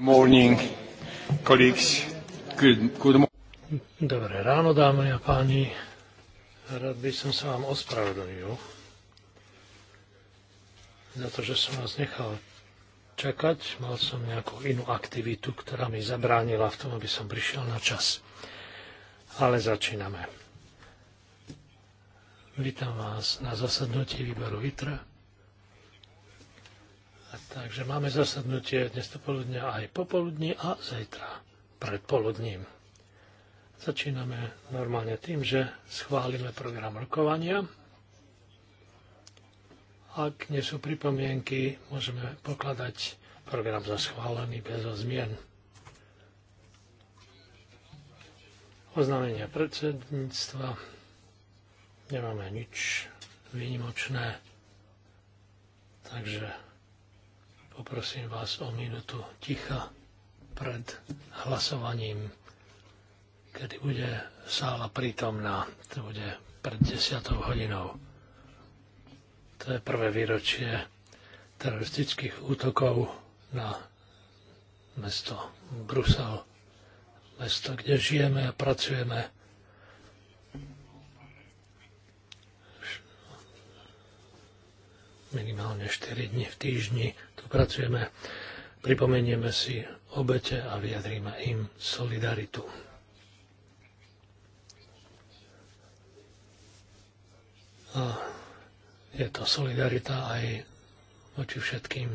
morning, colleagues. Good, good Dobré ráno, dámy a páni. Rád by som sa vám ospravedlnil za to, že som vás nechal čakať. Mal som nejakú inú aktivitu, ktorá mi zabránila v tom, aby som prišiel na čas. Ale začíname. Vítam vás na zasadnutí výboru ITRA takže máme zasadnutie dnes dopoludnia aj popoludní a zajtra predpoludním. Začíname normálne tým, že schválime program rokovania. Ak nie sú pripomienky, môžeme pokladať program za schválený bez zmien. Oznámenie predsedníctva. Nemáme nič výnimočné. Takže Poprosím vás o minútu ticha pred hlasovaním, kedy bude sála prítomná. To bude pred 10. hodinou. To je prvé výročie teroristických útokov na mesto Brusel. Mesto, kde žijeme a pracujeme. minimálne 4 dní v týždni pracujeme, pripomenieme si obete a vyjadríme im solidaritu. A je to solidarita aj voči všetkým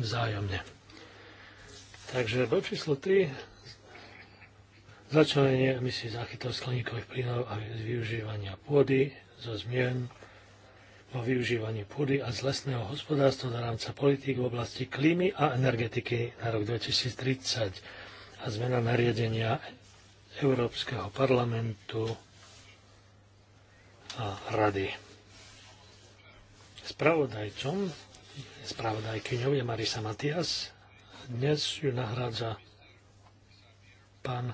vzájomne. Takže bod číslo 3 Začalenie emisí záchytov skleníkových plynov a využívania pôdy zo zmien o využívaní pôdy a z lesného hospodárstva na rámca politík v oblasti klímy a energetiky na rok 2030 a zmena nariadenia Európskeho parlamentu a rady. Spravodajcom, spravodajkyňou je Marisa Matias. Dnes ju nahrádza pán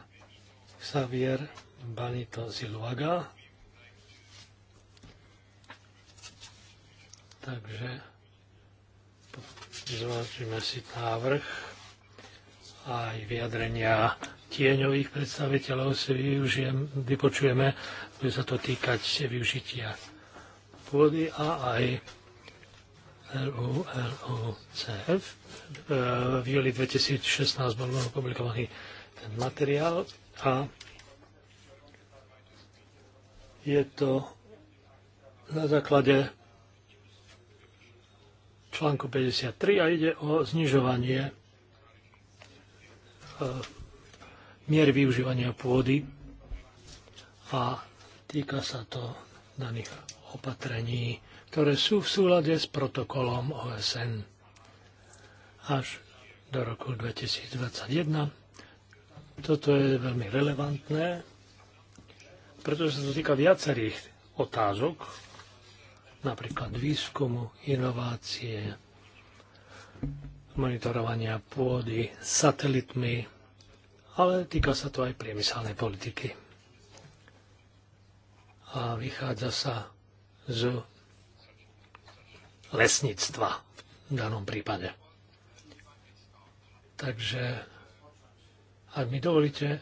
Xavier Banito Ziluaga, Takže zvážime si návrh aj vyjadrenia tieňových predstaviteľov si využijem, vypočujeme, bude sa to týkať využitia pôdy a aj LULUCF. Eh, v júli 2016 bol publikovaný ten materiál a je to na základe článku 53 a ide o znižovanie e, miery využívania pôdy a týka sa to daných opatrení, ktoré sú v súlade s protokolom OSN až do roku 2021. Toto je veľmi relevantné, pretože sa to týka viacerých otázok, napríklad výskumu, inovácie, monitorovania pôdy satelitmi, ale týka sa to aj priemyselnej politiky. A vychádza sa z lesníctva v danom prípade. Takže, ak mi dovolíte,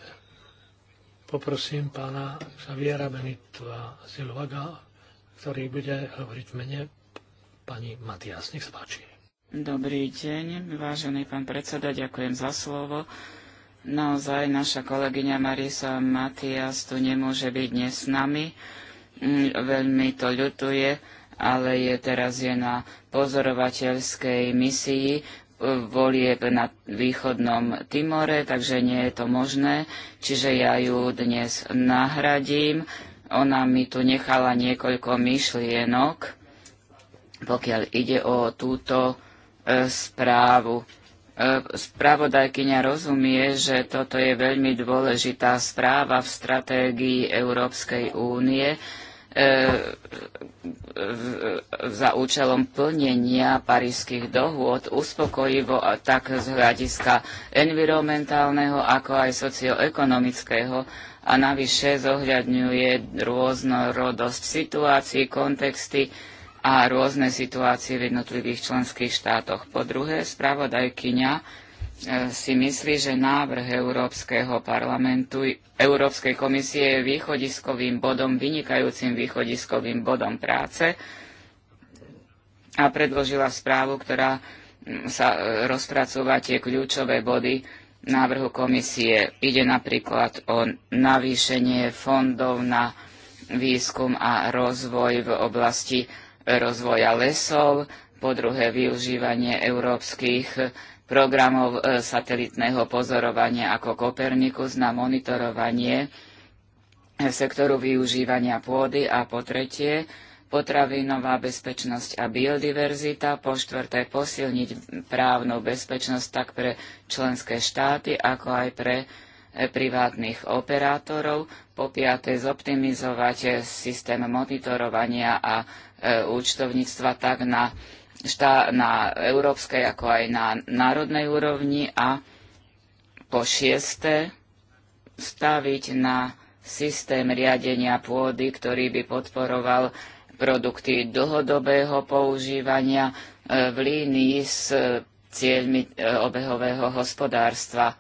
poprosím pána Xaviera Benitva Silvaga, ktorý bude hovoriť v mene pani Matias. Nech sa páči. Dobrý deň, vážený pán predseda, ďakujem za slovo. Naozaj naša kolegyňa Marisa Matias tu nemôže byť dnes s nami. Mm, veľmi to ľutuje, ale je teraz je na pozorovateľskej misii e, volieb na východnom Timore, takže nie je to možné. Čiže ja ju dnes nahradím ona mi tu nechala niekoľko myšlienok, pokiaľ ide o túto e, správu. E, spravodajkyňa rozumie, že toto je veľmi dôležitá správa v stratégii Európskej únie, e, za účelom plnenia parížských dohôd uspokojivo tak z hľadiska environmentálneho, ako aj socioekonomického a navyše zohľadňuje rôznorodosť situácií, kontexty a rôzne situácie v jednotlivých členských štátoch. Po druhé, spravodajkyňa e, si myslí, že návrh Európskeho parlamentu, Európskej komisie je východiskovým bodom, vynikajúcim východiskovým bodom práce a predložila správu, ktorá sa e, rozpracúva tie kľúčové body návrhu komisie. Ide napríklad o navýšenie fondov na výskum a rozvoj v oblasti rozvoja lesov, po druhé využívanie európskych programov e, satelitného pozorovania ako Kopernikus na monitorovanie sektoru využívania pôdy a po tretie potravinová bezpečnosť a biodiverzita, po štvrté posilniť právnu bezpečnosť tak pre členské štáty, ako aj pre eh, privátnych operátorov, po piaté zoptimizovať eh, systém monitorovania a e, účtovníctva tak na, štá, na európskej ako aj na národnej úrovni a po šiesté staviť na systém riadenia pôdy, ktorý by podporoval produkty dlhodobého používania e, v línii s cieľmi e, obehového hospodárstva.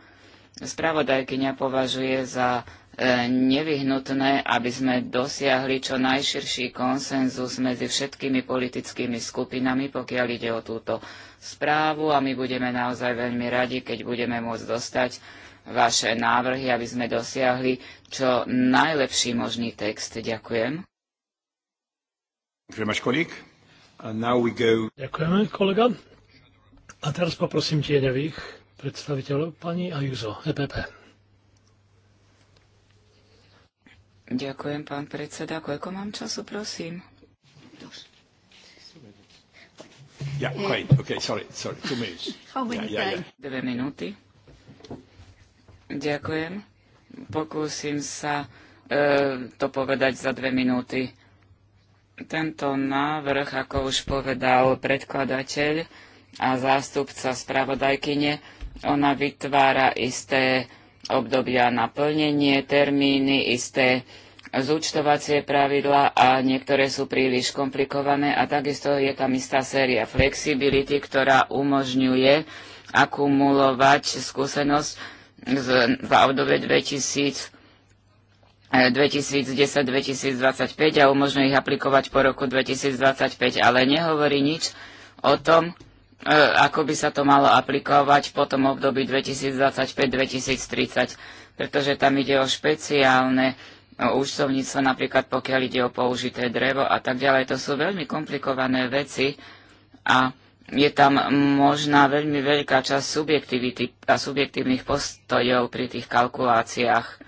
Spravodajkyňa považuje za e, nevyhnutné, aby sme dosiahli čo najširší konsenzus medzi všetkými politickými skupinami, pokiaľ ide o túto správu a my budeme naozaj veľmi radi, keď budeme môcť dostať vaše návrhy, aby sme dosiahli čo najlepší možný text. Ďakujem. Ďakujeme, kolega. A teraz poprosím tieňových predstaviteľov, pani Ajuzo, EPP. Ďakujem, pán predseda. Koľko mám času, prosím? Yeah, great. Okay, sorry, sorry. Two minutes. How many yeah, yeah, yeah. Dve minúty. Ďakujem. Pokúsim sa e, to povedať za dve minúty. Tento návrh, ako už povedal predkladateľ a zástupca spravodajkyne, ona vytvára isté obdobia na plnenie, termíny, isté zúčtovacie pravidla a niektoré sú príliš komplikované a takisto je tam istá séria flexibility, ktorá umožňuje akumulovať skúsenosť v obdobie 2000 2010-2025 eh, a umožňuje ich aplikovať po roku 2025, ale nehovorí nič o tom, eh, ako by sa to malo aplikovať po tom období 2025-2030, pretože tam ide o špeciálne účtovníctvo, napríklad pokiaľ ide o použité drevo a tak ďalej. To sú veľmi komplikované veci a je tam možná veľmi veľká časť subjektivity a subjektívnych postojov pri tých kalkuláciách.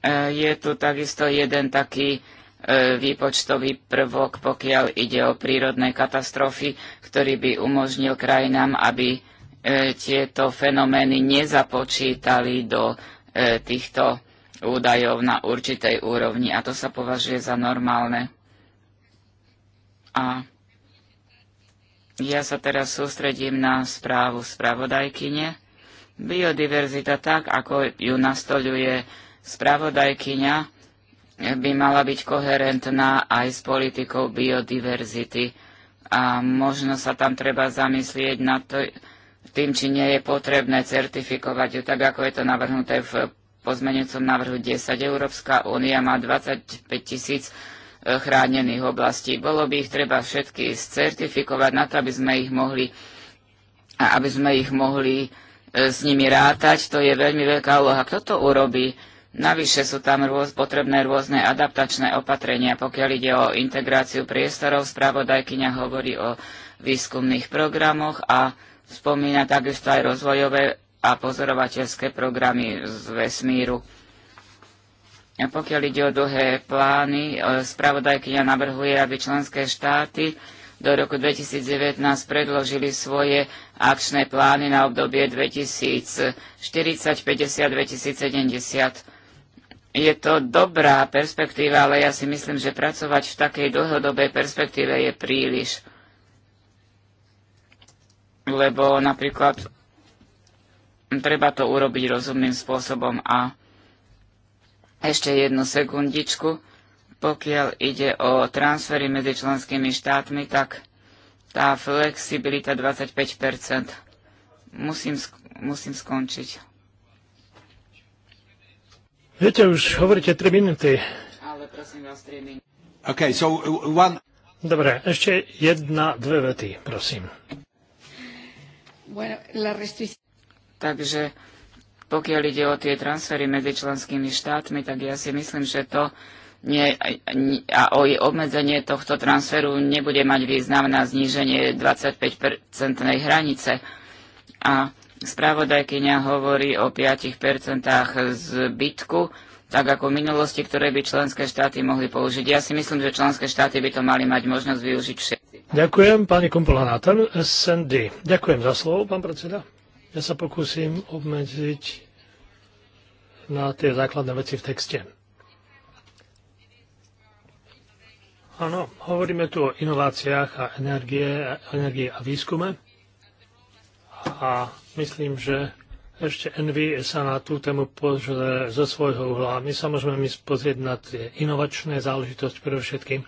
E, je tu takisto jeden taký e, výpočtový prvok, pokiaľ ide o prírodné katastrofy, ktorý by umožnil krajinám, aby e, tieto fenomény nezapočítali do týchto údajov na určitej úrovni. A to sa považuje za normálne. A ja sa teraz sústredím na správu spravodajkyne. Biodiverzita tak, ako ju nastoluje. Spravodajkyňa by mala byť koherentná aj s politikou biodiverzity a možno sa tam treba zamyslieť nad tým, či nie je potrebné certifikovať ju, tak ako je to navrhnuté v pozmenujúcom návrhu 10. Európska únia má 25 tisíc e, chránených oblastí. Bolo by ich treba všetky certifikovať na to, aby sme ich mohli, aby sme ich mohli e, s nimi rátať. To je veľmi veľká úloha. Kto to urobí? Navyše sú tam rôz, potrebné rôzne adaptačné opatrenia. Pokiaľ ide o integráciu priestorov, spravodajkyňa hovorí o výskumných programoch a spomína takisto aj rozvojové a pozorovateľské programy z vesmíru. A pokiaľ ide o dlhé plány, e, spravodajkyňa navrhuje, aby členské štáty do roku 2019 predložili svoje akčné plány na obdobie 2040, 50, 2070 je to dobrá perspektíva, ale ja si myslím, že pracovať v takej dlhodobej perspektíve je príliš. Lebo napríklad treba to urobiť rozumným spôsobom a ešte jednu sekundičku. Pokiaľ ide o transfery medzi členskými štátmi, tak tá flexibilita 25 Musím, musím skončiť. Viete, už hovoríte 3 minúty. Ale prosím vás 3 minúty. so uh, one... Dobre, ešte jedna, dve vety, prosím. Bueno, la restric- Takže pokiaľ ide o tie transfery medzi členskými štátmi, tak ja si myslím, že to nie, a o obmedzenie tohto transferu nebude mať význam na zníženie 25-percentnej hranice. A Spravodajkyňa hovorí o 5% zbytku, tak ako v minulosti, ktoré by členské štáty mohli použiť. Ja si myslím, že členské štáty by to mali mať možnosť využiť všetci. Ďakujem, pani Kumpolánátor, SND. Ďakujem za slovo, pán predseda. Ja sa pokúsim obmedziť na tie základné veci v texte. Áno, hovoríme tu o inováciách a energie, energie a výskume a Myslím, že ešte Envy sa na tú tému pozrie zo svojho uhla. My sa môžeme my pozrieť na tie inovačné záležitosti predovšetkým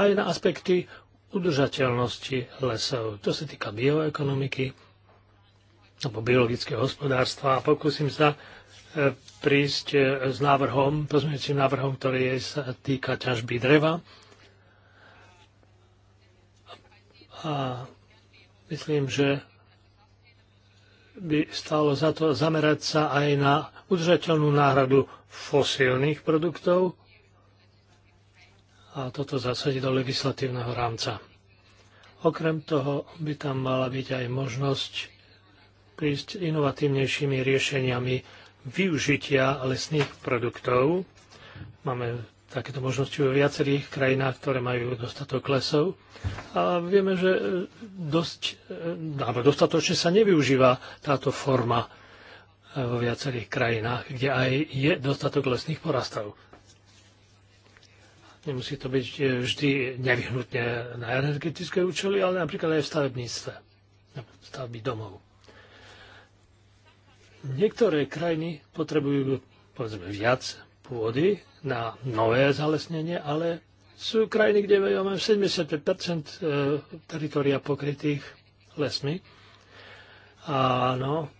aj na aspekty udržateľnosti lesov. To sa týka bioekonomiky alebo biologického hospodárstva a pokúsim sa e, prísť e, s návrhom, pozmeňujúcim návrhom, ktorý sa týka ťažby dreva. A myslím, že by stalo za to zamerať sa aj na udržateľnú náhradu fosílnych produktov a toto zasadiť do legislatívneho rámca. Okrem toho by tam mala byť aj možnosť prísť inovatívnejšími riešeniami využitia lesných produktov. Máme takéto možnosti vo viacerých krajinách, ktoré majú dostatok lesov. A vieme, že e, dosť, e, alebo dostatočne sa nevyužíva táto forma e, vo viacerých krajinách, kde aj je dostatok lesných porastov. Nemusí to byť vždy nevyhnutne na energetické účely, ale napríklad aj v stavebníctve, stavby domov. Niektoré krajiny potrebujú povedzme viac pôdy na nové zalesnenie, ale sú krajiny, kde máme 75 e, teritoria pokrytých lesmi. Áno,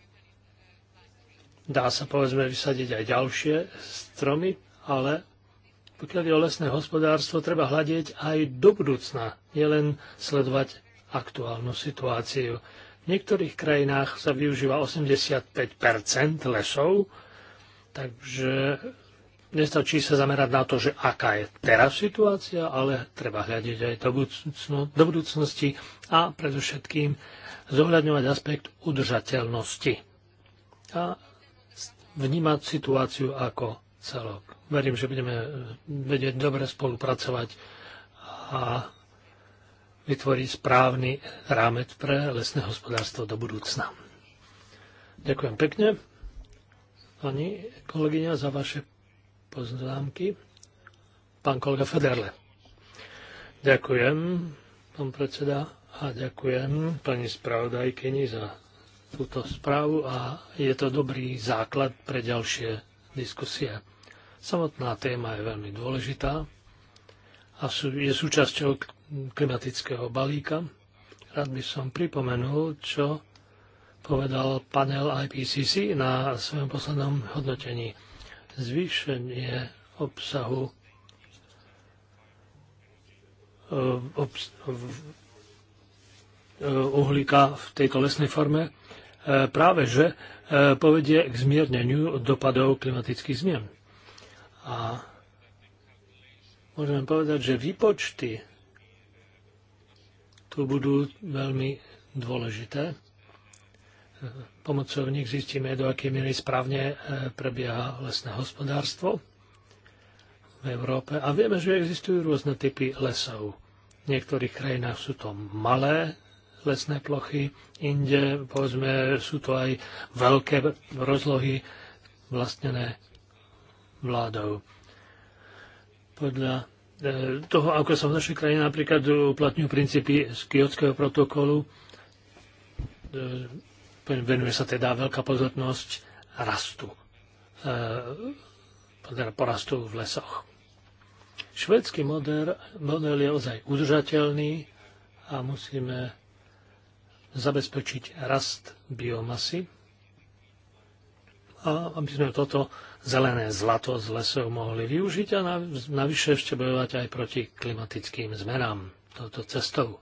dá sa povedzme vysadiť aj ďalšie stromy, ale pokiaľ je o lesné hospodárstvo, treba hľadiť aj do budúcna, nielen sledovať aktuálnu situáciu. V niektorých krajinách sa využíva 85 lesov, takže Nestačí sa zamerať na to, že aká je teraz situácia, ale treba hľadiť aj do, budúcno, do budúcnosti a predovšetkým zohľadňovať aspekt udržateľnosti a vnímať situáciu ako celok. Verím, že budeme vedieť dobre spolupracovať a vytvoriť správny rámec pre lesné hospodárstvo do budúcna. Ďakujem pekne, pani kolegyňa, za vaše poznámky. Pán kolega Federle. Ďakujem, pán predseda, a ďakujem pani spravodajkyni za túto správu a je to dobrý základ pre ďalšie diskusie. Samotná téma je veľmi dôležitá a je súčasťou klimatického balíka. Rád by som pripomenul, čo povedal panel IPCC na svojom poslednom hodnotení zvýšenie obsahu eh, eh, uhlíka v tej lesnej forme eh, práve že povedie k zmierneniu dopadov klimatických zmien. A môžeme povedať, že výpočty tu budú veľmi dôležité pomocou nich zistíme, do akej miery správne e, prebieha lesné hospodárstvo v Európe. A vieme, že existujú rôzne typy lesov. V niektorých krajinách sú to malé lesné plochy, inde povedzme, sú to aj veľké rozlohy vlastnené vládou. Podľa e, toho, ako sa v našej krajine napríklad uplatňujú princípy z Kyotského protokolu, e, venuje sa teda veľká pozornosť rastu, E, porastu v lesoch. Švedský model, model je ozaj udržateľný a musíme zabezpečiť rast biomasy a aby sme toto zelené zlato z lesov mohli využiť a navyše ešte bojovať aj proti klimatickým zmenám touto cestou.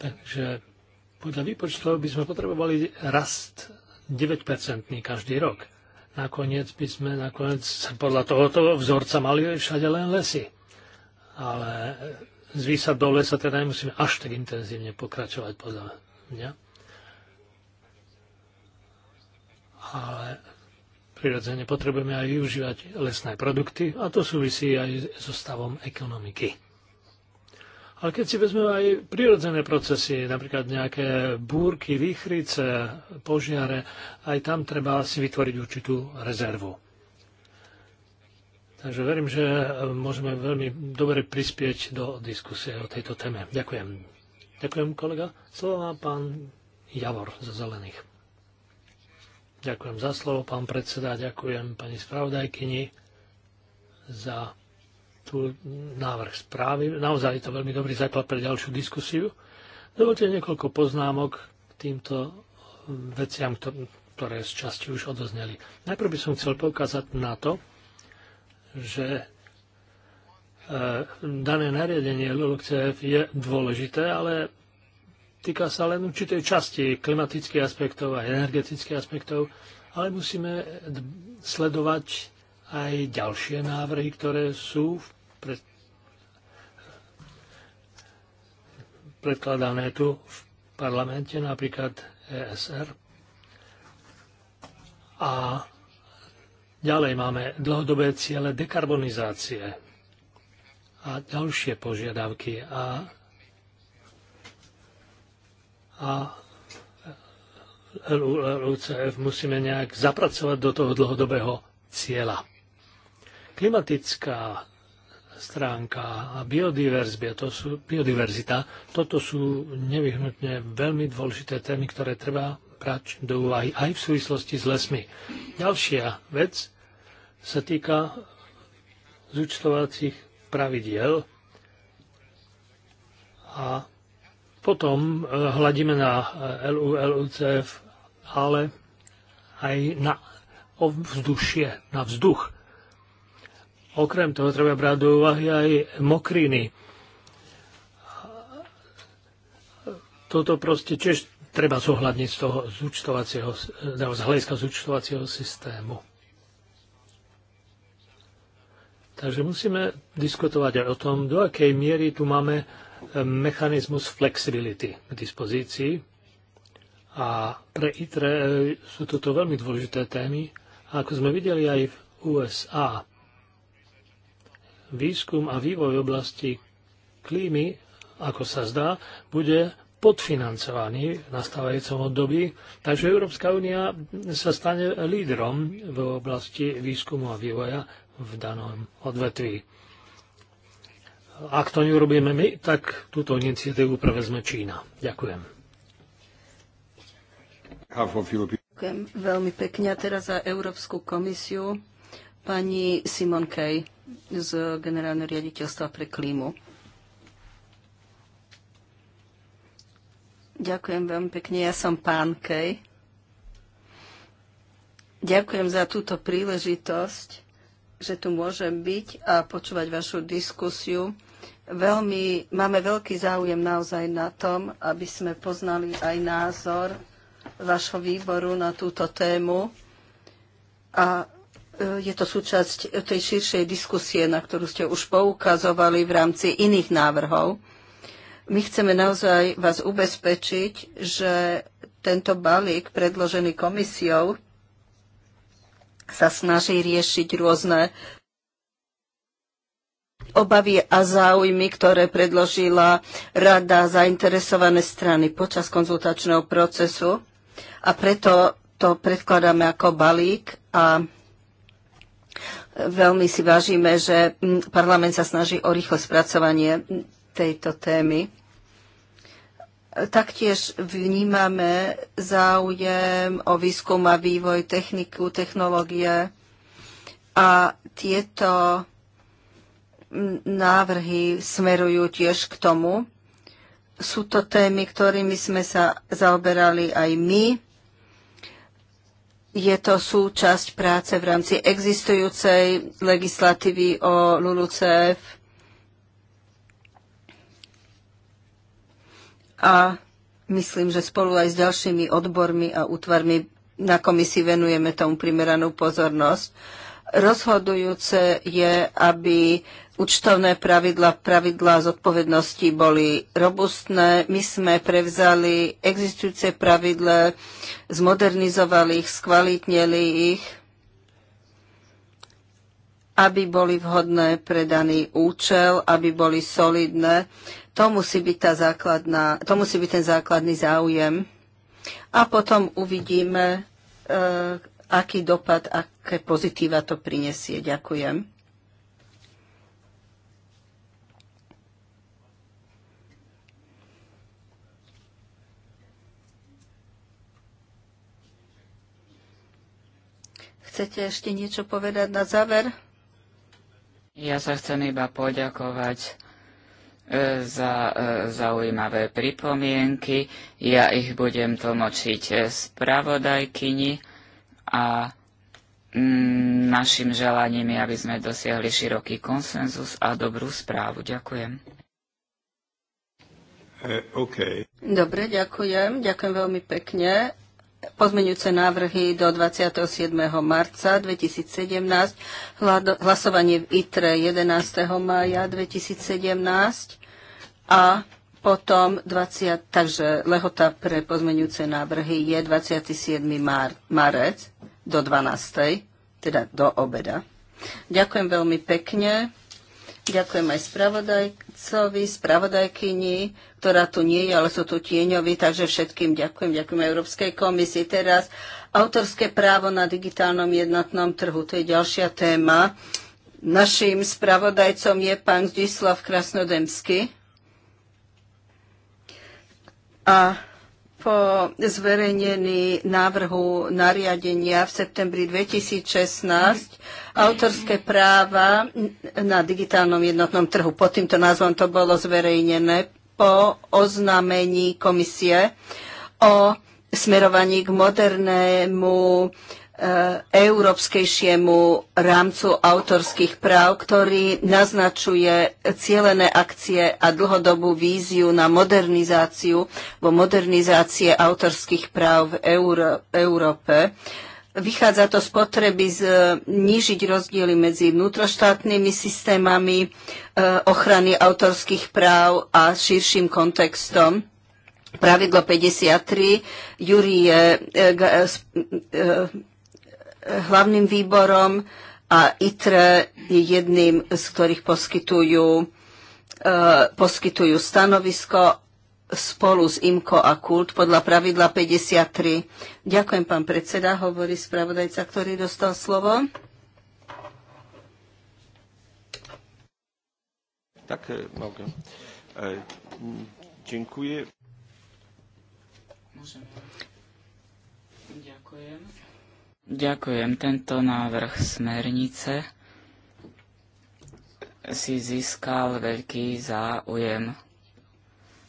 Takže podľa výpočtov by sme potrebovali rast 9-percentný každý rok. Nakoniec by sme nakoniec podľa tohoto vzorca mali všade len lesy. Ale z výsad do lesa teda nemusíme až tak intenzívne pokračovať podľa mňa. Ale prirodzene potrebujeme aj využívať lesné produkty a to súvisí aj so stavom ekonomiky. Ale keď si vezme aj prirodzené procesy, napríklad nejaké búrky, výchrice, požiare, aj tam treba si vytvoriť určitú rezervu. Takže verím, že môžeme veľmi dobre prispieť do diskusie o tejto téme. Ďakujem. Ďakujem, kolega. Slovo má pán Javor za zelených. Ďakujem za slovo, pán predseda. Ďakujem pani spravodajkyni za tu návrh správy. Naozaj je to veľmi dobrý základ pre ďalšiu diskusiu. Dovolte niekoľko poznámok k týmto veciam, ktoré z časti už odozneli. Najprv by som chcel poukázať na to, že e, dané nariadenie LULCF je dôležité, ale týka sa len určitej časti klimatických aspektov a energetických aspektov, ale musíme sledovať aj ďalšie návrhy, ktoré sú pred... predkladané tu v parlamente, napríklad ESR. A ďalej máme dlhodobé ciele dekarbonizácie a ďalšie požiadavky a, a LUCF musíme nejak zapracovať do toho dlhodobého cieľa klimatická stránka a biodiverzita, to sú, biodiverzita, toto sú nevyhnutne veľmi dôležité témy, ktoré treba brať do úvahy aj v súvislosti s lesmi. Ďalšia vec sa týka zúčtovacích pravidiel a potom eh, hľadíme na eh, LU, LUCF, ale aj na ovzdušie, na vzduch. Okrem toho treba brať do úvahy aj mokriny. Toto proste tiež treba zohľadniť z toho zúčtovacieho, z hľadiska zúčtovacieho systému. Takže musíme diskutovať aj o tom, do akej miery tu máme e, mechanizmus flexibility k dispozícii. A pre ITRE e, sú toto veľmi dôležité témy. A ako sme videli aj v USA, výskum a vývoj oblasti klímy, ako sa zdá, bude podfinancovaný v nastávajúcom období, takže Európska únia sa stane lídrom v oblasti výskumu a vývoja v danom odvetví. Ak to neurobíme my, tak túto iniciatívu prevezme Čína. Ďakujem. Ďakujem veľmi pekne teraz za Európsku komisiu pani Simon Kej z Generálneho riaditeľstva pre klímu. Ďakujem veľmi pekne. Ja som pán Kej. Ďakujem za túto príležitosť, že tu môžem byť a počúvať vašu diskusiu. Veľmi, máme veľký záujem naozaj na tom, aby sme poznali aj názor vašho výboru na túto tému. A E, je to súčasť tej širšej diskusie, na ktorú ste už poukazovali v rámci iných návrhov. My chceme naozaj vás ubezpečiť, že tento balík predložený komisiou sa snaží riešiť rôzne obavy a záujmy, ktoré predložila rada zainteresované strany počas konzultačného procesu. A preto to predkladáme ako balík a Veľmi si vážime, že mm, parlament sa snaží o rýchlo spracovanie tejto témy. Taktiež vnímame záujem o výskum a vývoj, techniku, technológie a tieto mm, návrhy smerujú tiež k tomu. Sú to témy, ktorými sme sa zaoberali aj my je to súčasť práce v rámci existujúcej legislatívy o LULUCF. A myslím, že spolu aj s ďalšími odbormi a útvarmi na komisii venujeme tomu primeranú pozornosť. Rozhodujúce je, aby účtovné pravidla, pravidla zodpovednosti boli robustné. My sme prevzali existujúce pravidle, zmodernizovali ich, skvalitnili ich, aby boli vhodné pre daný účel, aby boli solidné. To musí byť, tá základná, to musí byť ten základný záujem. A potom uvidíme, e, aký dopad, aké pozitíva to prinesie. Ďakujem. chcete ešte niečo povedať na záver? Ja sa chcem iba poďakovať e, za e, zaujímavé pripomienky. Ja ich budem tlmočiť e, spravodajkyni a mm, našim želaním je, aby sme dosiahli široký konsenzus a dobrú správu. Ďakujem. okay. Dobre, ďakujem. Ďakujem veľmi pekne pozmeňujúce návrhy do 27. marca 2017, hlasovanie v ITRE 11. mája 2017 a potom 20, takže lehota pre pozmeňujúce návrhy je 27. Mar, marec do 12. teda do obeda. Ďakujem veľmi pekne. Ďakujem aj spravodajcovi, spravodajkyni, ktorá tu nie je, ale sú tu tieňovi, takže všetkým ďakujem. Ďakujem Európskej komisii. Teraz autorské právo na digitálnom jednotnom trhu, to je ďalšia téma. Naším spravodajcom je pán Zdislav Krasnodemsky. A po zverejnení návrhu nariadenia v septembri 2016 autorské práva na digitálnom jednotnom trhu. Pod týmto názvom to bolo zverejnené po oznámení komisie o smerovaní k modernému E, európskejšiemu rámcu autorských práv, ktorý naznačuje cielené akcie a dlhodobú víziu na modernizáciu vo modernizácie autorských práv v Euró- Európe. Vychádza to z potreby znižiť rozdiely medzi vnútroštátnymi systémami e, ochrany autorských práv a širším kontextom pravidlo 53 Júrie hlavným výborom a ITRE je jedným, z ktorých poskytujú, e, poskytujú stanovisko spolu s IMKO a KULT podľa pravidla 53. Ďakujem, pán predseda, hovorí spravodajca, ktorý dostal slovo. Tak, e, mogę. E, dziękuję. Ďakujem. Ďakujem. Tento návrh smernice si získal veľký záujem.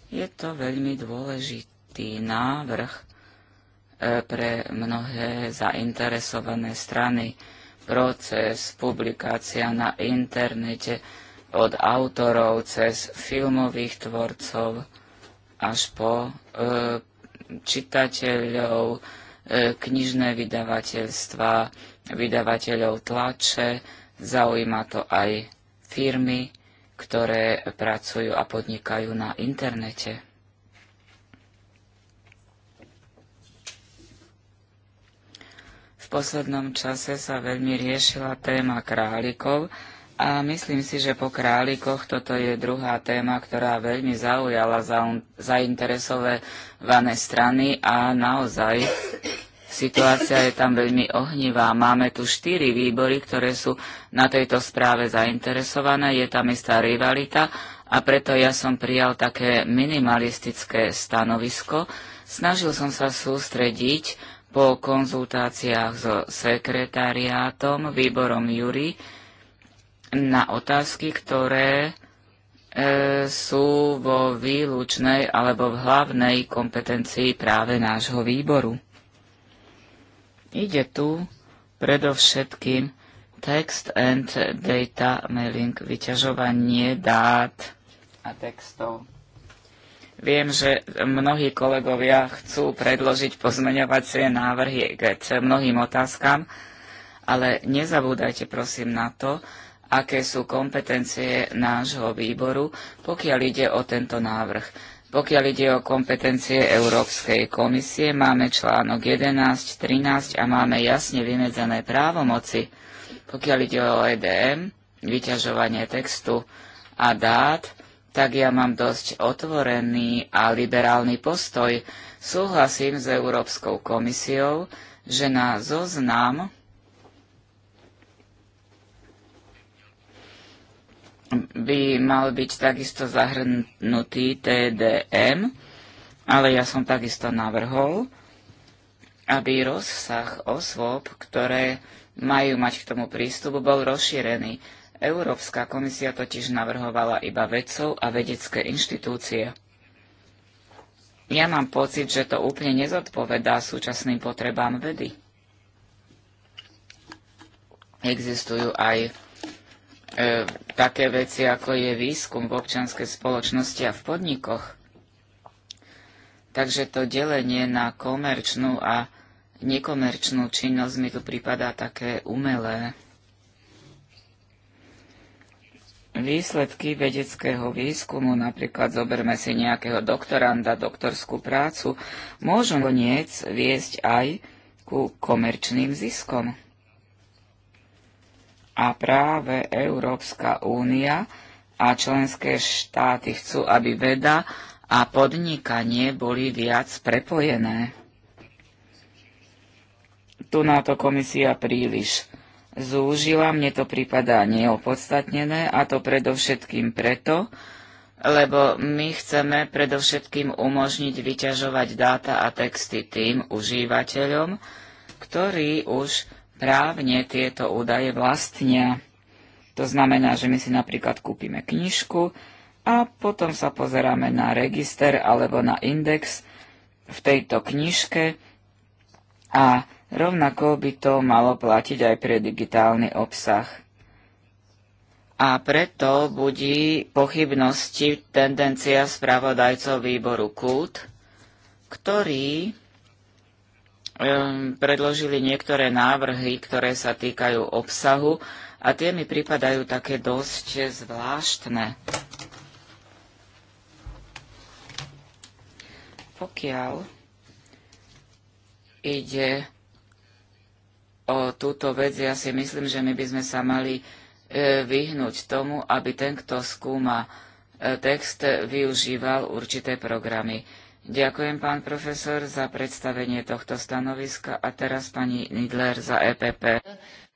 Je to veľmi dôležitý návrh e, pre mnohé zainteresované strany. Proces, publikácia na internete od autorov cez filmových tvorcov až po e, čitateľov, E, knižné vydavateľstva, vydavateľov tlače, zaujíma to aj firmy, ktoré pracujú a podnikajú na internete. V poslednom čase sa veľmi riešila téma králikov, a myslím si, že po králikoch toto je druhá téma, ktorá veľmi zaujala zainteresované strany a naozaj situácia je tam veľmi ohnivá. Máme tu štyri výbory, ktoré sú na tejto správe zainteresované, je tam istá rivalita a preto ja som prijal také minimalistické stanovisko. Snažil som sa sústrediť po konzultáciách so sekretariátom, výborom Jury, na otázky, ktoré e, sú vo výlučnej alebo v hlavnej kompetencii práve nášho výboru. Ide tu predovšetkým text and data mailing, vyťažovanie dát a textov. Viem, že mnohí kolegovia chcú predložiť pozmeňovacie návrhy k mnohým otázkam, ale nezabúdajte prosím na to, aké sú kompetencie nášho výboru, pokiaľ ide o tento návrh. Pokiaľ ide o kompetencie Európskej komisie, máme článok 11, 13 a máme jasne vymedzené právomoci. Pokiaľ ide o EDM, vyťažovanie textu a dát, tak ja mám dosť otvorený a liberálny postoj. Súhlasím s Európskou komisiou, že na zoznam by mal byť takisto zahrnutý TDM, ale ja som takisto navrhol, aby rozsah osôb, ktoré majú mať k tomu prístup, bol rozšírený. Európska komisia totiž navrhovala iba vedcov a vedecké inštitúcie. Ja mám pocit, že to úplne nezodpovedá súčasným potrebám vedy. Existujú aj e, také veci, ako je výskum v občianskej spoločnosti a v podnikoch. Takže to delenie na komerčnú a nekomerčnú činnosť mi tu prípada také umelé. Výsledky vedeckého výskumu, napríklad zoberme si nejakého doktoranda, doktorskú prácu, môžu koniec viesť aj ku komerčným ziskom. A práve Európska únia a členské štáty chcú, aby veda a podnikanie boli viac prepojené. Tu na to komisia príliš zúžila, mne to prípada neopodstatnené a to predovšetkým preto, lebo my chceme predovšetkým umožniť vyťažovať dáta a texty tým užívateľom, ktorí už právne tieto údaje vlastnia. To znamená, že my si napríklad kúpime knižku a potom sa pozeráme na register alebo na index v tejto knižke a rovnako by to malo platiť aj pre digitálny obsah. A preto budí pochybnosti tendencia spravodajcov výboru KULT, ktorý predložili niektoré návrhy, ktoré sa týkajú obsahu a tie mi pripadajú také dosť zvláštne. Pokiaľ ide o túto vec, ja si myslím, že my by sme sa mali e, vyhnúť tomu, aby ten, kto skúma e, text, využíval určité programy. Ďakujem, pán profesor, za predstavenie tohto stanoviska a teraz pani Nidler za EPP.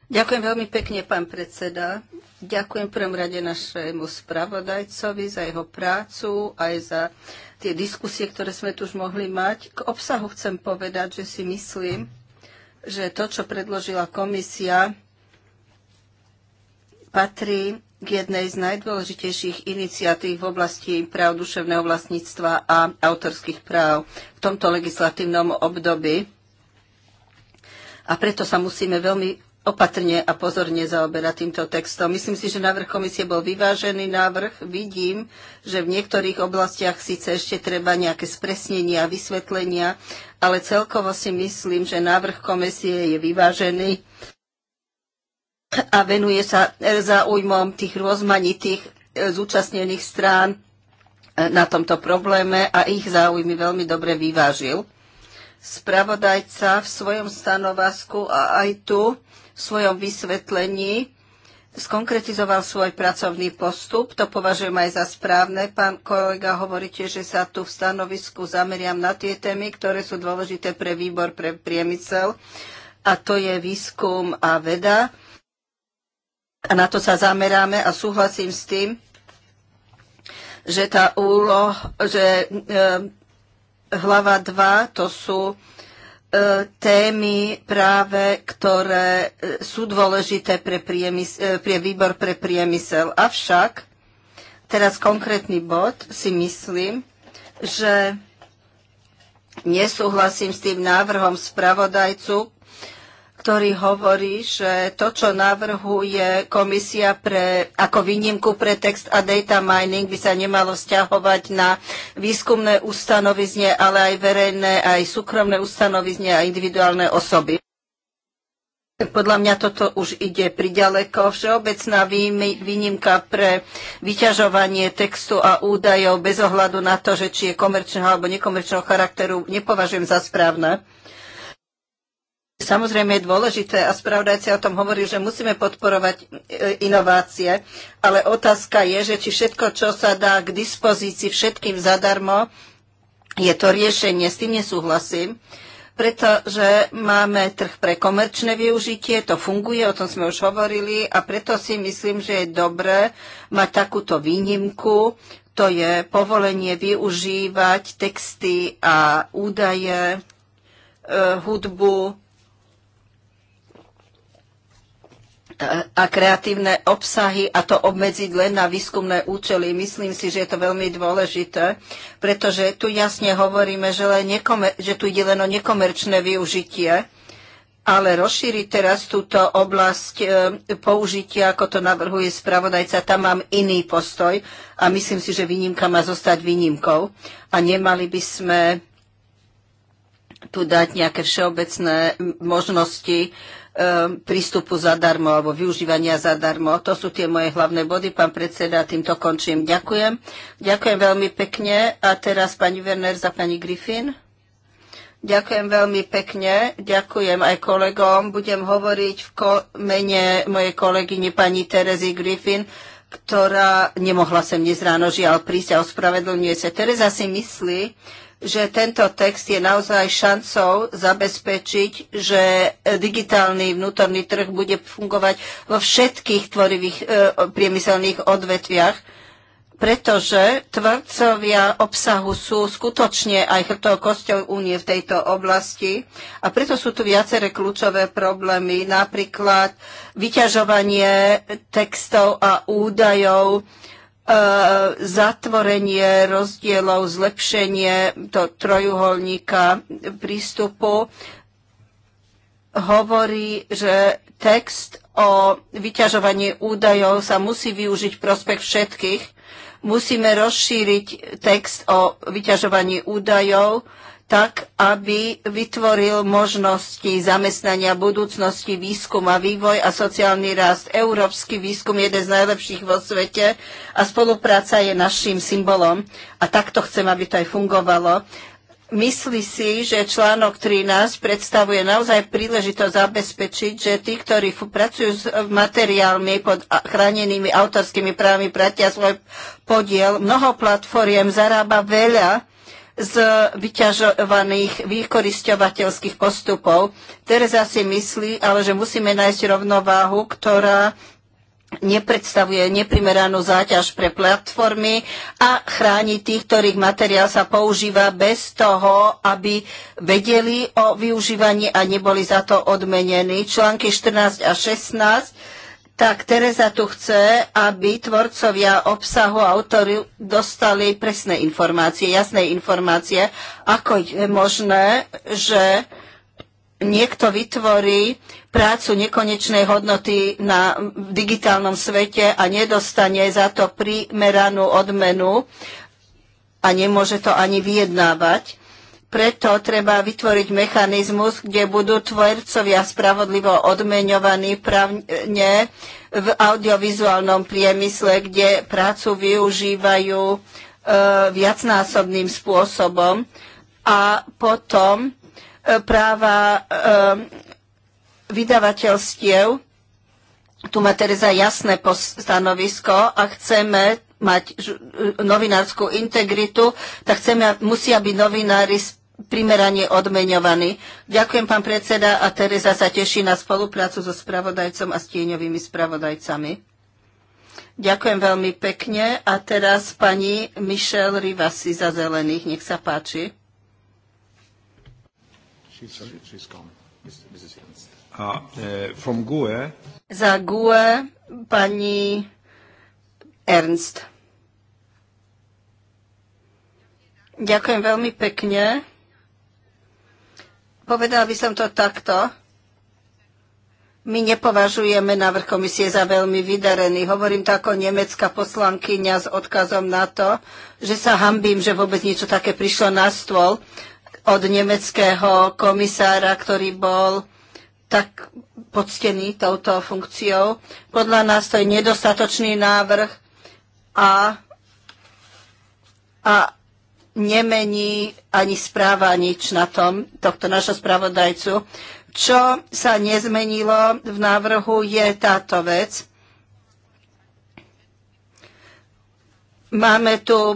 Ďakujem veľmi pekne, pán predseda. Ďakujem prvom rade našemu spravodajcovi za jeho prácu, aj za tie diskusie, ktoré sme tu už mohli mať. K obsahu chcem povedať, že si myslím, že to, čo predložila komisia, patrí k jednej z najdôležitejších iniciatív v oblasti práv duševného vlastníctva a autorských práv v tomto legislatívnom období. A preto sa musíme veľmi opatrne a pozorne zaoberať týmto textom. Myslím si, že návrh komisie bol vyvážený návrh. Vidím, že v niektorých oblastiach síce ešte treba nejaké spresnenia a vysvetlenia, ale celkovo si myslím, že návrh komisie je vyvážený a venuje sa e, záujmom tých rozmanitých e, zúčastnených strán e, na tomto probléme a ich záujmy veľmi dobre vyvážil. Spravodajca v svojom stanovasku a aj tu v svojom vysvetlení skonkretizoval svoj pracovný postup. To považujem aj za správne. Pán kolega, hovoríte, že sa tu v stanovisku zameriam na tie témy, ktoré sú dôležité pre výbor pre priemysel a to je výskum a veda a na to sa zameráme a súhlasím s tým, že tá úloh, že e, hlava 2 to sú e, témy práve, ktoré sú dôležité pre, priemysel, pre výbor pre priemysel. Avšak, teraz konkrétny bod, si myslím, že nesúhlasím s tým návrhom spravodajcu, ktorý hovorí, že to, čo navrhuje komisia pre, ako výnimku pre text a data mining, by sa nemalo vzťahovať na výskumné ustanovizne, ale aj verejné, aj súkromné ustanovizne a individuálne osoby. Podľa mňa toto už ide priďaleko. Všeobecná výnimka pre vyťažovanie textu a údajov bez ohľadu na to, že či je komerčného alebo nekomerčného charakteru, nepovažujem za správne. Samozrejme je dôležité, a spravodajci o tom hovorí, že musíme podporovať e, inovácie, ale otázka je, že či všetko, čo sa dá k dispozícii všetkým zadarmo, je to riešenie. S tým nesúhlasím, pretože máme trh pre komerčné využitie, to funguje, o tom sme už hovorili a preto si myslím, že je dobré mať takúto výnimku, to je povolenie využívať texty a údaje, e, hudbu, a kreatívne obsahy a to obmedziť len na výskumné účely. Myslím si, že je to veľmi dôležité, pretože tu jasne hovoríme, že, len nekomer- že tu ide len o nekomerčné využitie, ale rozšíriť teraz túto oblasť e, použitia, ako to navrhuje spravodajca, tam mám iný postoj a myslím si, že výnimka má zostať výnimkou a nemali by sme tu dať nejaké všeobecné možnosti, Um, prístupu zadarmo alebo využívania zadarmo. To sú tie moje hlavné body. Pán predseda, týmto končím. Ďakujem. Ďakujem veľmi pekne. A teraz pani Werner za pani Griffin. Ďakujem veľmi pekne, ďakujem aj kolegom. Budem hovoriť v ko- mene mojej kolegyne pani Terezy Griffin, ktorá nemohla sem dnes ráno žiaľ prísť a ospravedlňuje sa. Tereza si myslí, že tento text je naozaj šancou zabezpečiť, že digitálny vnútorný trh bude fungovať vo všetkých tvorivých e, priemyselných odvetviach, pretože tvorcovia obsahu sú skutočne aj chrtou kosťou únie v tejto oblasti a preto sú tu viaceré kľúčové problémy, napríklad vyťažovanie textov a údajov, e, E, zatvorenie rozdielov, zlepšenie to trojuholníka prístupu hovorí, že text o vyťažovaní údajov sa musí využiť prospech všetkých. Musíme rozšíriť text o vyťažovaní údajov tak, aby vytvoril možnosti zamestnania budúcnosti, výskum a vývoj a sociálny rast. Európsky výskum je jeden z najlepších vo svete a spolupráca je našim symbolom. A takto chcem, aby to aj fungovalo. Myslí si, že článok 13 predstavuje naozaj príležitosť zabezpečiť, že tí, ktorí pracujú s materiálmi pod chránenými autorskými právami, pratia svoj podiel. Mnoho platform zarába veľa z vyťažovaných výkoristovateľských postupov. Tereza si myslí, ale že musíme nájsť rovnováhu, ktorá nepredstavuje neprimeranú záťaž pre platformy a chráni tých, ktorých materiál sa používa bez toho, aby vedeli o využívaní a neboli za to odmenení. Články 14 a 16 tak Teresa tu chce, aby tvorcovia obsahu a autory dostali presné informácie, jasné informácie, ako je možné, že niekto vytvorí prácu nekonečnej hodnoty na digitálnom svete a nedostane za to primeranú odmenu a nemôže to ani vyjednávať. Preto treba vytvoriť mechanizmus, kde budú tvorcovia spravodlivo odmeňovaní právne v audiovizuálnom priemysle, kde prácu využívajú e, viacnásobným spôsobom a potom e, práva e, vydavateľstiev. Tu má Teresa jasné stanovisko a chceme mať novinárskú integritu, tak chceme, musia byť novinári primerane odmeňovaní. Ďakujem, pán predseda, a Teresa sa teší na spoluprácu so spravodajcom a stieňovými spravodajcami. Ďakujem veľmi pekne. A teraz pani Michelle Rivasi za zelených. Nech sa páči. She's, she's ah, eh, GUE. Za GUE pani Ernst. Ďakujem veľmi pekne. Povedala by som to takto. My nepovažujeme návrh komisie za veľmi vydarený. Hovorím to ako nemecká poslankyňa s odkazom na to, že sa hambím, že vôbec niečo také prišlo na stôl od nemeckého komisára, ktorý bol tak poctený touto funkciou. Podľa nás to je nedostatočný návrh a, a nemení ani správa nič na tom, tohto našho spravodajcu. Čo sa nezmenilo v návrhu je táto vec. Máme tu e,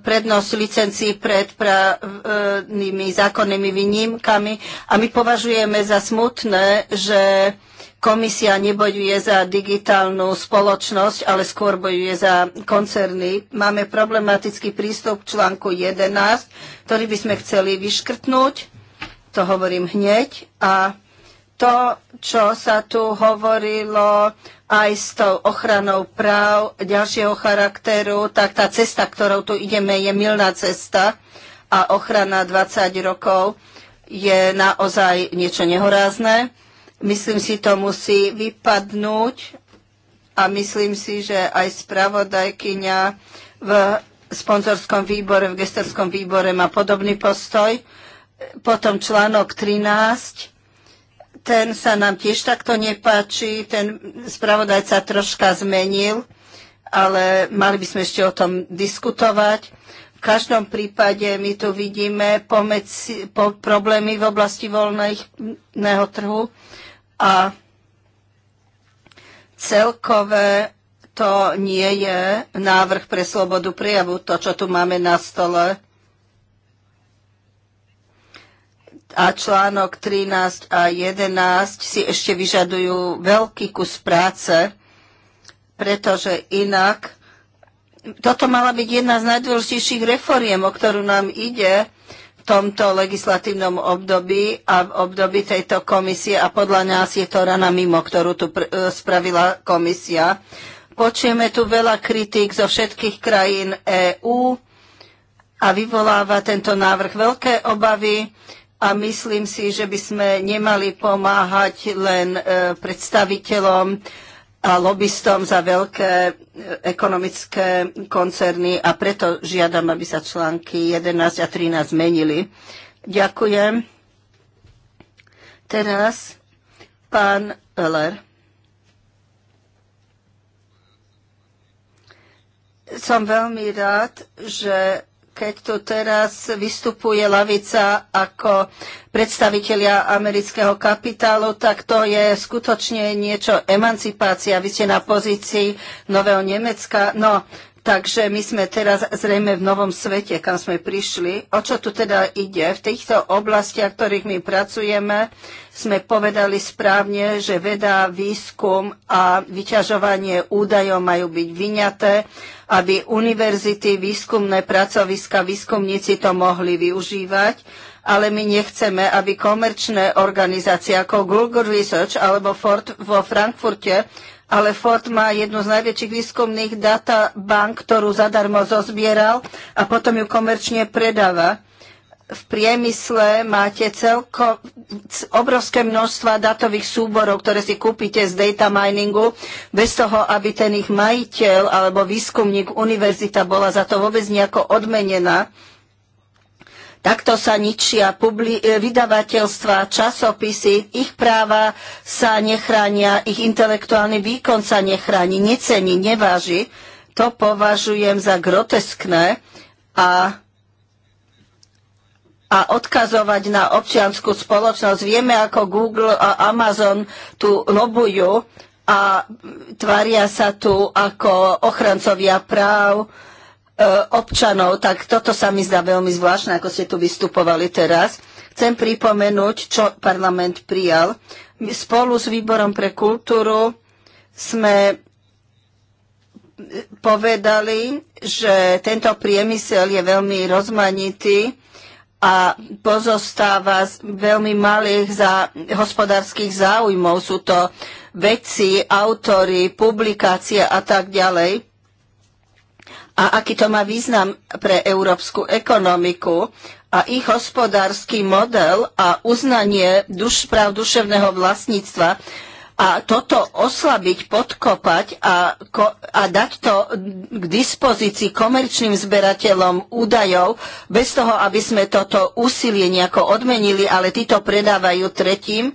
prednosť licencií pred právnymi zákonnými výnimkami a my považujeme za smutné, že Komisia nebojuje za digitálnu spoločnosť, ale skôr bojuje za koncerny. Máme problematický prístup k článku 11, ktorý by sme chceli vyškrtnúť. To hovorím hneď. A to, čo sa tu hovorilo aj s tou ochranou práv ďalšieho charakteru, tak tá cesta, ktorou tu ideme, je milná cesta a ochrana 20 rokov je naozaj niečo nehorázne Myslím si, to musí vypadnúť a myslím si, že aj spravodajkyňa v sponzorskom výbore, v gesterskom výbore má podobný postoj. Potom článok 13 ten sa nám tiež takto nepáči, ten spravodajca troška zmenil, ale mali by sme ešte o tom diskutovať. V každom prípade my tu vidíme pomeci, po, problémy v oblasti voľného trhu a celkové to nie je návrh pre slobodu prijavu, to, čo tu máme na stole. A článok 13 a 11 si ešte vyžadujú veľký kus práce, pretože inak toto mala byť jedna z najdôležitejších reforiem, o ktorú nám ide, tomto legislatívnom období a v období tejto komisie a podľa nás je to rana mimo, ktorú tu e, spravila komisia. Počujeme tu veľa kritík zo všetkých krajín EÚ a vyvoláva tento návrh veľké obavy a myslím si, že by sme nemali pomáhať len e, predstaviteľom a lobbystom za veľké e, ekonomické koncerny a preto žiadam, aby sa články 11 a 13 zmenili. Ďakujem. Teraz pán Eller. Som veľmi rád, že keď tu teraz vystupuje lavica ako predstavitelia amerického kapitálu, tak to je skutočne niečo emancipácia. Vy ste na pozícii Nového Nemecka. No, Takže my sme teraz zrejme v novom svete, kam sme prišli. O čo tu teda ide? V týchto oblastiach, v ktorých my pracujeme, sme povedali správne, že veda, výskum a vyťažovanie údajov majú byť vyňaté, aby univerzity, výskumné pracoviska, výskumníci to mohli využívať, ale my nechceme, aby komerčné organizácie ako Google Research alebo Ford vo Frankfurte ale Ford má jednu z najväčších výskumných databank, ktorú zadarmo zozbieral a potom ju komerčne predáva. V priemysle máte celko, obrovské množstva datových súborov, ktoré si kúpite z data miningu, bez toho, aby ten ich majiteľ alebo výskumník univerzita bola za to vôbec nejako odmenená. Takto sa ničia publi- e, vydavateľstva, časopisy, ich práva sa nechránia, ich intelektuálny výkon sa nechráni, necení, neváži. To považujem za groteskné a a odkazovať na občianskú spoločnosť. Vieme, ako Google a Amazon tu lobujú a tvária sa tu ako ochrancovia práv, Eh, občanov, tak toto sa mi zdá veľmi zvláštne, ako ste tu vystupovali teraz. Chcem pripomenúť, čo parlament prijal. My spolu s výborom pre kultúru sme eh, povedali, že tento priemysel je veľmi rozmanitý a pozostáva z veľmi malých za, hospodárskych záujmov. Sú to veci, autory, publikácie a tak ďalej a aký to má význam pre európsku ekonomiku a ich hospodársky model a uznanie duš, práv duševného vlastníctva a toto oslabiť, podkopať a, ko, a dať to k dispozícii komerčným zberateľom údajov, bez toho, aby sme toto úsilie nejako odmenili, ale títo predávajú tretím,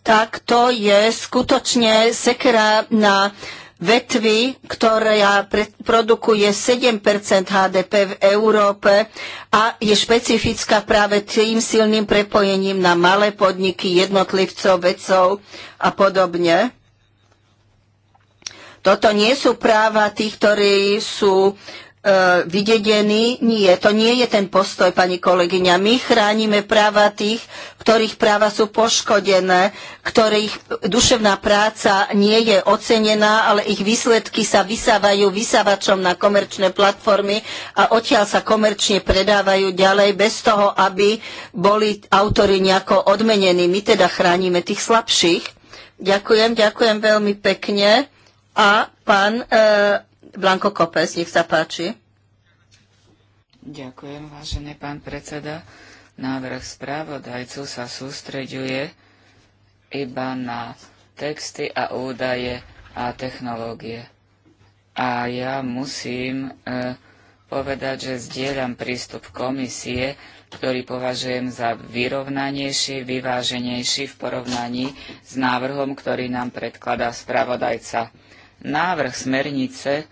tak to je skutočne sekera na uh, vetvy, ktorá produkuje 7 HDP v Európe a je špecifická práve tým silným prepojením na malé podniky, jednotlivcov, vedcov a podobne. Toto nie sú práva tých, ktorí sú uh, E, vydedený. Nie, to nie je ten postoj, pani kolegyňa. My chránime práva tých, ktorých práva sú poškodené, ktorých duševná práca nie je ocenená, ale ich výsledky sa vysávajú vysávačom na komerčné platformy a odtiaľ sa komerčne predávajú ďalej bez toho, aby boli autory nejako odmenení. My teda chránime tých slabších. Ďakujem, ďakujem veľmi pekne. A pán e, Blanko Kopes, nech sa páči. Ďakujem, vážený pán predseda. Návrh správodajcu sa sústreďuje iba na texty a údaje a technológie. A ja musím e, povedať, že zdieľam prístup komisie, ktorý považujem za vyrovnanejší, vyváženejší v porovnaní s návrhom, ktorý nám predkladá spravodajca. Návrh smernice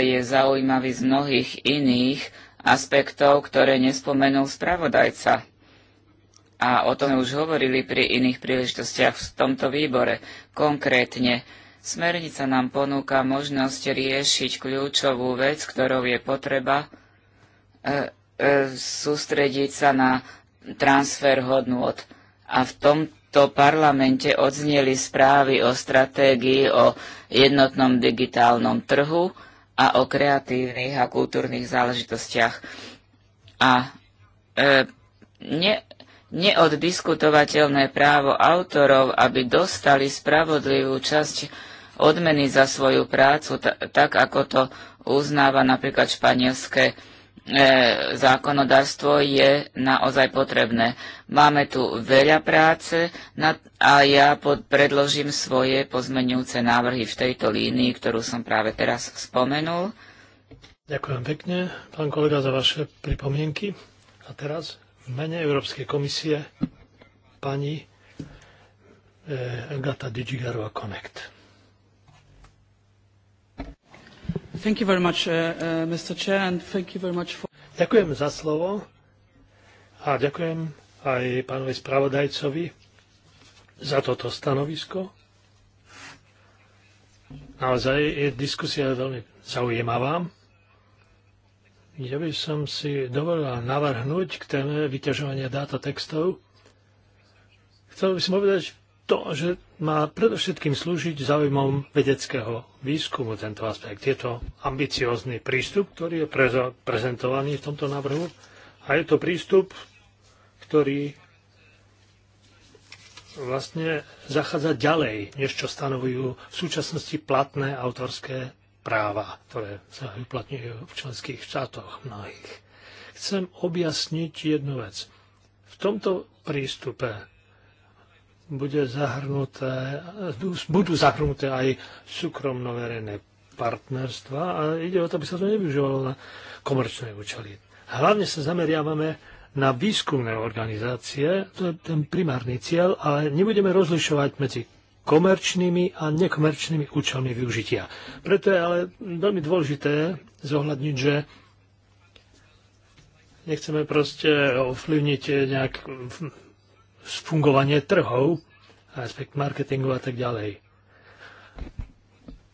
je zaujímavý z mnohých iných aspektov, ktoré nespomenul spravodajca. A o tom už hovorili pri iných príležitostiach v tomto výbore. Konkrétne, smernica nám ponúka možnosť riešiť kľúčovú vec, ktorou je potreba e, e, sústrediť sa na transfer hodnôt. A v tomto parlamente odzneli správy o stratégii o jednotnom digitálnom trhu, a o kreatívnych a kultúrnych záležitostiach. A e, ne, neoddiskutovateľné právo autorov, aby dostali spravodlivú časť odmeny za svoju prácu, tak ako to uznáva napríklad španielské E, zákonodárstvo je naozaj potrebné. Máme tu veľa práce a ja predložím svoje pozmenujúce návrhy v tejto línii, ktorú som práve teraz spomenul. Ďakujem pekne, pán kolega, za vaše pripomienky. A teraz v mene Európskej komisie pani e, Agata Digigarova Connect. Uh, uh, ďakujem za slovo a ďakujem aj pánovi spravodajcovi za toto stanovisko. Naozaj je diskusia veľmi zaujímavá. Ja by som si dovolila navrhnúť k téme vyťažovania dát a textov. Chcel by som povedať, že to, že má predovšetkým slúžiť záujmom vedeckého výskumu tento aspekt. Je to ambiciózny prístup, ktorý je prezentovaný v tomto návrhu a je to prístup, ktorý vlastne zachádza ďalej, než čo stanovujú v súčasnosti platné autorské práva, ktoré sa uplatňujú v členských štátoch mnohých. Chcem objasniť jednu vec. V tomto prístupe bude zahrnuté, budú zahrnuté aj súkromno-verejné partnerstva a ide o to, aby sa to nevyužívalo na komerčné účely. Hlavne sa zameriavame na výskumné organizácie, to je ten primárny cieľ, ale nebudeme rozlišovať medzi komerčnými a nekomerčnými účelmi využitia. Preto je ale veľmi dôležité zohľadniť, že nechceme proste ovplyvniť eh, nejak fungovanie trhov, aspekt marketingu a tak ďalej.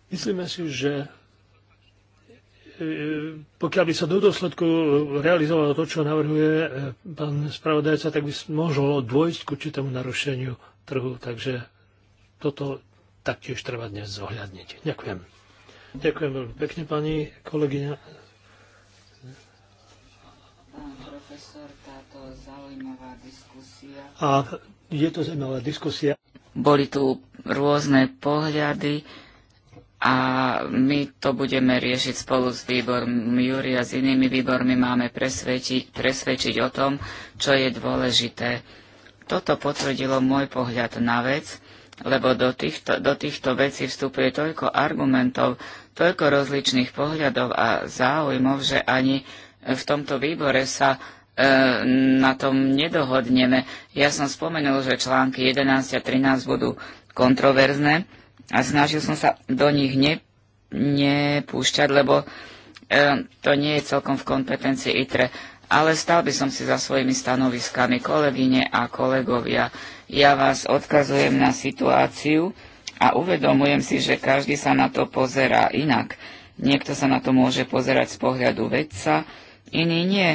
Myslíme si, že e, pokiaľ by sa do dôsledku realizovalo to, čo navrhuje e, pán spravodajca, tak by mohlo dôjsť k určitému narušeniu trhu. Takže toto taktiež treba dnes zohľadniť. Ďakujem. Ďakujem veľmi pekne, pani kolegyňa. Pán profesor, táto zaujímavá diskusia a je to zaujímavá diskusia. Boli tu rôzne pohľady a my to budeme riešiť spolu s výborom Júri a s inými výbormi máme presvedčiť, presvedčiť o tom, čo je dôležité. Toto potvrdilo môj pohľad na vec, lebo do týchto, do týchto vecí vstupuje toľko argumentov, toľko rozličných pohľadov a záujmov, že ani v tomto výbore sa E, na tom nedohodneme. Ja som spomenul, že články 11 a 13 budú kontroverzné a snažil som sa do nich ne, nepúšťať, lebo e, to nie je celkom v kompetencii ITRE. Ale stal by som si za svojimi stanoviskami, kolegyne a kolegovia. Ja vás odkazujem na situáciu a uvedomujem si, že každý sa na to pozerá inak. Niekto sa na to môže pozerať z pohľadu vedca, iný nie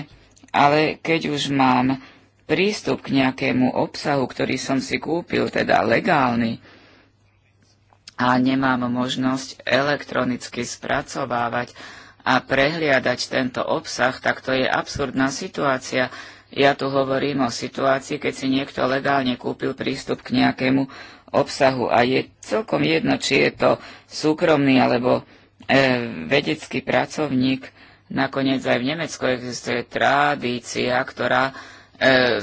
ale keď už mám prístup k nejakému obsahu, ktorý som si kúpil, teda legálny, a nemám možnosť elektronicky spracovávať a prehliadať tento obsah, tak to je absurdná situácia. Ja tu hovorím o situácii, keď si niekto legálne kúpil prístup k nejakému obsahu a je celkom jedno, či je to súkromný alebo e, vedecký pracovník, Nakoniec aj v Nemecku existuje tradícia, ktorá e,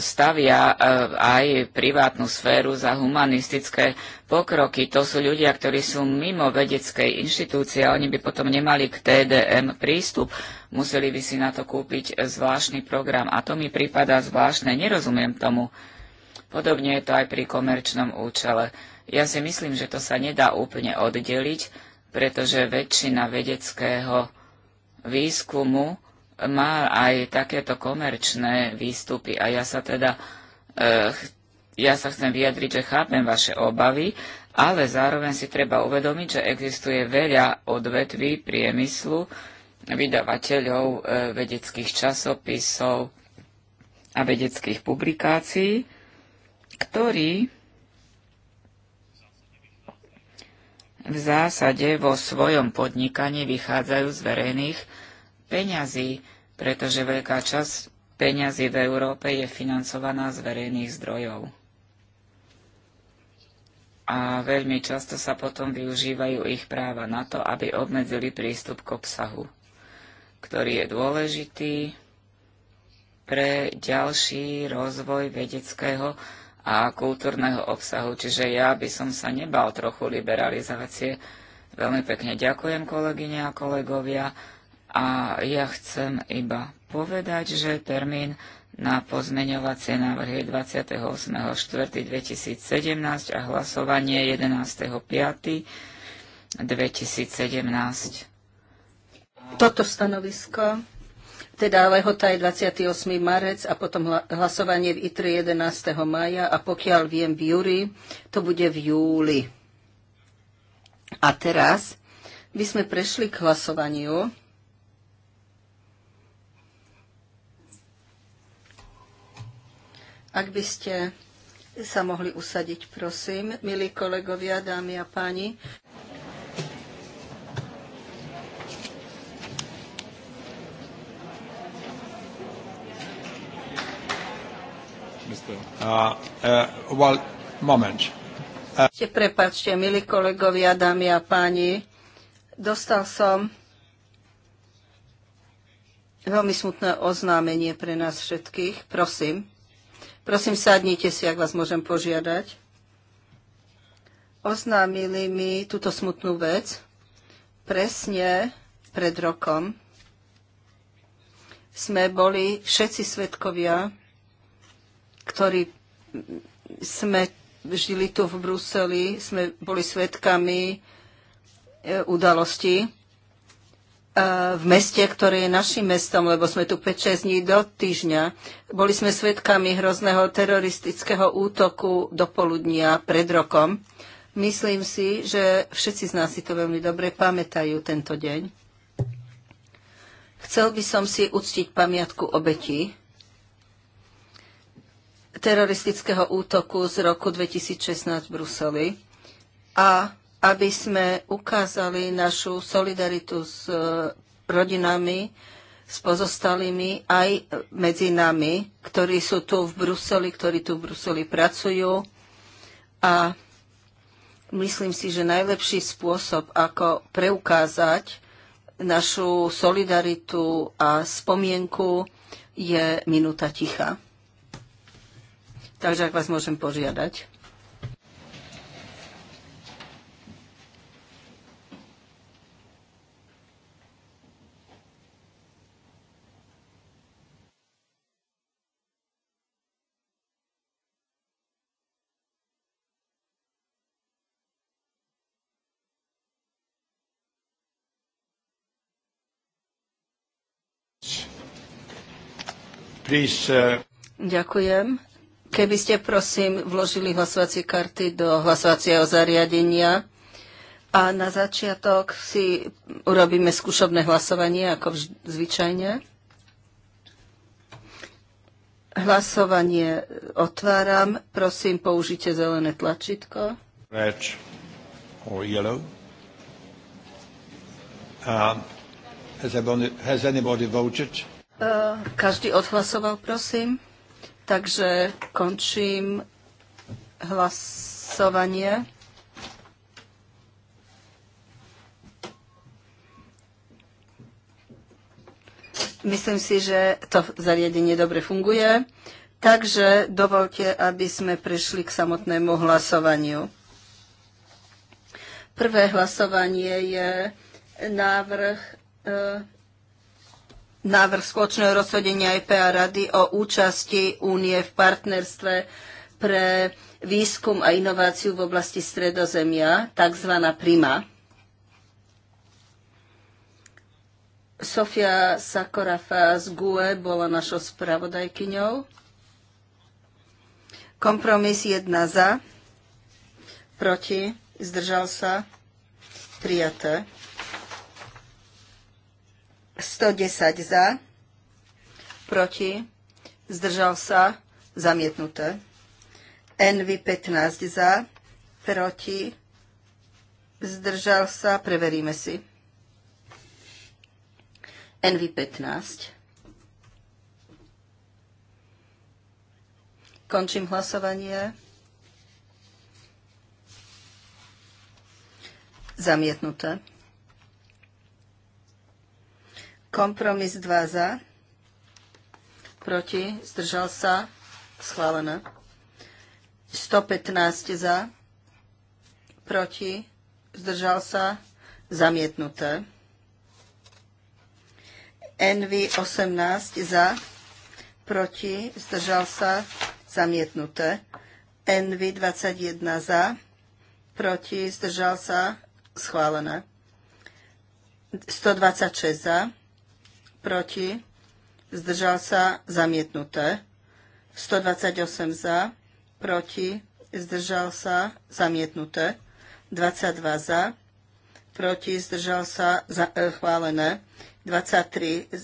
stavia e, aj privátnu sféru za humanistické pokroky. To sú ľudia, ktorí sú mimo vedeckej inštitúcie a oni by potom nemali k TDM prístup. Museli by si na to kúpiť zvláštny program a to mi prípada zvláštne, nerozumiem tomu. Podobne je to aj pri komerčnom účele. Ja si myslím, že to sa nedá úplne oddeliť, pretože väčšina vedeckého výskumu má aj takéto komerčné výstupy a ja sa teda e, ja sa chcem vyjadriť, že chápem vaše obavy, ale zároveň si treba uvedomiť, že existuje veľa odvetví priemyslu, vydavateľov e, vedeckých časopisov a vedeckých publikácií, ktorí v zásade vo svojom podnikaní vychádzajú z verejných peňazí, pretože veľká časť peňazí v Európe je financovaná z verejných zdrojov. A veľmi často sa potom využívajú ich práva na to, aby obmedzili prístup k obsahu, ktorý je dôležitý pre ďalší rozvoj vedeckého a kultúrneho obsahu, čiže ja by som sa nebal trochu liberalizácie. Veľmi pekne ďakujem kolegyne a kolegovia a ja chcem iba povedať, že termín na pozmeňovacie návrhy 28.4.2017 a hlasovanie 11.5.2017. Toto stanovisko teda lehota je 28. marec a potom hlasovanie v ITRE 11. maja a pokiaľ viem v júri, to bude v júli. A teraz by sme prešli k hlasovaniu. Ak by ste sa mohli usadiť, prosím, milí kolegovia, dámy a páni. Uh, uh, uh, prepačte, milí kolegovia, dámy a páni, dostal som veľmi smutné oznámenie pre nás všetkých. Prosím, prosím, sadnite si, ak vás môžem požiadať. Oznámili mi túto smutnú vec presne pred rokom. Sme boli všetci svetkovia ktorí sme žili tu v Bruseli, sme boli svetkami e, udalosti e, v meste, ktoré je našim mestom, lebo sme tu 5-6 dní do týždňa. Boli sme svetkami hrozného teroristického útoku do poludnia pred rokom. Myslím si, že všetci z nás si to veľmi dobre pamätajú tento deň. Chcel by som si uctiť pamiatku obetí, teroristického útoku z roku 2016 v Bruseli a aby sme ukázali našu solidaritu s e, rodinami, s pozostalými aj medzi nami, ktorí sú tu v Bruseli, ktorí tu v Bruseli pracujú. A myslím si, že najlepší spôsob, ako preukázať našu solidaritu a spomienku, je minúta ticha. Takže ak vás môžem požiadať. Uh, Ďakujem. Keby ste prosím vložili hlasovacie karty do hlasovacieho zariadenia a na začiatok si urobíme skúšobné hlasovanie, ako vž- zvyčajne. Hlasovanie otváram. Prosím, použite zelené tlačítko. Red or yellow. Um, has, anybody, has anybody voted? Uh, každý odhlasoval, prosím. Takže končím hlasovanie. Myslím si, že to zariadenie dobre funguje. Takže dovolte, aby sme prešli k samotnému hlasovaniu. Prvé hlasovanie je návrh e, návrh spoločného rozhodenia EPA a Rady o účasti únie v partnerstve pre výskum a inováciu v oblasti stredozemia, tzv. PRIMA. Sofia Sakorafa z GUE bola našou spravodajkyňou. Kompromis 1 za, proti, zdržal sa, prijaté. 110 za, proti, zdržal sa, zamietnuté. NV 15 za, proti, zdržal sa, preveríme si. NV 15. Končím hlasovanie. Zamietnuté. Kompromis 2 za, proti, zdržal sa, schválené. 115 za, proti, zdržal sa, zamietnuté. NV 18 za, proti, zdržal sa, zamietnuté. NV 21 za, proti, zdržal sa, schválené. 126 za, proti, zdržal sa, zamietnuté. 128 za, proti, zdržal sa, zamietnuté. 22 za, proti, zdržal sa, za, e, chválené. 23 e,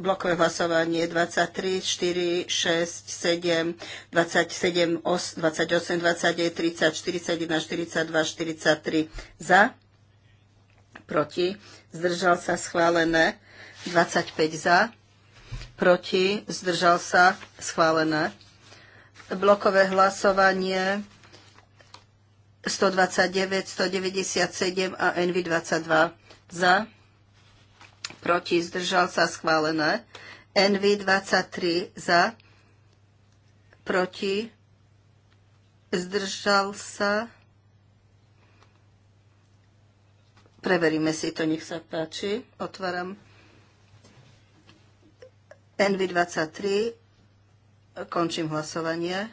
blokové hlasovanie 23, 4, 6, 7, 27, 8, 28, 29, 30, 41, 42, 43 za, proti, zdržal sa schválené 25 za, proti, zdržal sa, schválené. Blokové hlasovanie 129, 197 a NV22 za, proti, zdržal sa, schválené. NV23 za, proti, zdržal sa. Preveríme si to, nech sa páči. Otváram NV23. Končím hlasovanie.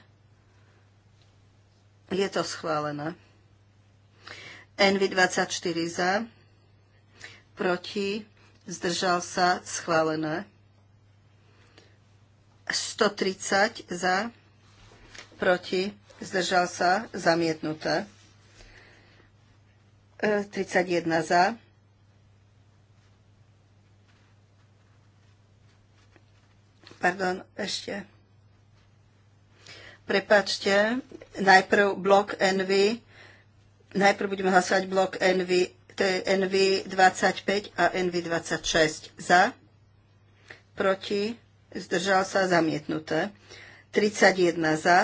Je to schválené. NV24 za. Proti. Zdržal sa. Schválené. 130 za. Proti. Zdržal sa. Zamietnuté. 31 e, za Pardon, ešte. Prepačte, najprv blok NV. Najprv budeme hlasovať blok NV. To je NV25 a NV26. Za, proti, zdržal sa, zamietnuté. 31 za,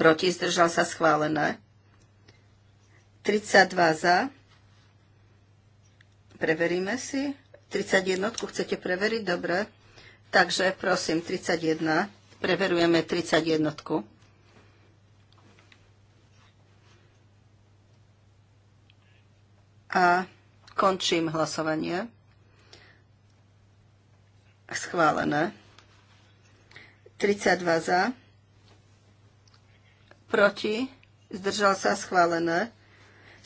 proti, zdržal sa, schválené. 32 za. Preveríme si. 31 chcete preveriť? Dobre. Takže prosím, 31. Preverujeme 31. A končím hlasovanie. Schválené. 32 za. Proti. Zdržal sa schválené.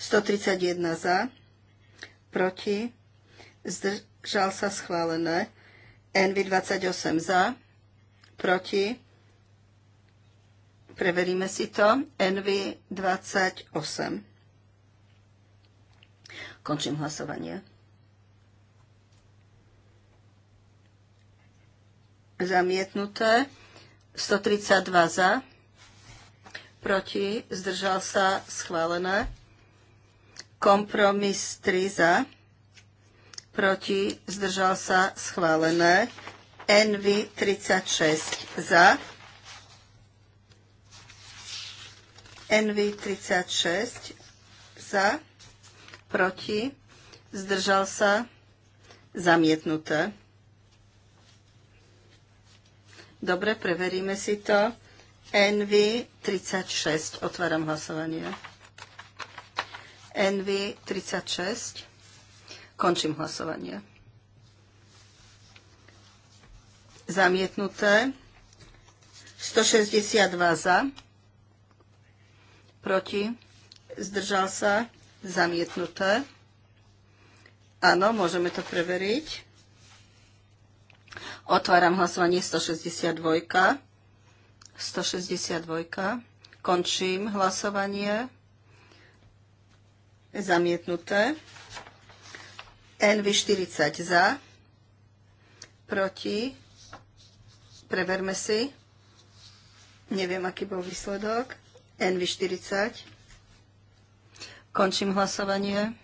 131 za. Proti. Zdržal sa schválené. Envy 28 za, proti, preveríme si to, Envy 28 Končím hlasovanie. Zamietnuté. 132 za, proti, zdržal sa, schválené. Kompromis 3 za, proti, zdržal sa, schválené. NV 36 za. NV 36 za, proti, zdržal sa, zamietnuté. Dobre, preveríme si to. NV 36. Otváram hlasovanie. NV 36. Končím hlasovanie. Zamietnuté. 162 za. Proti. Zdržal sa. Zamietnuté. Áno, môžeme to preveriť. Otváram hlasovanie 162. 162. Končím hlasovanie. Zamietnuté. NV40 za, proti, preverme si, neviem, aký bol výsledok, NV40, končím hlasovanie,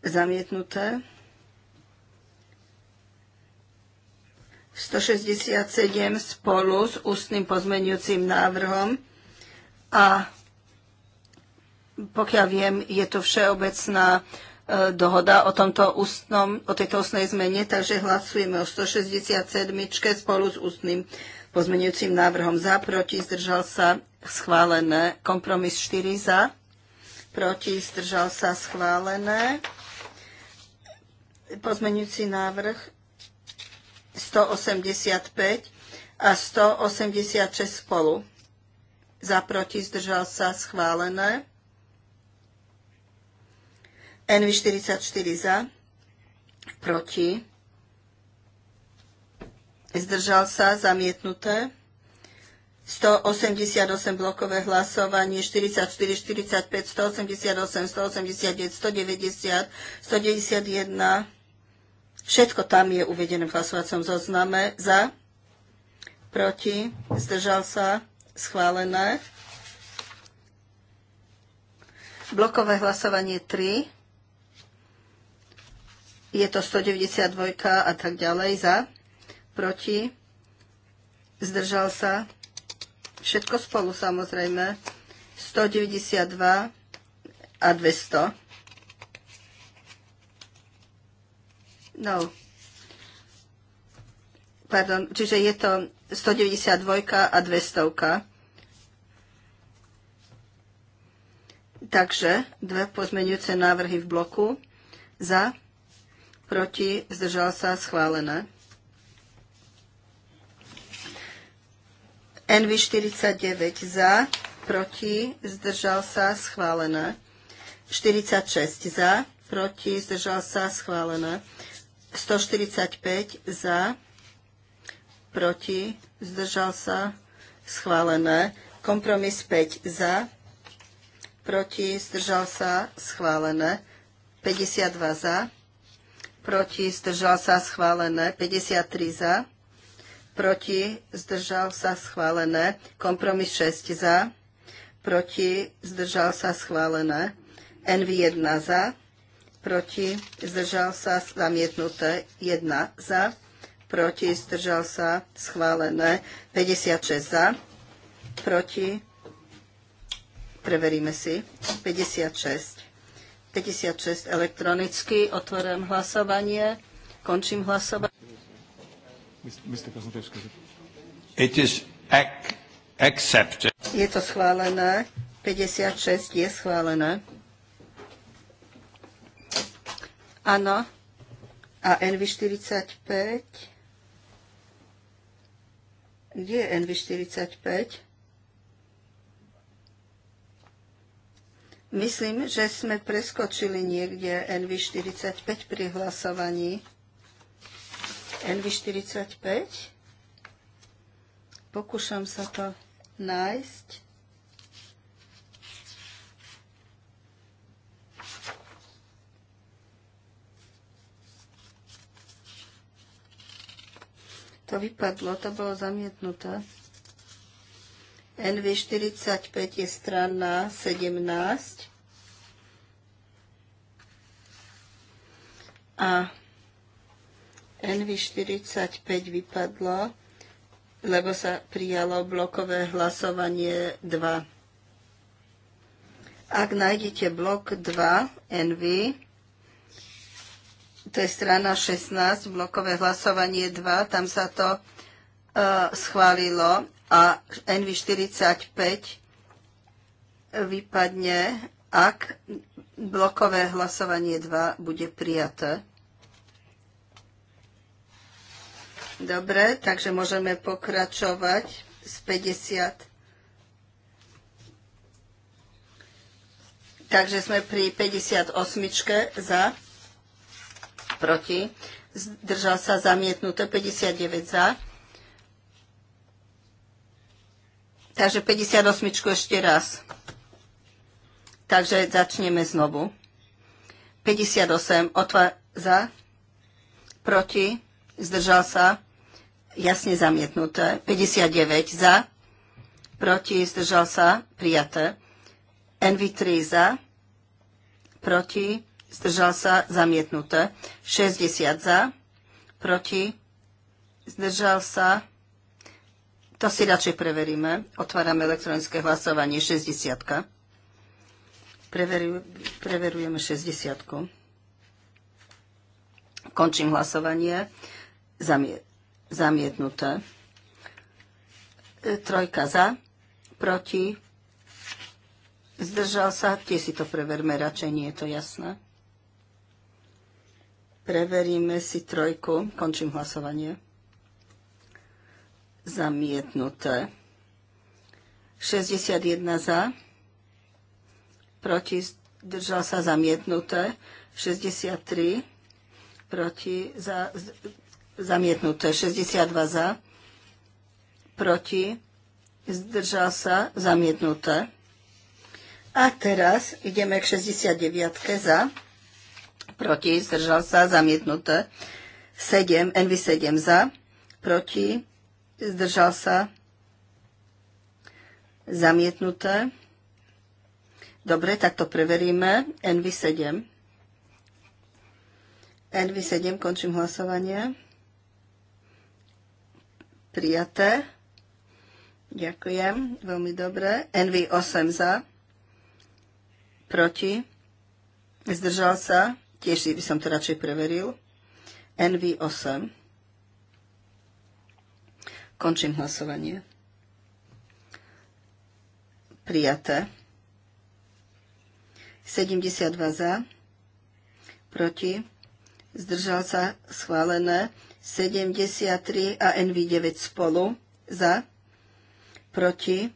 zamietnuté, 167 spolu s ústnym pozmenujúcim návrhom a pokiaľ viem, je to všeobecná e, dohoda o, tomto ústnom, o tejto ústnej zmene, takže hlasujeme o 167 spolu s ústnym pozmenujúcim návrhom za, proti, zdržal sa, schválené. Kompromis 4 za, proti, zdržal sa, schválené. Pozmenujúci návrh 185 a 186 spolu. Za, proti, zdržal sa, schválené. NV44 za, proti, zdržal sa, zamietnuté. 188 blokové hlasovanie, 44, 45, 188, 189, 190, 191. Všetko tam je uvedené v hlasovacom zozname. Za, proti, zdržal sa, schválené. Blokové hlasovanie 3 je to 192 a tak ďalej za, proti, zdržal sa, všetko spolu samozrejme, 192 a 200. No. Pardon, čiže je to 192 a 200. Takže dve pozmeňujúce návrhy v bloku za proti, zdržal sa, schválené. NV49 za, proti, zdržal sa, schválené. 46 za, proti, zdržal sa, schválené. 145 za, proti, zdržal sa, schválené. Kompromis 5 za, proti, zdržal sa, schválené. 52 za, proti, zdržal sa schválené, 53 za, proti, zdržal sa schválené, kompromis 6 za, proti, zdržal sa schválené, NV1 za, proti, zdržal sa zamietnuté, 1 za, proti, zdržal sa schválené, 56 za, proti, preveríme si, 56. 56 elektronicky. Otvorím hlasovanie. Končím hlasovanie. Je to schválené. 56 je schválené. Áno. A NV45? Kde je NV45? Myslím, že sme preskočili niekde NV45 pri hlasovaní. NV45. Pokúšam sa to nájsť. To vypadlo, to bolo zamietnuté. NV45 je strana 17. A NV45 vypadlo, lebo sa prijalo blokové hlasovanie 2. Ak nájdete blok 2 NV, to je strana 16, blokové hlasovanie 2, tam sa to uh, schválilo a NV45 vypadne, ak blokové hlasovanie 2 bude prijaté. Dobre, takže môžeme pokračovať z 50. Takže sme pri 58. za, proti, zdržal sa zamietnuté 59 za, Takže 58 ešte raz. Takže začneme znovu. 58 otva za, proti, zdržal sa, jasne zamietnuté. 59 za, proti, zdržal sa, prijaté. NV3 za, proti, zdržal sa, zamietnuté. 60 za, proti, zdržal sa, to si radšej preveríme. Otvárame elektronické hlasovanie 60. preverujeme 60. Končím hlasovanie. Zamie, zamietnuté. E, trojka za, proti. Zdržal sa, tie si to preverme, radšej nie je to jasné. Preveríme si trojku, končím hlasovanie zamietnuté. 61 za, proti zdržal sa zamietnuté. 63 proti za, zamietnuté. 62 za, proti zdržal sa zamietnuté. A teraz ideme k 69 za, proti zdržal sa zamietnuté. 7, NV7 za, proti zdržal sa, zamietnuté. Dobre, tak to preveríme. NV7. NV7, končím hlasovanie. Prijaté. Ďakujem, veľmi dobre. NV8 za. Proti. Zdržal sa. Tiež by som to radšej preveril. NV8. Končím hlasovanie. Prijaté. 72 za, proti, zdržal sa schválené 73 a NV9 spolu za, proti,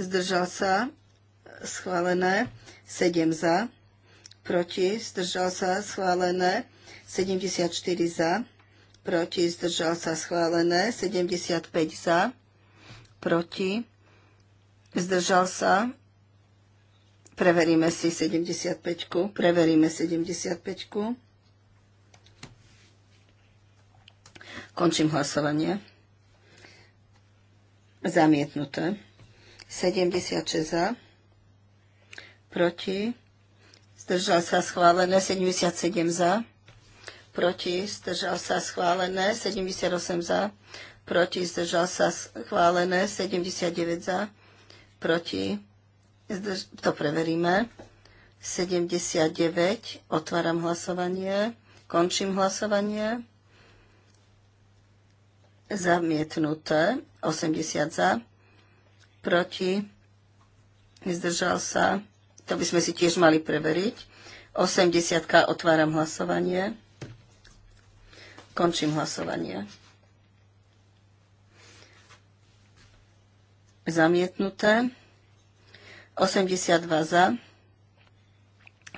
zdržal sa schválené 7 za, proti, zdržal sa schválené 74 za, proti, zdržal sa schválené, 75 za, proti, zdržal sa, preveríme si 75, preveríme 75. Končím hlasovanie. Zamietnuté. 76 za, proti, zdržal sa schválené, 77 za, proti, zdržal sa schválené, 78 za, proti, zdržal sa schválené, 79 za, proti, zdrž- to preveríme, 79, otváram hlasovanie, končím hlasovanie, zamietnuté, 80 za, proti, zdržal sa, to by sme si tiež mali preveriť, 80, otváram hlasovanie, Končím hlasovanie. Zamietnuté. 82 za.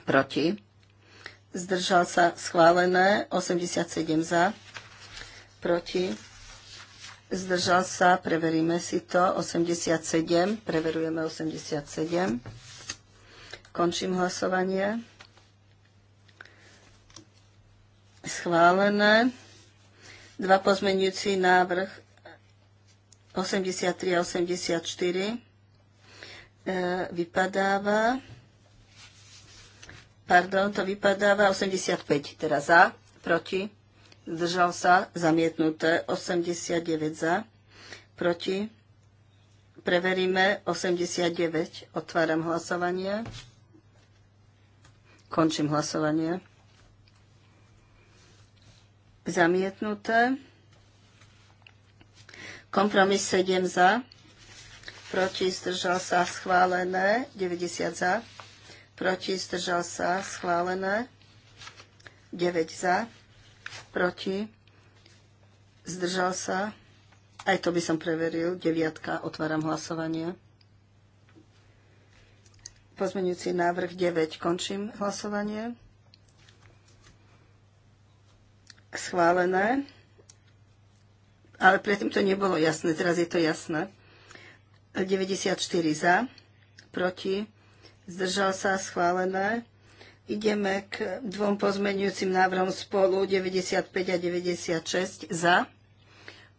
Proti. Zdržal sa schválené. 87 za. Proti. Zdržal sa. Preveríme si to. 87. Preverujeme 87. Končím hlasovanie. Schválené. Dva pozmenujúci návrh 83 a 84 e, vypadáva. Pardon, to vypadáva 85, teda za, proti, zdržal sa, zamietnuté, 89 za, proti, preveríme, 89, otváram hlasovanie, končím hlasovanie zamietnuté. Kompromis 7 za, proti zdržal sa schválené, 90 za, proti zdržal sa schválené, 9 za, proti zdržal sa, aj to by som preveril, 9, otváram hlasovanie. Pozmeňujúci návrh 9, končím hlasovanie. schválené, ale predtým to nebolo jasné, teraz je to jasné. 94 za, proti, zdržal sa, schválené. Ideme k dvom pozmenujúcim návrhom spolu 95 a 96 za,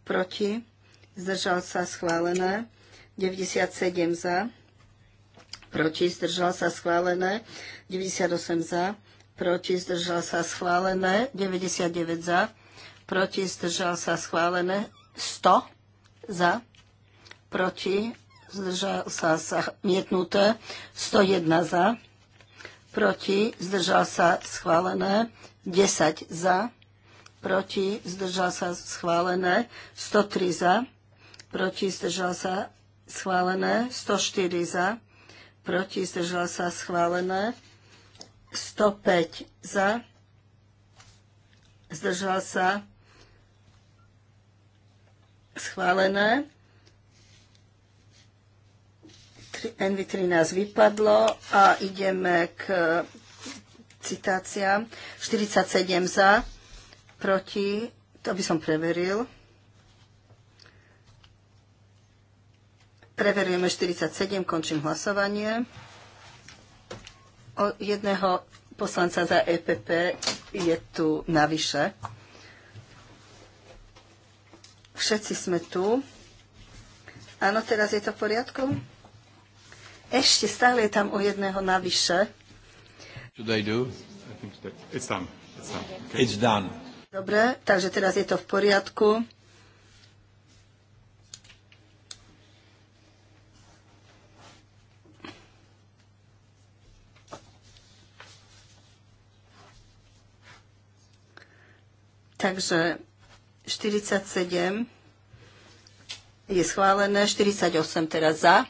proti, zdržal sa schválené, 97 za, proti, zdržal sa schválené, 98 za, proti zdržal sa schválené, 99 za, proti zdržal sa schválené, 100 za, proti zdržal sa zamietnuté, 101 za, proti zdržal sa schválené, 10 za, proti zdržal sa schválené, 103 za, proti zdržal sa schválené, 104 za, proti zdržal sa schválené, 105 za, zdržal sa, schválené. NV13 vypadlo a ideme k citáciám. 47 za, proti, to by som preveril. Preverujeme 47, končím hlasovanie. O jedného poslanca za EPP je tu navyše. Všetci sme tu. Áno, teraz je to v poriadku? Ešte stále je tam o jedného navyše. Should I do? I think it's done. It's done. Okay. It's done. Dobre, takže teraz je to v poriadku. Takže 47 je schválené, 48 teraz za,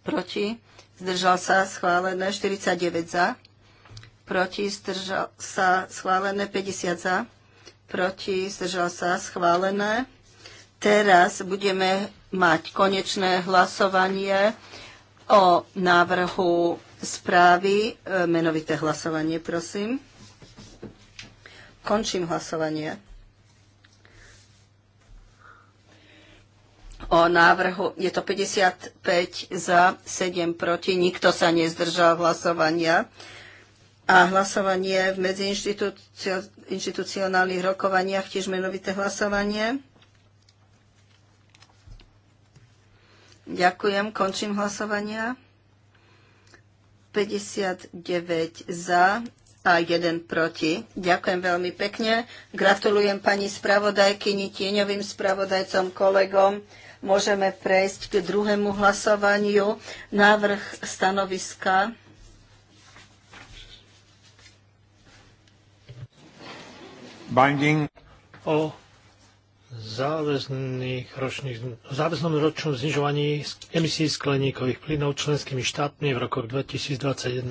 proti, zdržal sa schválené, 49 za, proti, zdržal sa schválené, 50 za, proti, zdržal sa schválené. Teraz budeme mať konečné hlasovanie o návrhu správy. E, menovité hlasovanie, prosím. Končím hlasovanie. O návrhu je to 55 za, 7 proti, nikto sa nezdržal hlasovania. A hlasovanie v medziinstitucionálnych rokovaniach tiež menovité hlasovanie. Ďakujem, končím hlasovania. 59 za, a jeden proti. Ďakujem veľmi pekne. Gratulujem pani spravodajkyni, tieňovým spravodajcom, kolegom. Môžeme prejsť k druhému hlasovaniu. Návrh stanoviska. Binding. O záväzných ročných, záväznom ročnom znižovaní emisí skleníkových plynov členskými štátmi v rokoch 2021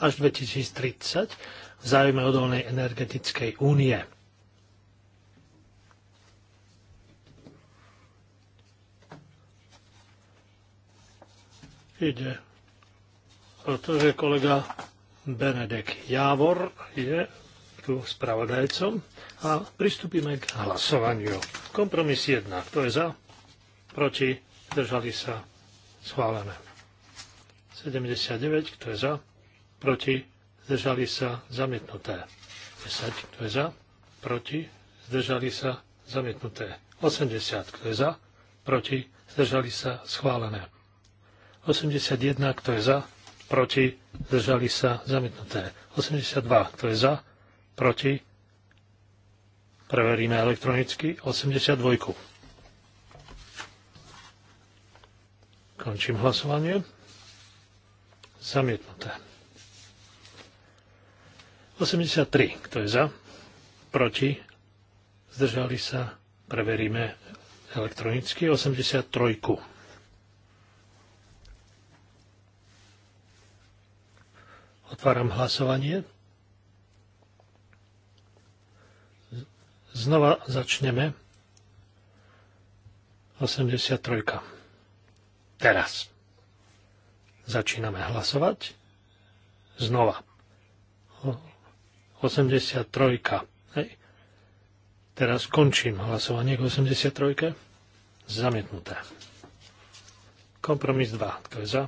až 2030 v záujme odolnej energetickej únie. Ide o kolega Benedek Jávor je tu spravodajcom a pristúpime k hlasovaniu. Kompromis 1. Kto je za? Proti? Držali sa? Schválené. 79. Kto je za? proti, zdržali sa, zamietnuté. 10, kto je za, proti, zdržali sa, zamietnuté. 80, kto je za, proti, zdržali sa, schválené. 81, kto je za, proti, zdržali sa, zamietnuté. 82, kto je za, proti, preveríme elektronicky, 82. Končím hlasovanie. Zamietnuté. 83. Kto je za? Proti? Zdržali sa? Preveríme elektronicky. 83. Otváram hlasovanie. Znova začneme. 83. Teraz. Začíname hlasovať. Znova 83. Hej. Teraz končím hlasovanie k 83. Zamietnuté. Kompromis 2. Kto je za?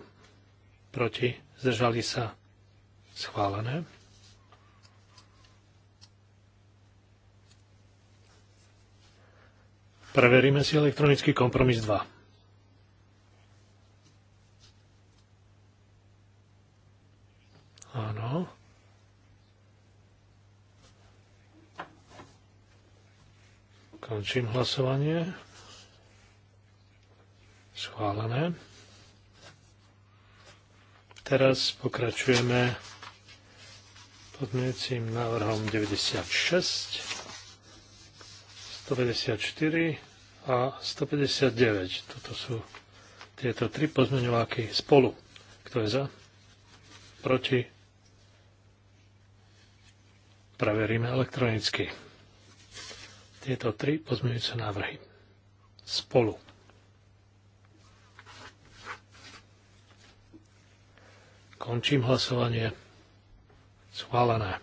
Proti? Zdržali sa? Schválené. Preveríme si elektronický kompromis 2. Áno. Končím hlasovanie. Schválené. Teraz pokračujeme podmienujúcim návrhom 96, 154 a 159. Toto sú tieto tri pozmeňováky spolu. Kto je za? Proti? Preveríme elektronicky tieto tri pozmeňujúce návrhy spolu. Končím hlasovanie. Schválené.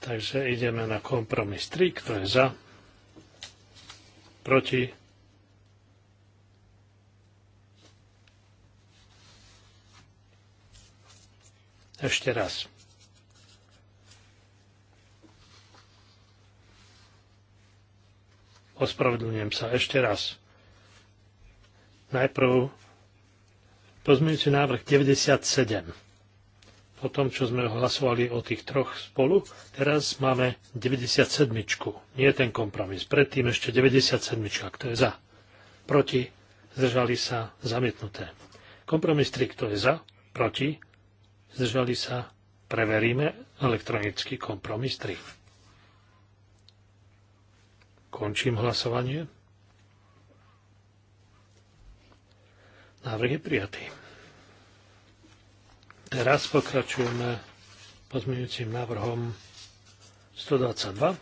Takže ideme na kompromis 3, kto je za, proti, ešte raz. Ospravedlňujem sa ešte raz. Najprv pozmeňujúci návrh 97. Po tom, čo sme hlasovali o tých troch spolu, teraz máme 97. Nie ten kompromis. Predtým ešte 97. Kto je za? Proti? Zdržali sa? Zamietnuté. Kompromis 3. Kto je za? Proti? Zdržali sa? Preveríme elektronický kompromis 3. Končím hlasovanie. Návrh je prijatý. Teraz pokračujeme pozmeňujúcim návrhom 122.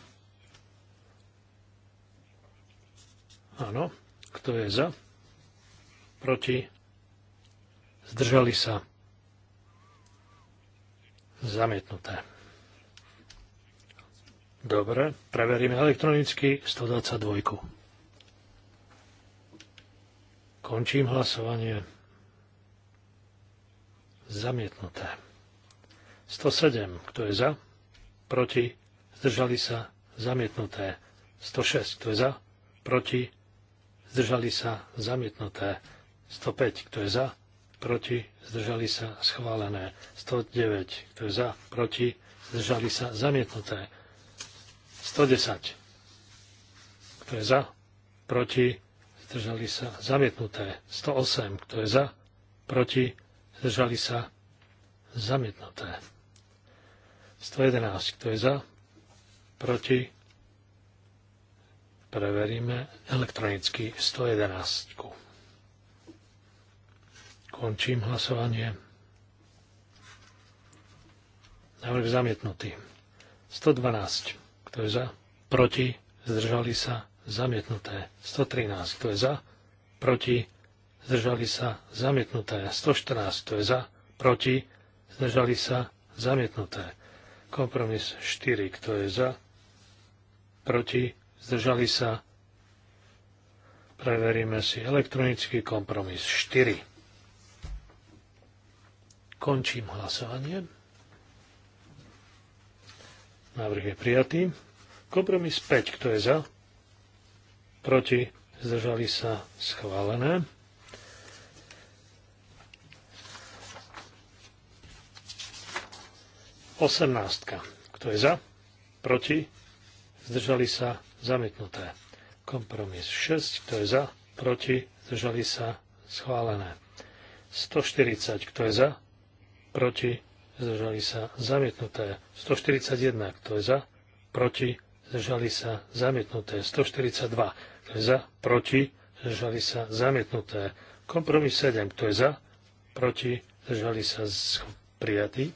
Áno, kto je za? Proti? Zdržali sa? Zamietnuté. Dobre, preveríme elektronicky 122. Končím hlasovanie. Zamietnuté. 107. Kto je za? Proti? Zdržali sa? Zamietnuté. 106. Kto je za? Proti? Zdržali sa? Zamietnuté. 105. Kto je za? Proti? Zdržali sa? Schválené. 109. Kto je za? Proti? Zdržali sa? Zamietnuté. 110. Kto je za? Proti? Zdržali sa? Zamietnuté. 108. Kto je za? Proti? Zdržali sa? Zamietnuté. 111. Kto je za? Proti? Preveríme elektronicky 111. Končím hlasovanie. Návrh zamietnutý. 112. Kto je za? Proti? Zdržali sa? Zamietnuté. 113. Kto je za? Proti? Zdržali sa? Zamietnuté. 114. Kto je za? Proti? Zdržali sa? Zamietnuté. Kompromis 4. Kto je za? Proti? Zdržali sa? Preveríme si elektronický kompromis 4. Končím hlasovanie. Návrh je prijatý. Kompromis 5. Kto je za? Proti? Zdržali sa? Schválené. Osemnáctka. Kto je za? Proti? Zdržali sa? Zamietnuté. Kompromis 6. Kto je za? Proti? Zdržali sa? Schválené. 140. Kto je za? Proti? zdržali sa zamietnuté 141, kto je za, proti, zdržali sa zamietnuté 142, kto je za, proti, zdržali sa zamietnuté. Kompromis 7, kto je za, proti, zdržali sa prijatí.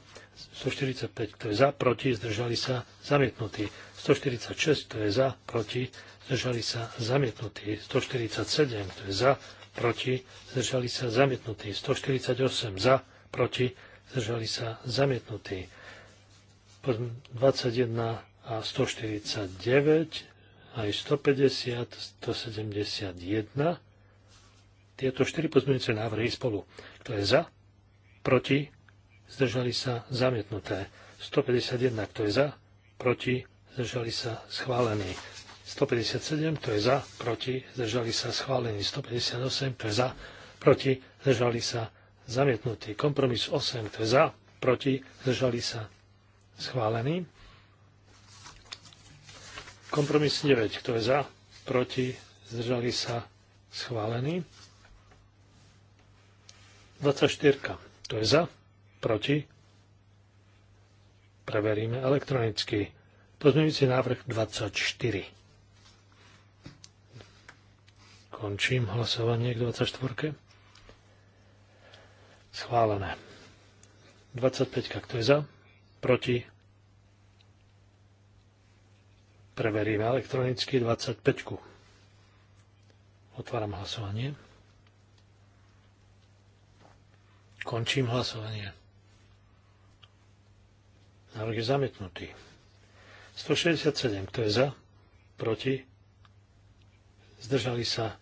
145, kto je za, proti, zdržali sa zamietnutí. 146, kto je za, proti, zdržali sa zamietnutí. 147, kto je za, proti, zdržali sa zamietnutí. 148, za, proti, zdržali sa zamietnutí. 21 a 149 aj 150, 171. Tieto štyri pozmeňujúce návrhy spolu. Kto je za? Proti? Zdržali sa zamietnuté. 151. Kto je za? Proti? Zdržali sa schválení. 157. Kto je za? Proti? Zdržali sa schválení. 158. Kto je za? Proti? Zdržali sa zamietnutý. Kompromis 8, kto je za, proti, zdržali sa, schválený. Kompromis 9, kto je za, proti, zdržali sa, schválený. 24, kto je za, proti, preveríme elektronicky. Pozmeňujúci návrh 24. Končím hlasovanie k 24. Schválené. 25. Kto je za? Proti? Preveríme elektronicky 25. Otváram hlasovanie. Končím hlasovanie. Návrh je zamietnutý. 167. Kto je za? Proti? Zdržali sa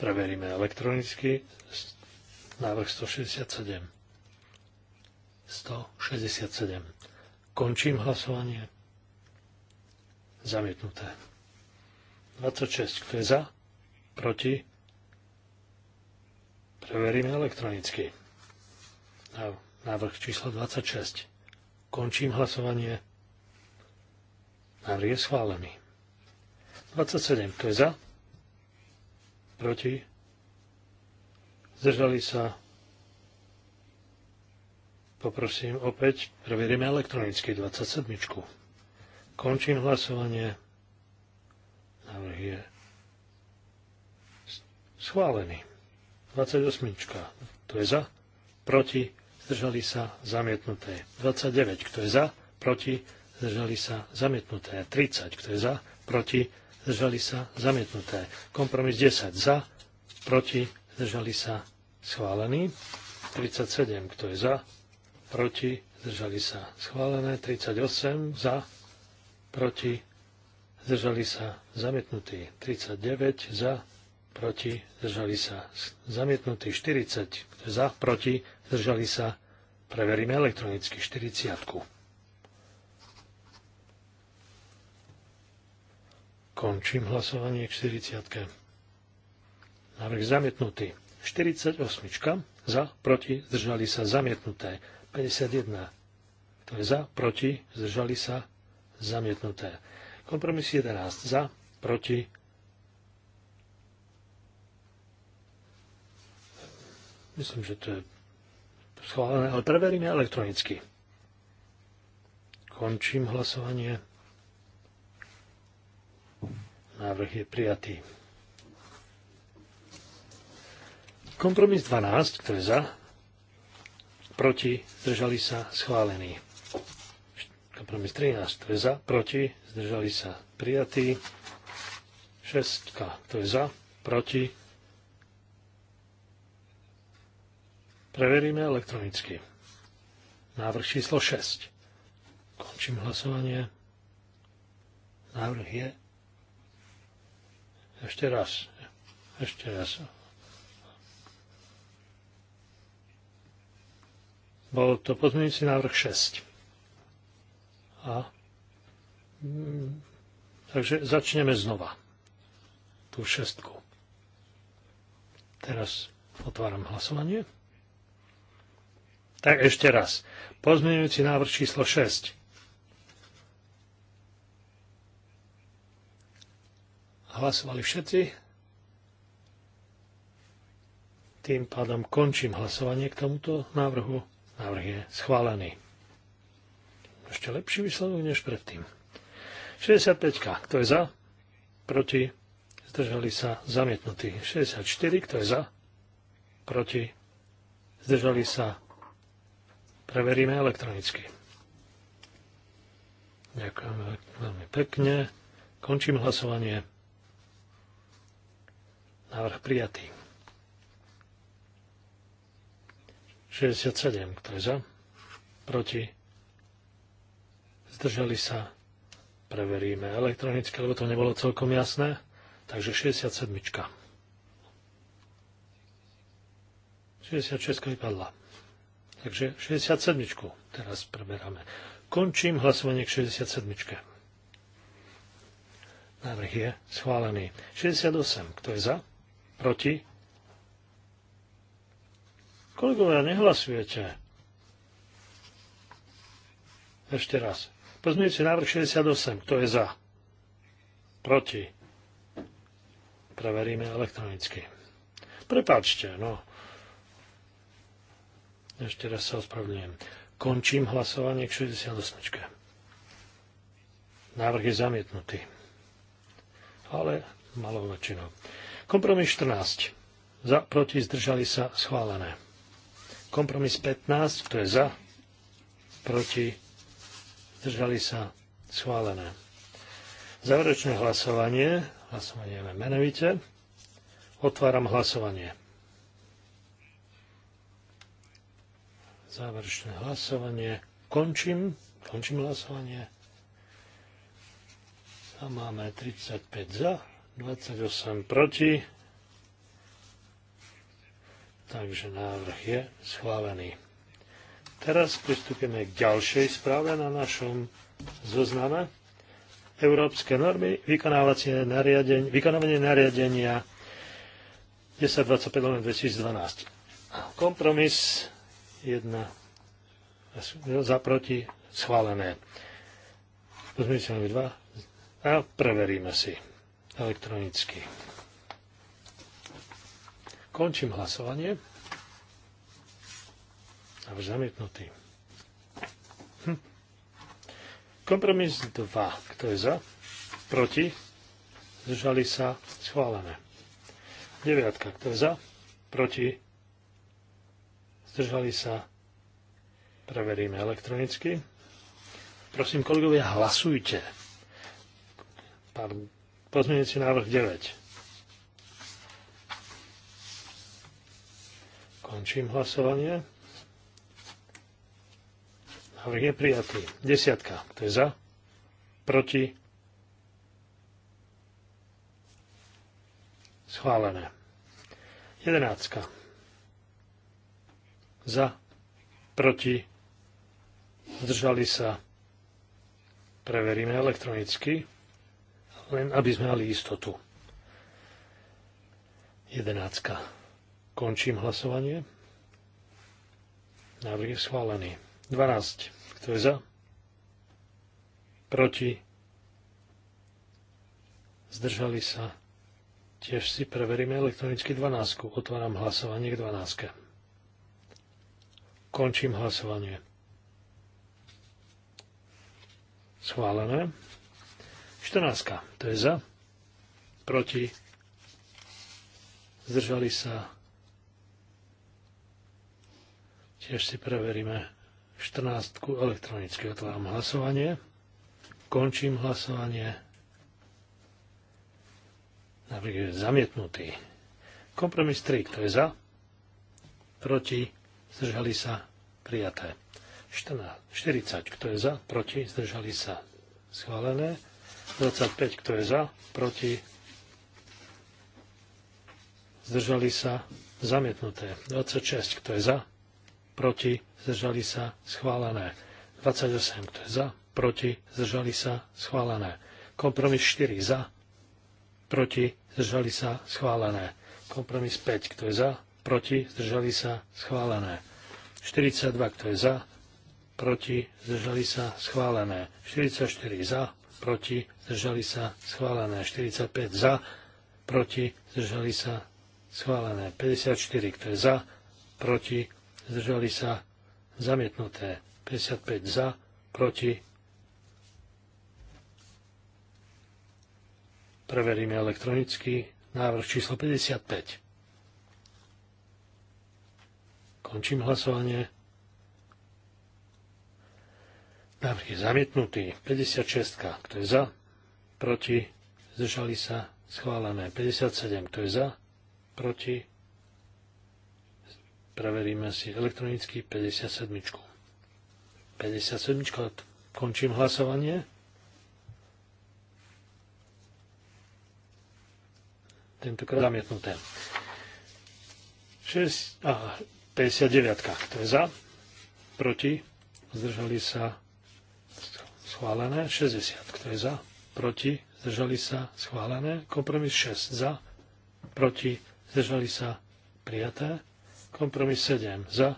Preveríme elektronicky. Návrh 167. 167. Končím hlasovanie. Zamietnuté. 26. Kto je za? Proti? Preveríme elektronicky. Návrh číslo 26. Končím hlasovanie. Návrh je schválený. 27. Kto je za? proti, zdržali sa. Poprosím opäť, preveríme elektronicky 27. Končím hlasovanie. Návrh je schválený. 28. Kto je za? Proti? Zdržali sa? Zamietnuté. 29. Kto je za? Proti? Zdržali sa? Zamietnuté. 30. Kto je za? Proti? zdržali sa, zamietnuté. Kompromis 10 za, proti, zdržali sa, schválený. 37, kto je za, proti, zdržali sa, schválené. 38 za, proti, zdržali sa, zamietnutý. 39 za, proti, zdržali sa, zamietnutý. 40 za, proti, zdržali sa, preveríme elektronicky 40. Končím hlasovanie k 40. Návrh zamietnutý. 48. Za, proti, zdržali sa zamietnuté. 51. To je za, proti, zdržali sa zamietnuté. Kompromis 11. Za, proti, Myslím, že to je schválené, ale preveríme elektronicky. Končím hlasovanie. Návrh je prijatý. Kompromis 12, kto je za? Proti, zdržali sa, schválený. Kompromis 13, kto je za? Proti, zdržali sa, prijatý. 6, kto je za? Proti. Preveríme elektronicky. Návrh číslo 6. Končím hlasovanie. Návrh je ešte raz. Ešte raz. Bol to pozmeňujúci návrh 6. A, mm, takže začneme znova. Tú šestku. Teraz otváram hlasovanie. Tak ešte raz. Pozmeňujúci návrh číslo 6. Hlasovali všetci? Tým pádom končím hlasovanie k tomuto návrhu. Návrh je schválený. Ešte lepší výsledok než predtým. 65. Kto je za? Proti? Zdržali sa zamietnutí. 64. Kto je za? Proti? Zdržali sa. Preveríme elektronicky. Ďakujem veľmi pekne. Končím hlasovanie. Návrh prijatý. 67. Kto je za? Proti? Zdržali sa? Preveríme elektronicky, lebo to nebolo celkom jasné. Takže 67. 66 vypadla. Takže 67 teraz preberáme. Končím hlasovanie k 67. Návrh je schválený. 68. Kto je za? Proti? Kolegovia, nehlasujete. Ešte raz. Pozmeňujúci návrh 68. Kto je za? Proti? Preveríme elektronicky. Prepáčte, no. Ešte raz sa ospravedlňujem. Končím hlasovanie k 68. Návrh je zamietnutý. Ale malou väčšinou. Kompromis 14. Za, proti, zdržali sa, schválené. Kompromis 15, To je za, proti, zdržali sa, schválené. Záverečné hlasovanie, hlasovanie je menovite. Otváram hlasovanie. Záverečné hlasovanie. Končím. Končím hlasovanie. A máme 35 za, 28 proti. Takže návrh je schválený. Teraz pristúpime k ďalšej správe na našom zozname. Európske normy, vykonávacie nariadeň, vykonávanie nariadenia 1025 2012. Kompromis 1 za proti schválené. Pozmite 2 a preveríme si elektronicky. Končím hlasovanie. A už zamietnutý. Hm. Kompromis 2. Kto je za? Proti? Zdržali sa? Schválené. 9. Kto je za? Proti? Zdržali sa? Preveríme elektronicky. Prosím, kolegovia, hlasujte. Pardon Pozmeňujúci návrh 9. Končím hlasovanie. Návrh je prijatý. Desiatka. To je za. Proti. Schválené. Jedenáctka. Za. Proti. Zdržali sa. Preveríme elektronicky len aby sme mali istotu. Jedenáctka. Končím hlasovanie. Návrh je schválený. 12. Kto je za? Proti? Zdržali sa? Tiež si preveríme elektronicky 12. Otváram hlasovanie k 12. Končím hlasovanie. Schválené. 14. To je za. Proti. Zdržali sa. Tiež si preveríme 14. Elektronicky otváram hlasovanie. Končím hlasovanie. Napríklad zamietnutý. Kompromis 3. to je za? Proti. Zdržali sa. Prijaté. 14. 40. Kto je za? Proti. Zdržali sa. Schválené. 25, kto je za, proti, zdržali sa, zamietnuté. 26, kto je za, proti, zdržali sa, schválené. 28, kto je za, proti, zdržali sa, schválené. Kompromis 4, za, proti, zdržali sa, schválené. Kompromis 5, kto je za, proti, zdržali sa, schválené. 42, kto je za, proti, zdržali sa, schválené. 44 za, proti, zdržali sa, schválené. 45 za, proti, zdržali sa, schválené. 54, kto je za, proti, zdržali sa, zamietnuté. 55 za, proti. Preveríme elektronicky návrh číslo 55. Končím hlasovanie. Návrh je zamietnutý. 56. Kto je za? Proti? Zdržali sa? Schválené. 57. Kto je za? Proti? Preveríme si elektronicky 57. 57. Končím hlasovanie. Tentokrát zamietnuté. 6, a 59. Kto je za? Proti? Zdržali sa? schválené, 60, kto je za, proti, zdržali sa, schválené, kompromis 6 za, proti, zdržali sa, prijaté, kompromis 7 za,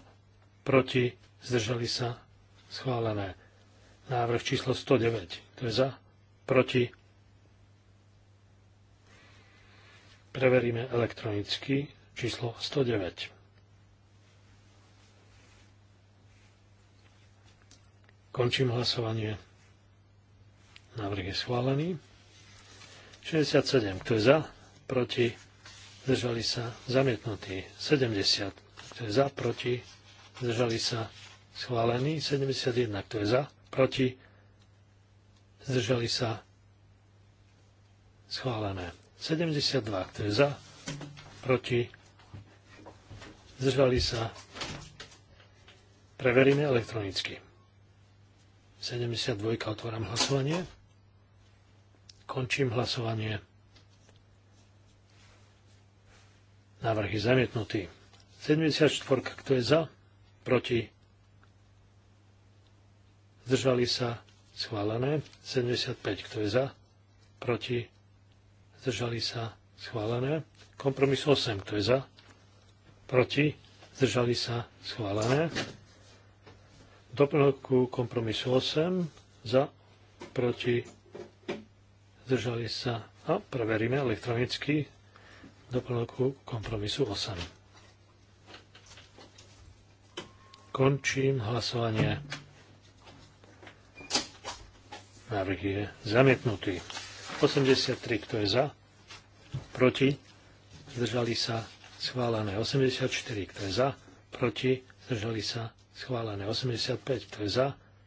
proti, zdržali sa, schválené. Návrh číslo 109, kto je za, proti, preveríme elektronicky číslo 109. Končím hlasovanie. Návrh je schválený. 67. Kto je za? Proti? Zdržali sa? Zamietnutý. 70. Kto je za? Proti? Zdržali sa? Schválený. 71. Kto je za? Proti? Zdržali sa? Schválené. 72. Kto je za? Proti? Zdržali sa? Preveríme elektronicky. 72. Otváram hlasovanie. Končím hlasovanie. Návrh je zamietnutý. 74. Kto je za? Proti? Zdržali sa? Schválené. 75. Kto je za? Proti? Zdržali sa? Schválené. Kompromis 8. Kto je za? Proti? Zdržali sa? Schválené. Doplnok kompromisu 8. Za? Proti? zdržali sa a preveríme elektronicky doplnoku kompromisu 8. Končím hlasovanie. Návrh je zamietnutý. 83, kto je za? Proti? Zdržali sa schválené. 84, kto je za? Proti? Zdržali sa schválené. 85, kto je za?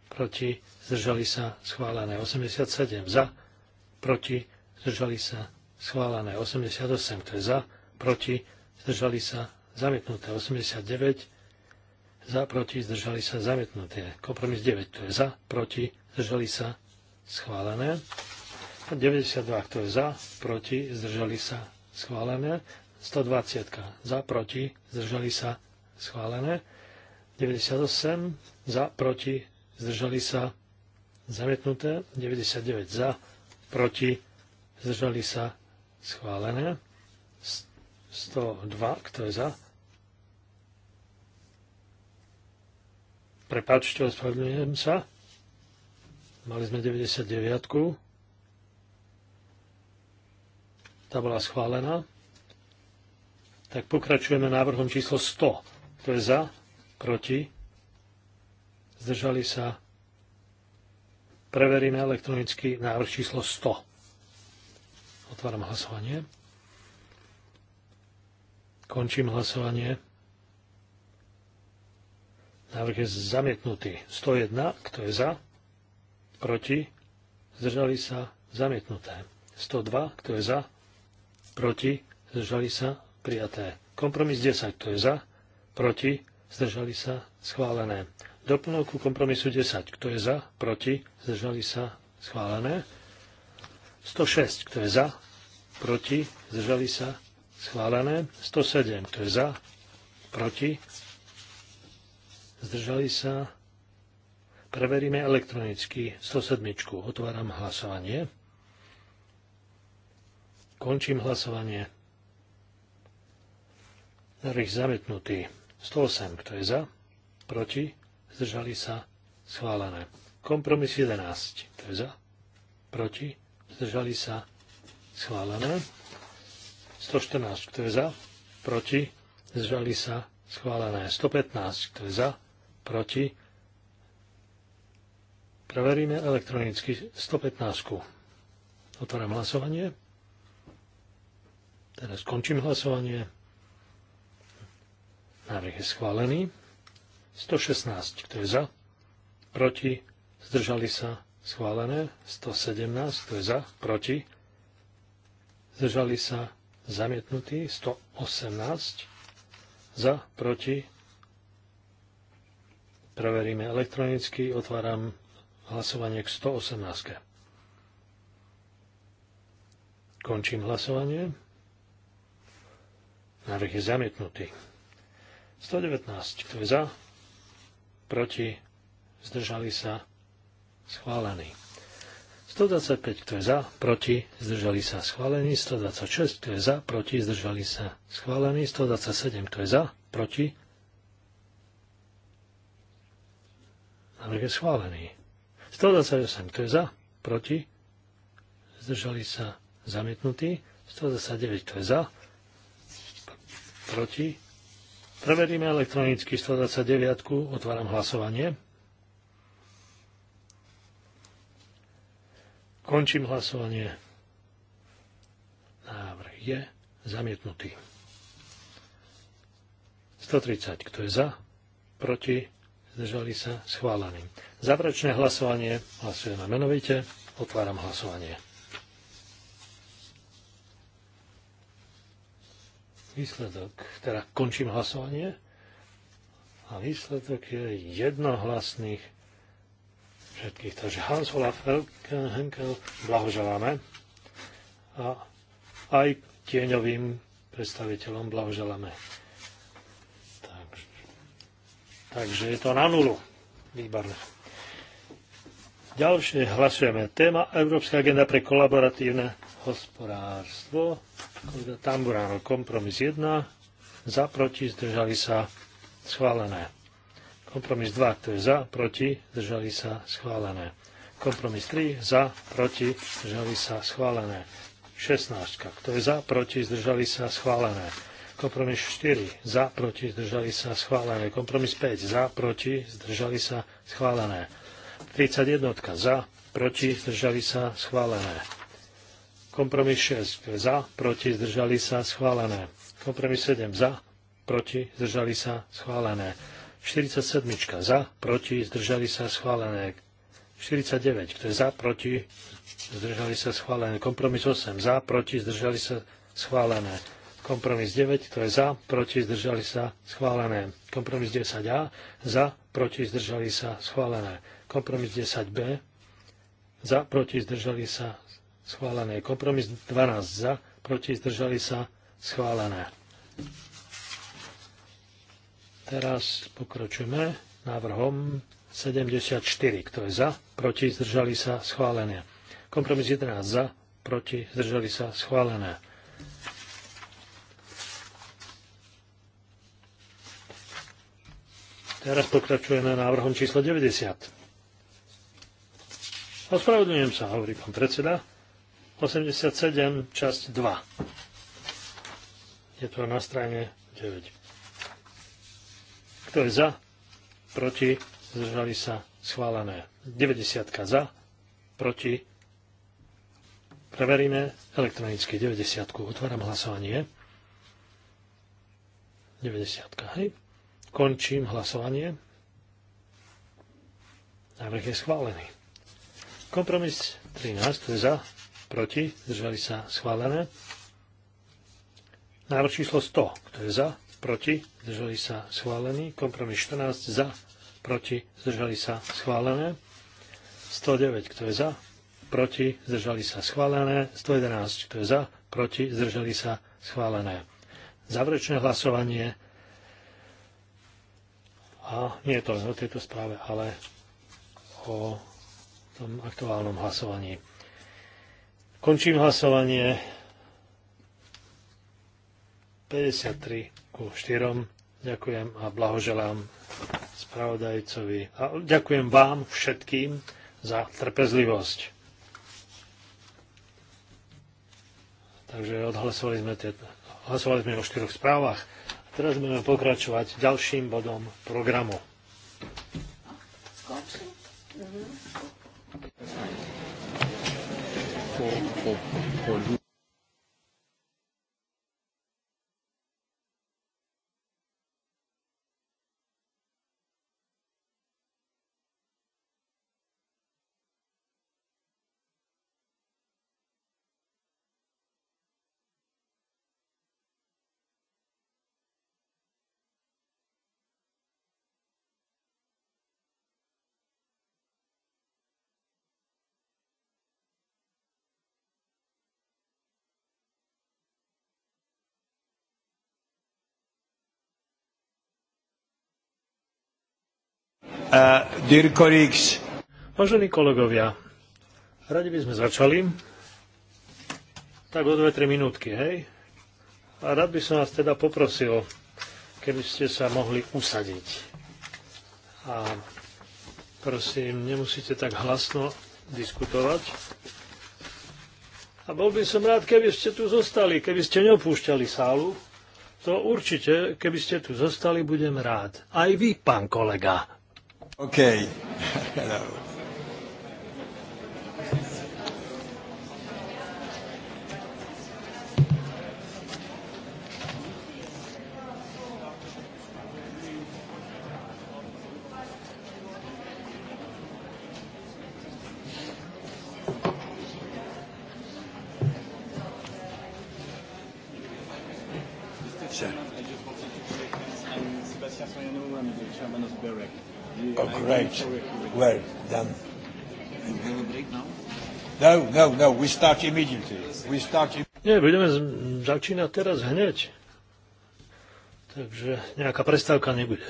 Proti? Zdržali sa schválené. 87, za? proti, zdržali sa schválené 88, to je za, proti, zdržali sa zamietnuté 89, za, proti, zdržali sa zamietnuté. Kompromis 9, to je za, proti, zdržali sa schválené. 92, kto je za, proti, zdržali sa schválené. 120, za, proti, zdržali sa schválené. 98, za, proti, zdržali sa zamietnuté. 99, za, proti, zdržali sa schválené. 102, kto je za? Prepačte, ospravedlňujem sa. Mali sme 99. Tá bola schválená. Tak pokračujeme návrhom číslo 100. Kto je za? Proti? Zdržali sa? Preveríme elektronicky návrh číslo 100. Otváram hlasovanie. Končím hlasovanie. Návrh je zamietnutý. 101, kto je za? Proti? Zdržali sa? Zamietnuté. 102, kto je za? Proti? Zdržali sa? Prijaté. Kompromis 10, kto je za? Proti? Zdržali sa? Schválené doplnok ku kompromisu 10. Kto je za? Proti? Zdržali sa? Schválené. 106. Kto je za? Proti? Zdržali sa? Schválené. 107. Kto je za? Proti? Zdržali sa? Preveríme elektronicky 107. Otváram hlasovanie. Končím hlasovanie. Návrh zamietnutý. 108. Kto je za? Proti? zdržali sa, schválené. Kompromis 11, to je za, proti, zdržali sa, schválené. 114, kto je za, proti, zdržali sa, schválené. 115, kto je za, proti, preveríme elektronicky 115. Otváram hlasovanie. Teraz končím hlasovanie. Návrh je schválený. 116, kto je za, proti, zdržali sa, schválené. 117, kto je za, proti, zdržali sa, zamietnutí. 118, za, proti, preveríme elektronicky, otváram hlasovanie k 118. Končím hlasovanie. Návrh je zamietnutý. 119, kto je za, proti, zdržali sa, schválený. 125, kto je za, proti, zdržali sa, schválený. 126, kto je za, proti, zdržali sa, schválený. 127, kto je za, proti. Návrh je schválený. 128, kto je za, proti, zdržali sa, zamietnutý. 129, kto je za, proti, Preveríme elektronicky 129. Otváram hlasovanie. Končím hlasovanie. Návrh je zamietnutý. 130. Kto je za? Proti? Zdržali sa? Schválený. Zavračné hlasovanie. Hlasujeme menovite. Otváram hlasovanie. Výsledok, teda končím hlasovanie. A výsledok je jednohlasných všetkých. Takže Hans Olaf Henkel blahoželáme a aj tieňovým predstaviteľom blahoželáme. Takže, takže je to na nulu výborné. Ďalšie hlasujeme. Téma Európska agenda pre kolaboratívne hospodárstvo. Kolega Tamburáno, kompromis 1. Za, proti, zdržali sa, schválené. Kompromis 2, to je za, proti, zdržali sa, schválené. Kompromis 3, za, proti, zdržali sa, schválené. 16, kto je za, proti, zdržali sa, schválené. Kompromis 4, za, proti, zdržali sa, schválené. Kompromis 5, za, proti, zdržali sa, schválené. 31 za, proti, zdržali sa, schválené. Kompromis 6 za, proti, zdržali sa, schválené. Kompromis 7 za, proti, zdržali sa, schválené. 47 za, proti, zdržali sa, schválené. 49, kto je za, proti, zdržali sa, schválené. Kompromis 8 za, proti, zdržali sa, schválené. Kompromis 9, kto je za, proti, zdržali sa, schválené. Kompromis 10a, za, proti, zdržali sa, schválené. Kompromis 10b. Za, proti, zdržali sa, schválené. Kompromis 12 za, proti, zdržali sa, schválené. Teraz pokračujeme návrhom 74. Kto je za, proti, zdržali sa, schválené. Kompromis 11 za, proti, zdržali sa, schválené. Teraz pokračujeme návrhom číslo 90. Ospravedlňujem sa, hovorí pán predseda. 87, časť 2. Je to na strane 9. Kto je za? Proti? Zdržali sa? Schválené. 90 za? Proti? Preveríme elektronicky 90. -ku. Otváram hlasovanie. 90. Hej. Končím hlasovanie. Návrh je schválený. Kompromis 13, to je za, proti, zdržali sa schválené. Návrh číslo 100, kto je za, proti, zdržali sa schválený. Kompromis 14, za, proti, zdržali sa schválené. 109, kto je za, proti, zdržali sa schválené. 111, kto je za, proti, zdržali sa schválené. Záverečné hlasovanie a nie je to o tejto správe, ale o tom aktuálnom hlasovaní. Končím hlasovanie 53 ku 4. Ďakujem a blahoželám spravodajcovi. A ďakujem vám všetkým za trpezlivosť. Takže odhlasovali sme tie, hlasovali sme o štyroch správach. A teraz budeme pokračovať ďalším bodom programu. Skončil? Mm-hmm. For, for, for Uh, Vážení kolegovia, radi by sme začali. Tak o 2-3 minútky, hej? A rád by som vás teda poprosil, keby ste sa mohli usadiť. A prosím, nemusíte tak hlasno diskutovať. A bol by som rád, keby ste tu zostali, keby ste neopúšťali sálu. To určite, keby ste tu zostali, budem rád. Aj vy, pán kolega, Okay. Hello. no, no, we start immediately. We start im- Nie, budeme začínať teraz hneď. Takže nejaká prestávka nebude.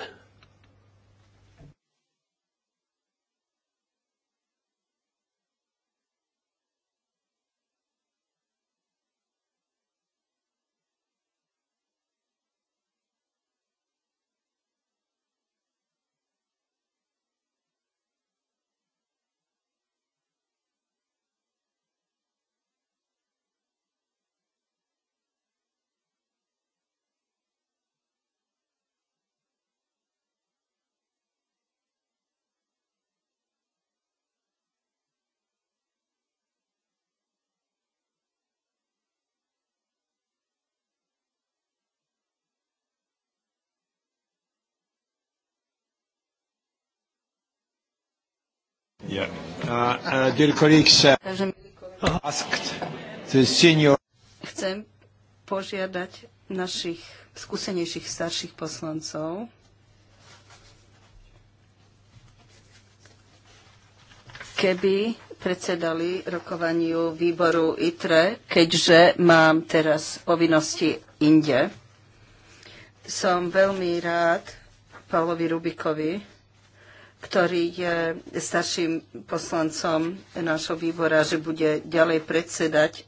Yeah. Uh, uh, dear colleagues, uh, asked the senior... Chcem požiadať našich skúsenejších starších poslancov, keby predsedali rokovaniu výboru ITRE, keďže mám teraz povinnosti inde. Som veľmi rád Pavlovi Rubikovi, ktorý je starším poslancom nášho výbora, že bude ďalej predsedať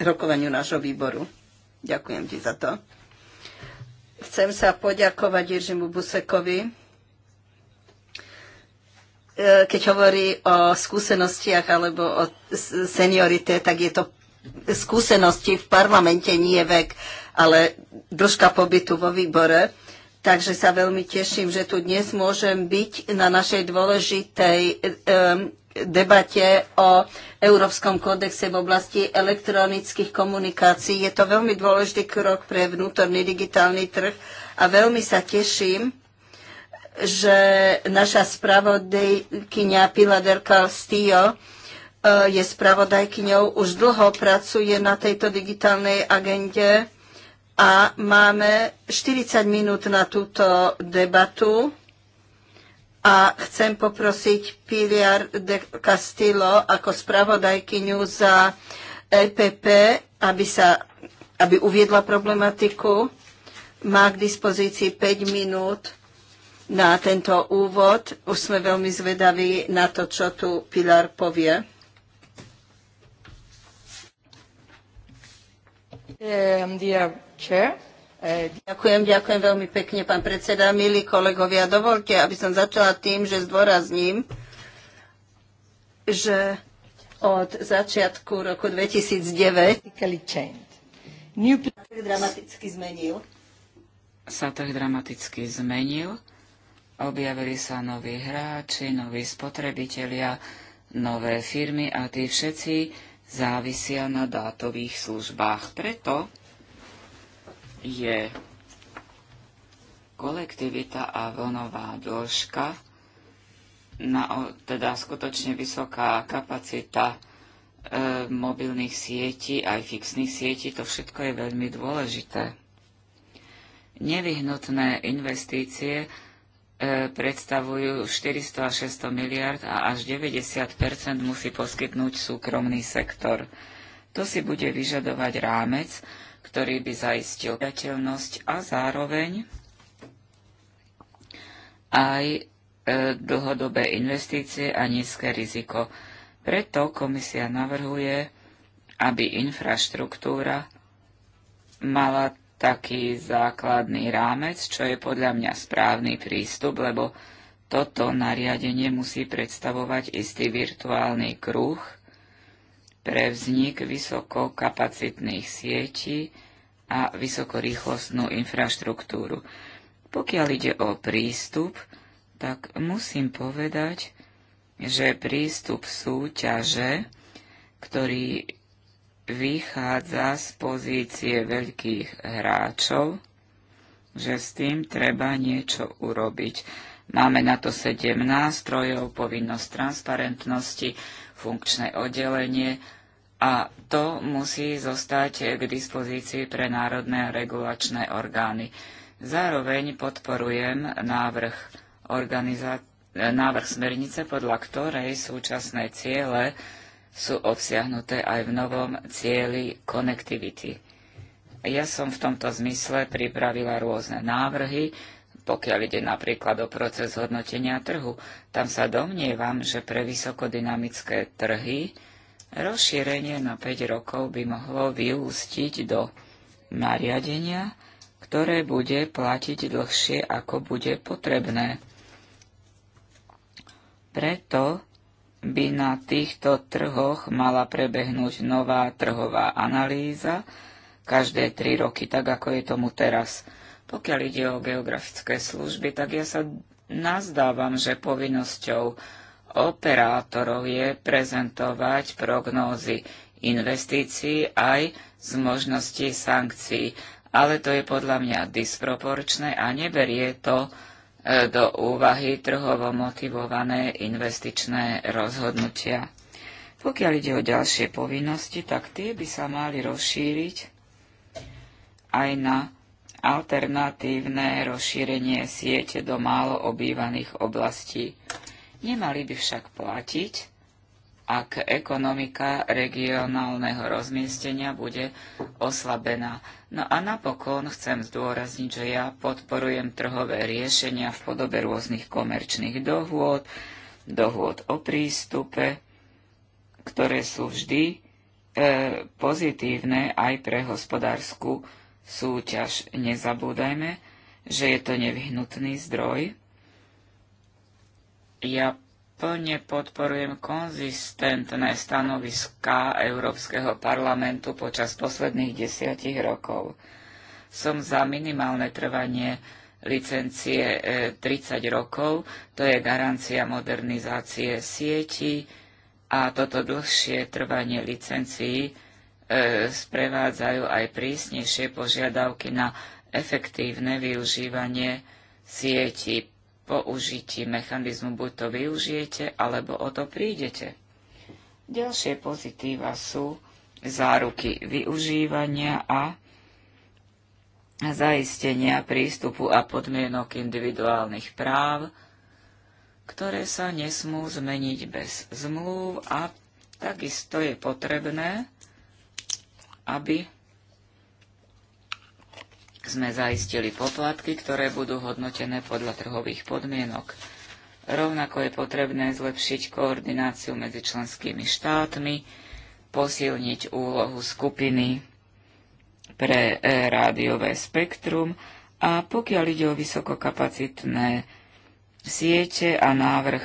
rokovaniu nášho výboru. Ďakujem ti za to. Chcem sa poďakovať Jeržimu Busekovi, e, keď hovorí o skúsenostiach alebo o seniorite, tak je to skúsenosti v parlamente, nie vek, ale dĺžka pobytu vo výbore. Takže sa veľmi teším, že tu dnes môžem byť na našej dôležitej debate o Európskom kódexe v oblasti elektronických komunikácií. Je to veľmi dôležitý krok pre vnútorný digitálny trh a veľmi sa teším, že naša spravodajkyňa Pilar del e, je spravodajkyňou, už dlho pracuje na tejto digitálnej agende a máme 40 minút na túto debatu a chcem poprosiť Piliar de Castillo ako spravodajkyňu za EPP, aby, sa, aby uviedla problematiku. Má k dispozícii 5 minút na tento úvod. Už sme veľmi zvedaví na to, čo tu Pilar povie. Um, uh, ďakujem, ďakujem veľmi pekne, pán predseda. Milí kolegovia, dovolte, aby som začala tým, že zdôrazním, že od začiatku roku 2009 sa tak dramaticky zmenil. Sa trh dramaticky zmenil. Objavili sa noví hráči, noví spotrebitelia, nové firmy a tí všetci závisia na dátových službách. Preto je kolektivita a vlnová dĺžka, na, teda skutočne vysoká kapacita e, mobilných sietí, aj fixných sietí, to všetko je veľmi dôležité. Nevyhnutné investície E, predstavujú 400 až 600 miliard a až 90 musí poskytnúť súkromný sektor. To si bude vyžadovať rámec, ktorý by zaistil priateľnosť a zároveň aj e, dlhodobé investície a nízke riziko. Preto komisia navrhuje, aby infraštruktúra mala taký základný rámec, čo je podľa mňa správny prístup, lebo toto nariadenie musí predstavovať istý virtuálny kruh pre vznik vysokokapacitných sietí a vysokorýchlostnú infraštruktúru. Pokiaľ ide o prístup, tak musím povedať, že prístup súťaže, ktorý vychádza z pozície veľkých hráčov, že s tým treba niečo urobiť. Máme na to sedem nástrojov, povinnosť transparentnosti, funkčné oddelenie a to musí zostať k dispozícii pre národné a regulačné orgány. Zároveň podporujem návrh, organiza- návrh smernice, podľa ktorej súčasné ciele sú obsiahnuté aj v novom cieli connectivity. Ja som v tomto zmysle pripravila rôzne návrhy, pokiaľ ide napríklad o proces hodnotenia trhu. Tam sa domnievam, že pre vysokodynamické trhy rozšírenie na 5 rokov by mohlo vyústiť do nariadenia, ktoré bude platiť dlhšie, ako bude potrebné. Preto by na týchto trhoch mala prebehnúť nová trhová analýza každé tri roky, tak ako je tomu teraz. Pokiaľ ide o geografické služby, tak ja sa nazdávam, že povinnosťou operátorov je prezentovať prognózy investícií aj z možností sankcií, ale to je podľa mňa disproporčné a neberie to E, do úvahy trhovo motivované investičné rozhodnutia. Pokiaľ ide o ďalšie povinnosti, tak tie by sa mali rozšíriť aj na alternatívne rozšírenie siete do málo obývaných oblastí. Nemali by však platiť ak ekonomika regionálneho rozmiestenia bude oslabená. No a napokon chcem zdôrazniť, že ja podporujem trhové riešenia v podobe rôznych komerčných dohôd, dohôd o prístupe, ktoré sú vždy e, pozitívne aj pre hospodárskú súťaž. Nezabúdajme, že je to nevyhnutný zdroj. Ja Plne podporujem konzistentné stanoviská Európskeho parlamentu počas posledných desiatich rokov. Som za minimálne trvanie licencie 30 e, rokov, to je garancia modernizácie sieti a toto dlhšie trvanie licencií e, sprevádzajú aj prísnejšie požiadavky na efektívne využívanie sieti použití mechanizmu buď to využijete, alebo o to prídete. Ďalšie pozitíva sú záruky využívania a zaistenia prístupu a podmienok individuálnych práv, ktoré sa nesmú zmeniť bez zmluv a takisto je potrebné, aby sme zaistili poplatky, ktoré budú hodnotené podľa trhových podmienok. Rovnako je potrebné zlepšiť koordináciu medzi členskými štátmi, posilniť úlohu skupiny pre rádiové spektrum a pokiaľ ide o vysokokapacitné siete a návrh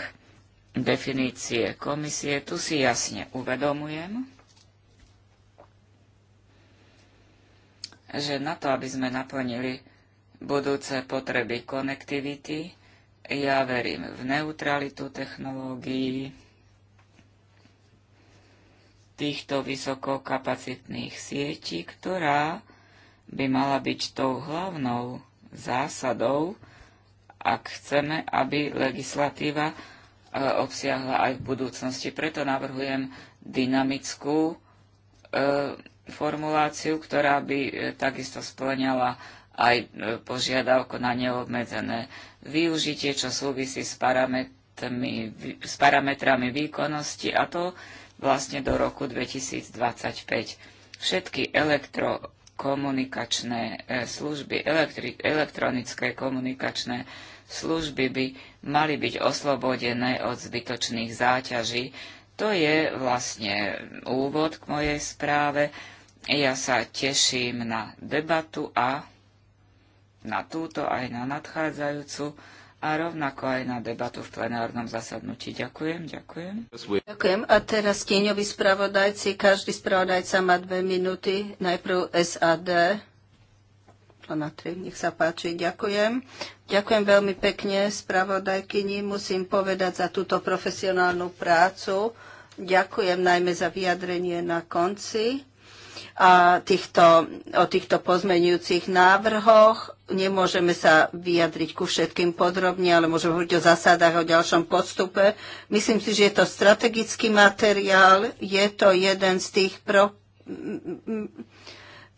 definície komisie, tu si jasne uvedomujem, že na to, aby sme naplnili budúce potreby konektivity, ja verím v neutralitu technológií týchto vysokokapacitných sietí, ktorá by mala byť tou hlavnou zásadou, ak chceme, aby legislatíva e, obsiahla aj v budúcnosti. Preto navrhujem dynamickú e, formuláciu, ktorá by e, takisto splňala aj e, požiadavku na neobmedzené využitie, čo súvisí s parametrami, s parametrami výkonnosti a to vlastne do roku 2025. Všetky elektrokomunikačné e, služby, elektri, elektronické komunikačné služby by mali byť oslobodené od zbytočných záťaží. To je vlastne úvod k mojej správe ja sa teším na debatu a na túto aj na nadchádzajúcu a rovnako aj na debatu v plenárnom zasadnutí. Ďakujem, ďakujem. Ďakujem. A teraz tieňoví spravodajci. Každý spravodajca má dve minúty. Najprv SAD. Na tri, nech sa páči. Ďakujem. Ďakujem veľmi pekne spravodajkyni. Musím povedať za túto profesionálnu prácu. Ďakujem najmä za vyjadrenie na konci a týchto, o týchto pozmeňujúcich návrhoch. Nemôžeme sa vyjadriť ku všetkým podrobne, ale môžeme hovoriť o zásadách, o ďalšom postupe. Myslím si, že je to strategický materiál, je to jeden z tých pro...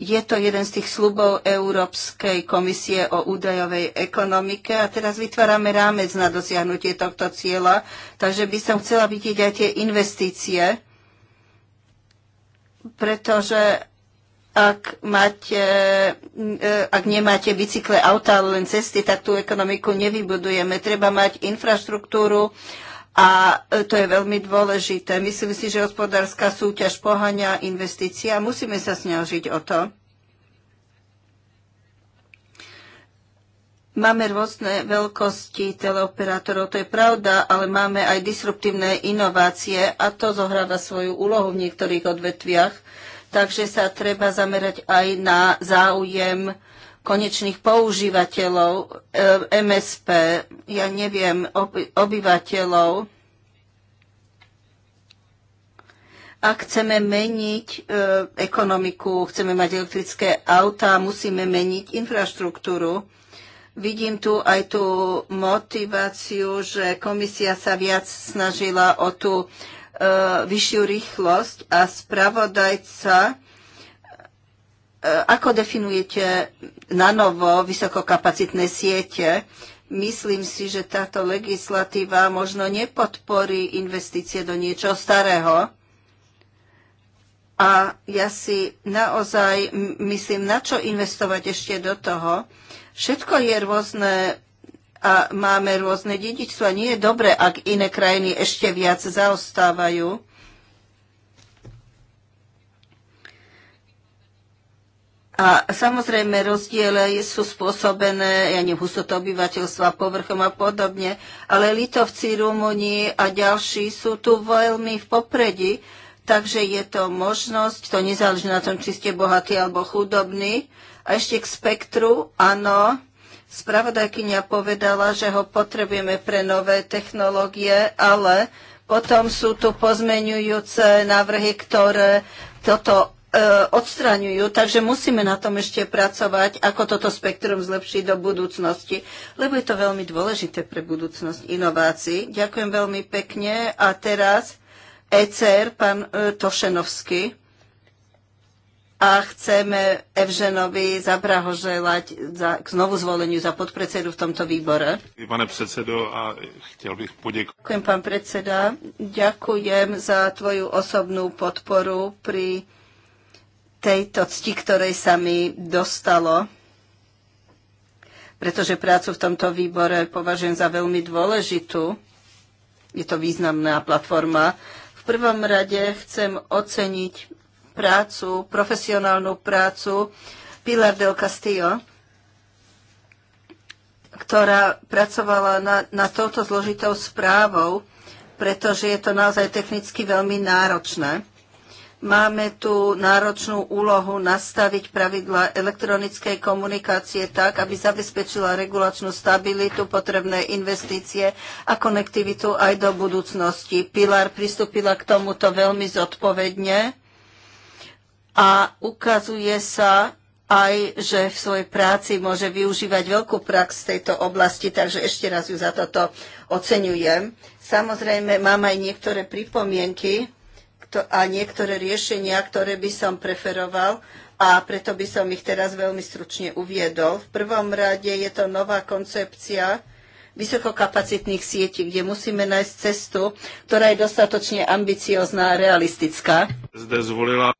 Je to jeden z tých slubov Európskej komisie o údajovej ekonomike a teraz vytvárame rámec na dosiahnutie tohto cieľa, takže by som chcela vidieť aj tie investície, pretože ak, máte, eh, ak nemáte bicykle, auta, len cesty, tak tú ekonomiku nevybudujeme. Treba mať infraštruktúru a eh, to je veľmi dôležité. Myslím si, že hospodárska súťaž pohania investícia. Musíme sa snažiť o to. Máme rôzne veľkosti teleoperátorov, to je pravda, ale máme aj disruptívne inovácie a to zohráva svoju úlohu v niektorých odvetviach takže sa treba zamerať aj na záujem konečných používateľov eh, MSP, ja neviem, obyvateľov. Ak chceme meniť eh, ekonomiku, chceme mať elektrické autá, musíme meniť infraštruktúru. Vidím tu aj tú motiváciu, že komisia sa viac snažila o tú E, vyššiu rýchlosť a spravodajca e, ako definujete na novo vysokokapacitné siete? Myslím si, že táto legislatíva možno nepodporí investície do niečoho starého. A ja si naozaj myslím, na čo investovať ešte do toho. Všetko je rôzne a máme rôzne dedičstvo a nie je dobre, ak iné krajiny ešte viac zaostávajú. A samozrejme rozdiele sú spôsobené, ja neviem, hustotou obyvateľstva, povrchom a podobne, ale Litovci, Rumúni a ďalší sú tu veľmi v popredi, takže je to možnosť, to nezáleží na tom, či ste bohatí alebo chudobní. A ešte k spektru, áno, Spravodajkynia povedala, že ho potrebujeme pre nové technológie, ale potom sú tu pozmeňujúce návrhy, ktoré toto e, odstraňujú, takže musíme na tom ešte pracovať, ako toto spektrum zlepšiť do budúcnosti, lebo je to veľmi dôležité pre budúcnosť inovácií. Ďakujem veľmi pekne a teraz ECR, pán e, Tošenovský a chceme Evženovi zabrahoželať za, k znovu zvoleniu za podpredsedu v tomto výbore. Pane predsedo, a chcel bych podiekovať. Ďakujem, pán predseda. Ďakujem za tvoju osobnú podporu pri tejto cti, ktorej sa mi dostalo pretože prácu v tomto výbore považujem za veľmi dôležitú. Je to významná platforma. V prvom rade chcem oceniť prácu, profesionálnu prácu Pilar del Castillo, ktorá pracovala na, na touto zložitou správou, pretože je to naozaj technicky veľmi náročné. Máme tu náročnú úlohu nastaviť pravidla elektronickej komunikácie tak, aby zabezpečila regulačnú stabilitu, potrebné investície a konektivitu aj do budúcnosti. Pilar pristúpila k tomuto veľmi zodpovedne a ukazuje sa aj, že v svojej práci môže využívať veľkú prax z tejto oblasti, takže ešte raz ju za toto oceňujem. Samozrejme, mám aj niektoré pripomienky a niektoré riešenia, ktoré by som preferoval a preto by som ich teraz veľmi stručne uviedol. V prvom rade je to nová koncepcia vysokokapacitných sietí, kde musíme nájsť cestu, ktorá je dostatočne ambiciozná a realistická. Zde zvolila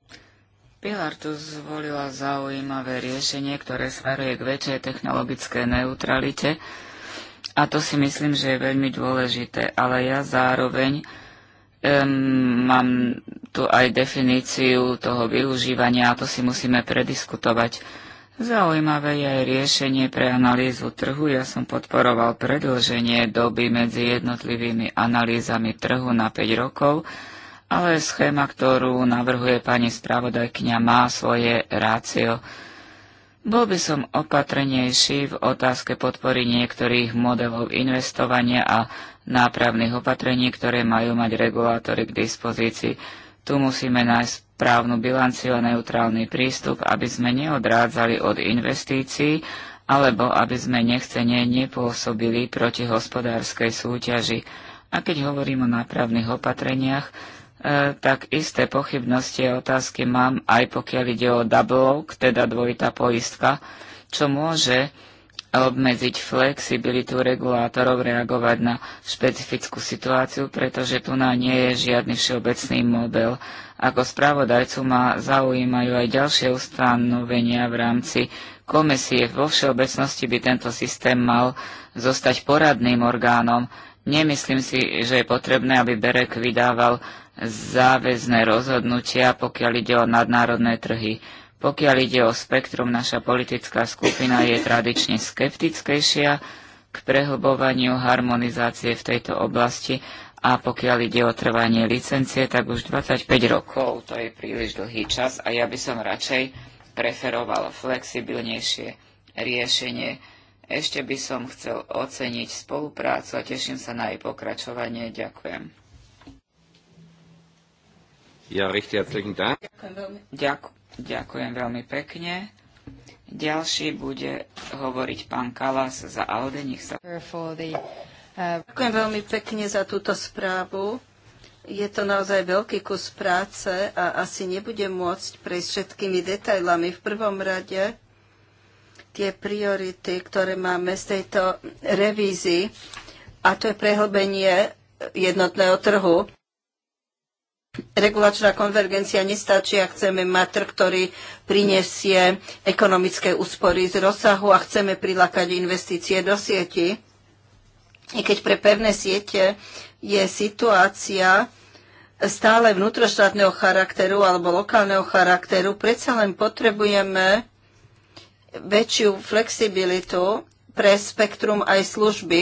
Pilar tu zvolila zaujímavé riešenie, ktoré smeruje k väčšej technologické neutralite a to si myslím, že je veľmi dôležité, ale ja zároveň um, mám tu aj definíciu toho využívania a to si musíme prediskutovať. Zaujímavé je aj riešenie pre analýzu trhu. Ja som podporoval predlženie doby medzi jednotlivými analýzami trhu na 5 rokov ale schéma, ktorú navrhuje pani spravodajkňa, má svoje rácio. Bol by som opatrnejší v otázke podpory niektorých modelov investovania a nápravných opatrení, ktoré majú mať regulátory k dispozícii. Tu musíme nájsť správnu bilanciu a neutrálny prístup, aby sme neodrádzali od investícií, alebo aby sme nechcene nepôsobili proti hospodárskej súťaži. A keď hovorím o nápravných opatreniach, E, tak isté pochybnosti a otázky mám, aj pokiaľ ide o double, teda dvojitá poistka, čo môže obmedziť flexibilitu regulátorov reagovať na špecifickú situáciu, pretože tu na nie je žiadny všeobecný model. Ako spravodajcu ma zaujímajú aj ďalšie ustanovenia v rámci komisie. Vo všeobecnosti by tento systém mal zostať poradným orgánom. Nemyslím si, že je potrebné, aby Berek vydával záväzné rozhodnutia, pokiaľ ide o nadnárodné trhy. Pokiaľ ide o spektrum, naša politická skupina je tradične skeptickejšia k prehlbovaniu harmonizácie v tejto oblasti a pokiaľ ide o trvanie licencie, tak už 25 rokov, to je príliš dlhý čas a ja by som radšej preferoval flexibilnejšie riešenie. Ešte by som chcel oceniť spoluprácu a teším sa na jej pokračovanie. Ďakujem. Ja recht herzlichen Dank. Ďakujem veľmi pekne. Ďalší bude hovoriť pán Kalas za Alde. Nech sa... Uh, ďakujem veľmi pekne za túto správu. Je to naozaj veľký kus práce a asi nebudem môcť prejsť všetkými detailami. V prvom rade tie priority, ktoré máme z tejto revízii, a to je prehlbenie jednotného trhu regulačná konvergencia nestačí, ak chceme mať trh, ktorý prinesie ekonomické úspory z rozsahu a chceme prilákať investície do sieti. I keď pre pevné siete je situácia stále vnútroštátneho charakteru alebo lokálneho charakteru, predsa len potrebujeme väčšiu flexibilitu pre spektrum aj služby,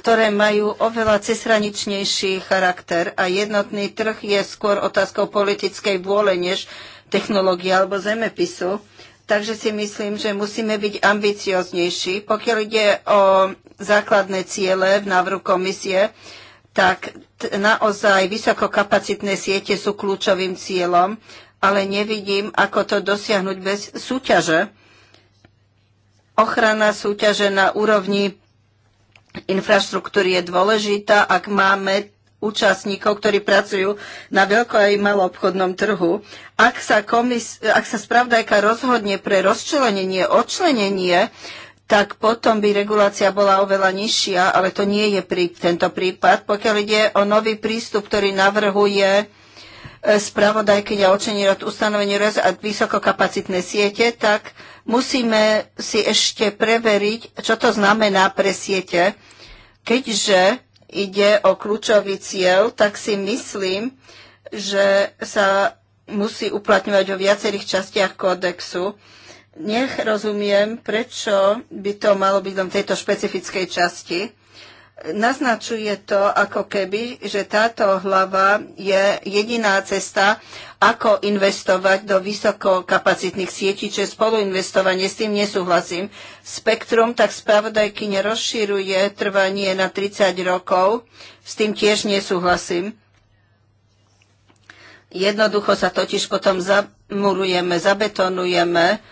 ktoré majú oveľa cezhraničnejší charakter a jednotný trh je skôr otázkou politickej vôle než technológie alebo zemepisu. Takže si myslím, že musíme byť ambicioznejší. Pokiaľ ide o základné ciele v návru komisie, tak naozaj vysokokapacitné siete sú kľúčovým cieľom, ale nevidím, ako to dosiahnuť bez súťaže. Ochrana súťaže na úrovni infraštruktúry je dôležitá, ak máme účastníkov, ktorí pracujú na veľko aj obchodnom trhu. Ak sa, komis, ak sa spravdajka rozhodne pre rozčlenenie, odčlenenie, tak potom by regulácia bola oveľa nižšia, ale to nie je prí, tento prípad. Pokiaľ ide o nový prístup, ktorý navrhuje E, spravodajkyňa očenila ustanovení RES a vysokokapacitné siete, tak musíme si ešte preveriť, čo to znamená pre siete. Keďže ide o kľúčový cieľ, tak si myslím, že sa musí uplatňovať vo viacerých častiach kódexu. Nech rozumiem, prečo by to malo byť v tejto špecifickej časti naznačuje to ako keby, že táto hlava je jediná cesta, ako investovať do vysokokapacitných sietí, je spoluinvestovanie, s tým nesúhlasím. Spektrum tak spravodajky nerozširuje trvanie na 30 rokov, s tým tiež nesúhlasím. Jednoducho sa totiž potom zamurujeme, zabetonujeme,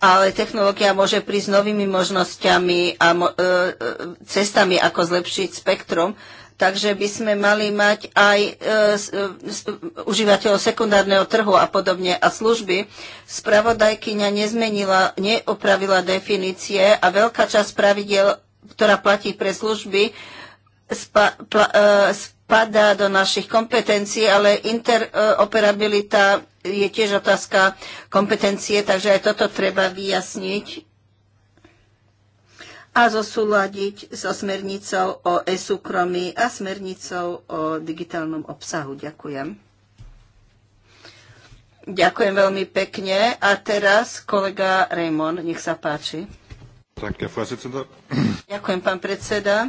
ale technológia môže prísť novými možnosťami a mo- e, e, cestami, ako zlepšiť spektrum. Takže by sme mali mať aj e, e, užívateľov sekundárneho trhu a podobne a služby. Spravodajkyňa nezmenila, neopravila definície a veľká časť pravidel, ktorá platí pre služby, spa, pla, e, padá do našich kompetencií, ale interoperabilita je tiež otázka kompetencie, takže aj toto treba vyjasniť a zosúľadiť so smernicou o e-súkromí a smernicou o digitálnom obsahu. Ďakujem. Ďakujem veľmi pekne. A teraz kolega Raymond, nech sa páči. Ďakujem, pán predseda.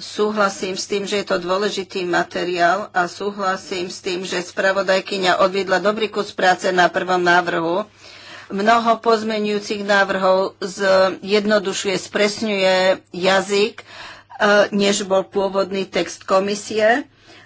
Súhlasím s tým, že je to dôležitý materiál a súhlasím s tým, že spravodajkyňa odviedla dobrý kus práce na prvom návrhu. Mnoho pozmenujúcich návrhov jednodušuje, spresňuje jazyk, e, než bol pôvodný text komisie.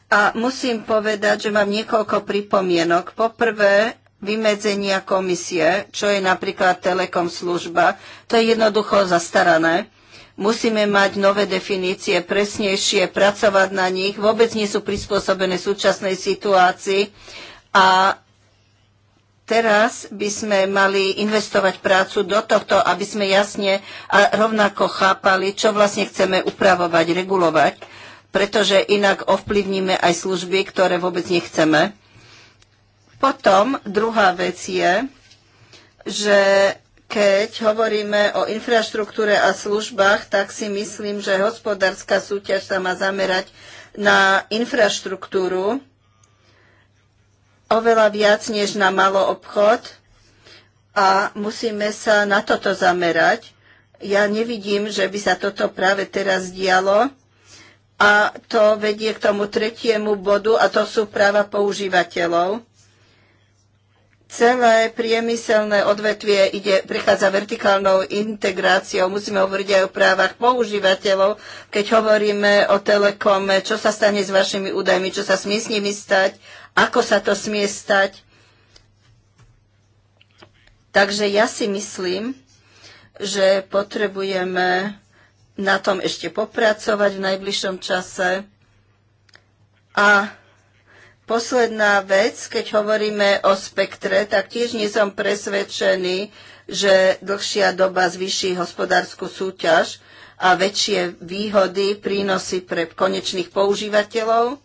A musím povedať, že mám niekoľko pripomienok. Poprvé, vymedzenia komisie, čo je napríklad telekom služba, to je jednoducho zastarané Musíme mať nové definície, presnejšie, pracovať na nich. Vôbec nie sú prispôsobené súčasnej situácii. A teraz by sme mali investovať prácu do tohto, aby sme jasne a rovnako chápali, čo vlastne chceme upravovať, regulovať, pretože inak ovplyvníme aj služby, ktoré vôbec nechceme. Potom druhá vec je, že keď hovoríme o infraštruktúre a službách, tak si myslím, že hospodárska súťaž sa má zamerať na infraštruktúru oveľa viac než na malo obchod a musíme sa na toto zamerať. Ja nevidím, že by sa toto práve teraz dialo a to vedie k tomu tretiemu bodu a to sú práva používateľov Celé priemyselné odvetvie ide, prechádza vertikálnou integráciou. Musíme hovoriť aj o právach používateľov. Keď hovoríme o telekome, čo sa stane s vašimi údajmi, čo sa smie s nimi stať, ako sa to smie stať. Takže ja si myslím, že potrebujeme na tom ešte popracovať v najbližšom čase a Posledná vec, keď hovoríme o spektre, tak tiež nie som presvedčený, že dlhšia doba zvyší hospodárskú súťaž a väčšie výhody, prínosy pre konečných používateľov.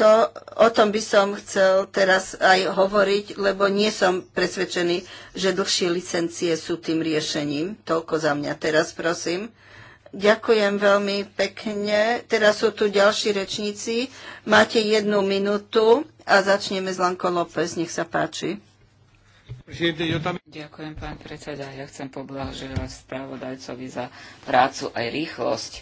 To, o tom by som chcel teraz aj hovoriť, lebo nie som presvedčený, že dlhšie licencie sú tým riešením. Toľko za mňa teraz, prosím. Ďakujem veľmi pekne. Teraz sú tu ďalší rečníci. Máte jednu minútu a začneme s Lanko López. Nech sa páči. Ďakujem, pán predseda. Ja chcem poblahoželať správodajcovi za prácu aj rýchlosť.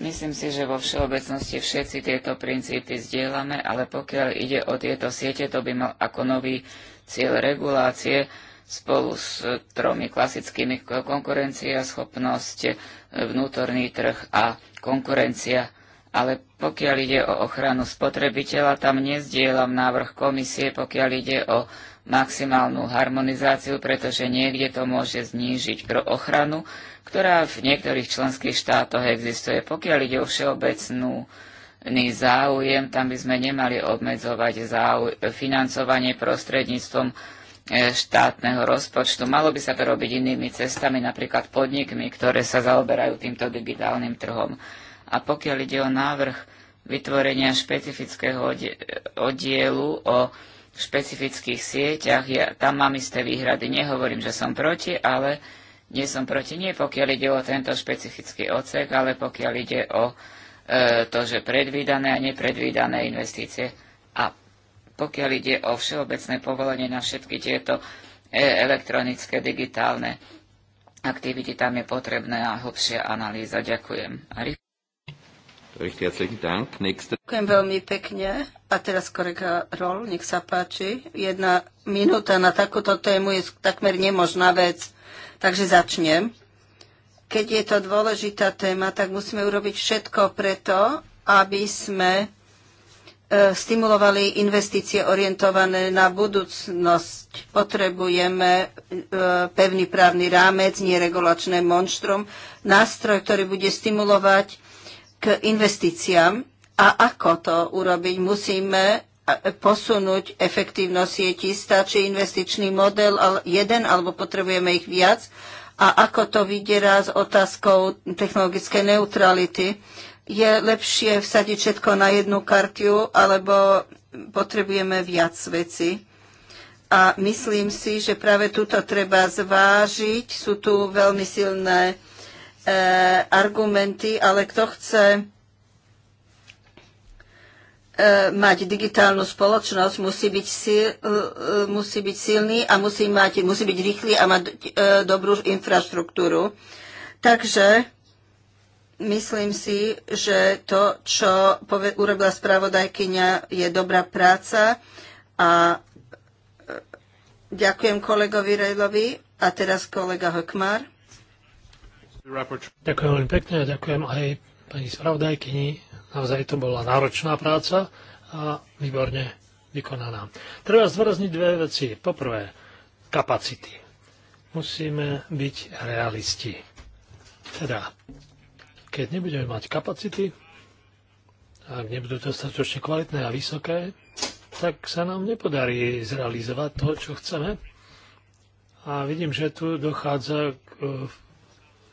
Myslím si, že vo všeobecnosti všetci tieto princípy zdieľame, ale pokiaľ ide o tieto siete, to by mal ako nový cieľ regulácie spolu s tromi klasickými konkurencia, schopnosť vnútorný trh a konkurencia. Ale pokiaľ ide o ochranu spotrebiteľa, tam nezdielam návrh komisie, pokiaľ ide o maximálnu harmonizáciu, pretože niekde to môže znížiť pro ochranu, ktorá v niektorých členských štátoch existuje. Pokiaľ ide o všeobecnú záujem, tam by sme nemali obmedzovať financovanie prostredníctvom E, štátneho rozpočtu. Malo by sa to robiť inými cestami, napríklad podnikmi, ktoré sa zaoberajú týmto digitálnym trhom. A pokiaľ ide o návrh vytvorenia špecifického oddielu o špecifických sieťach, ja tam mám isté výhrady. Nehovorím, že som proti, ale nie som proti nie, pokiaľ ide o tento špecifický odsek, ale pokiaľ ide o e, to, že predvídané a nepredvídané investície. A pokiaľ ide o všeobecné povolenie na všetky tieto e, elektronické digitálne aktivity, tam je potrebné a hlbšia analýza. Ďakujem. Ďakujem veľmi pekne. A teraz kolega Rol, nech sa páči. Jedna minúta na takúto tému je takmer nemožná vec, takže začnem. Keď je to dôležitá téma, tak musíme urobiť všetko preto, aby sme E, stimulovali investície orientované na budúcnosť. Potrebujeme e, pevný právny rámec, neregulačné monštrum, nástroj, ktorý bude stimulovať k investíciám. A ako to urobiť? Musíme e, posunúť efektívnosť sieti. Stačí investičný model jeden, alebo potrebujeme ich viac? A ako to vyderá s otázkou technologickej neutrality? je lepšie vsadiť všetko na jednu kartiu, alebo potrebujeme viac veci. A myslím si, že práve túto treba zvážiť. Sú tu veľmi silné e, argumenty, ale kto chce e, mať digitálnu spoločnosť, musí byť, sil, e, musí byť silný a musí, mať, musí byť rýchly a mať e, dobrú infraštruktúru. Takže Myslím si, že to, čo urobila spravodajkyňa, je dobrá práca a e, ďakujem kolegovi Rejlovi a teraz kolega Hökmar. Ďakujem veľmi pekne a ďakujem aj pani spravodajkyni. Naozaj to bola náročná práca a výborne vykonaná. Treba zvrazniť dve veci. Poprvé, kapacity. Musíme byť realisti. Teda, keď nebudeme mať kapacity, ak nebudú dostatočne kvalitné a vysoké, tak sa nám nepodarí zrealizovať to, čo chceme. A vidím, že tu dochádza k e,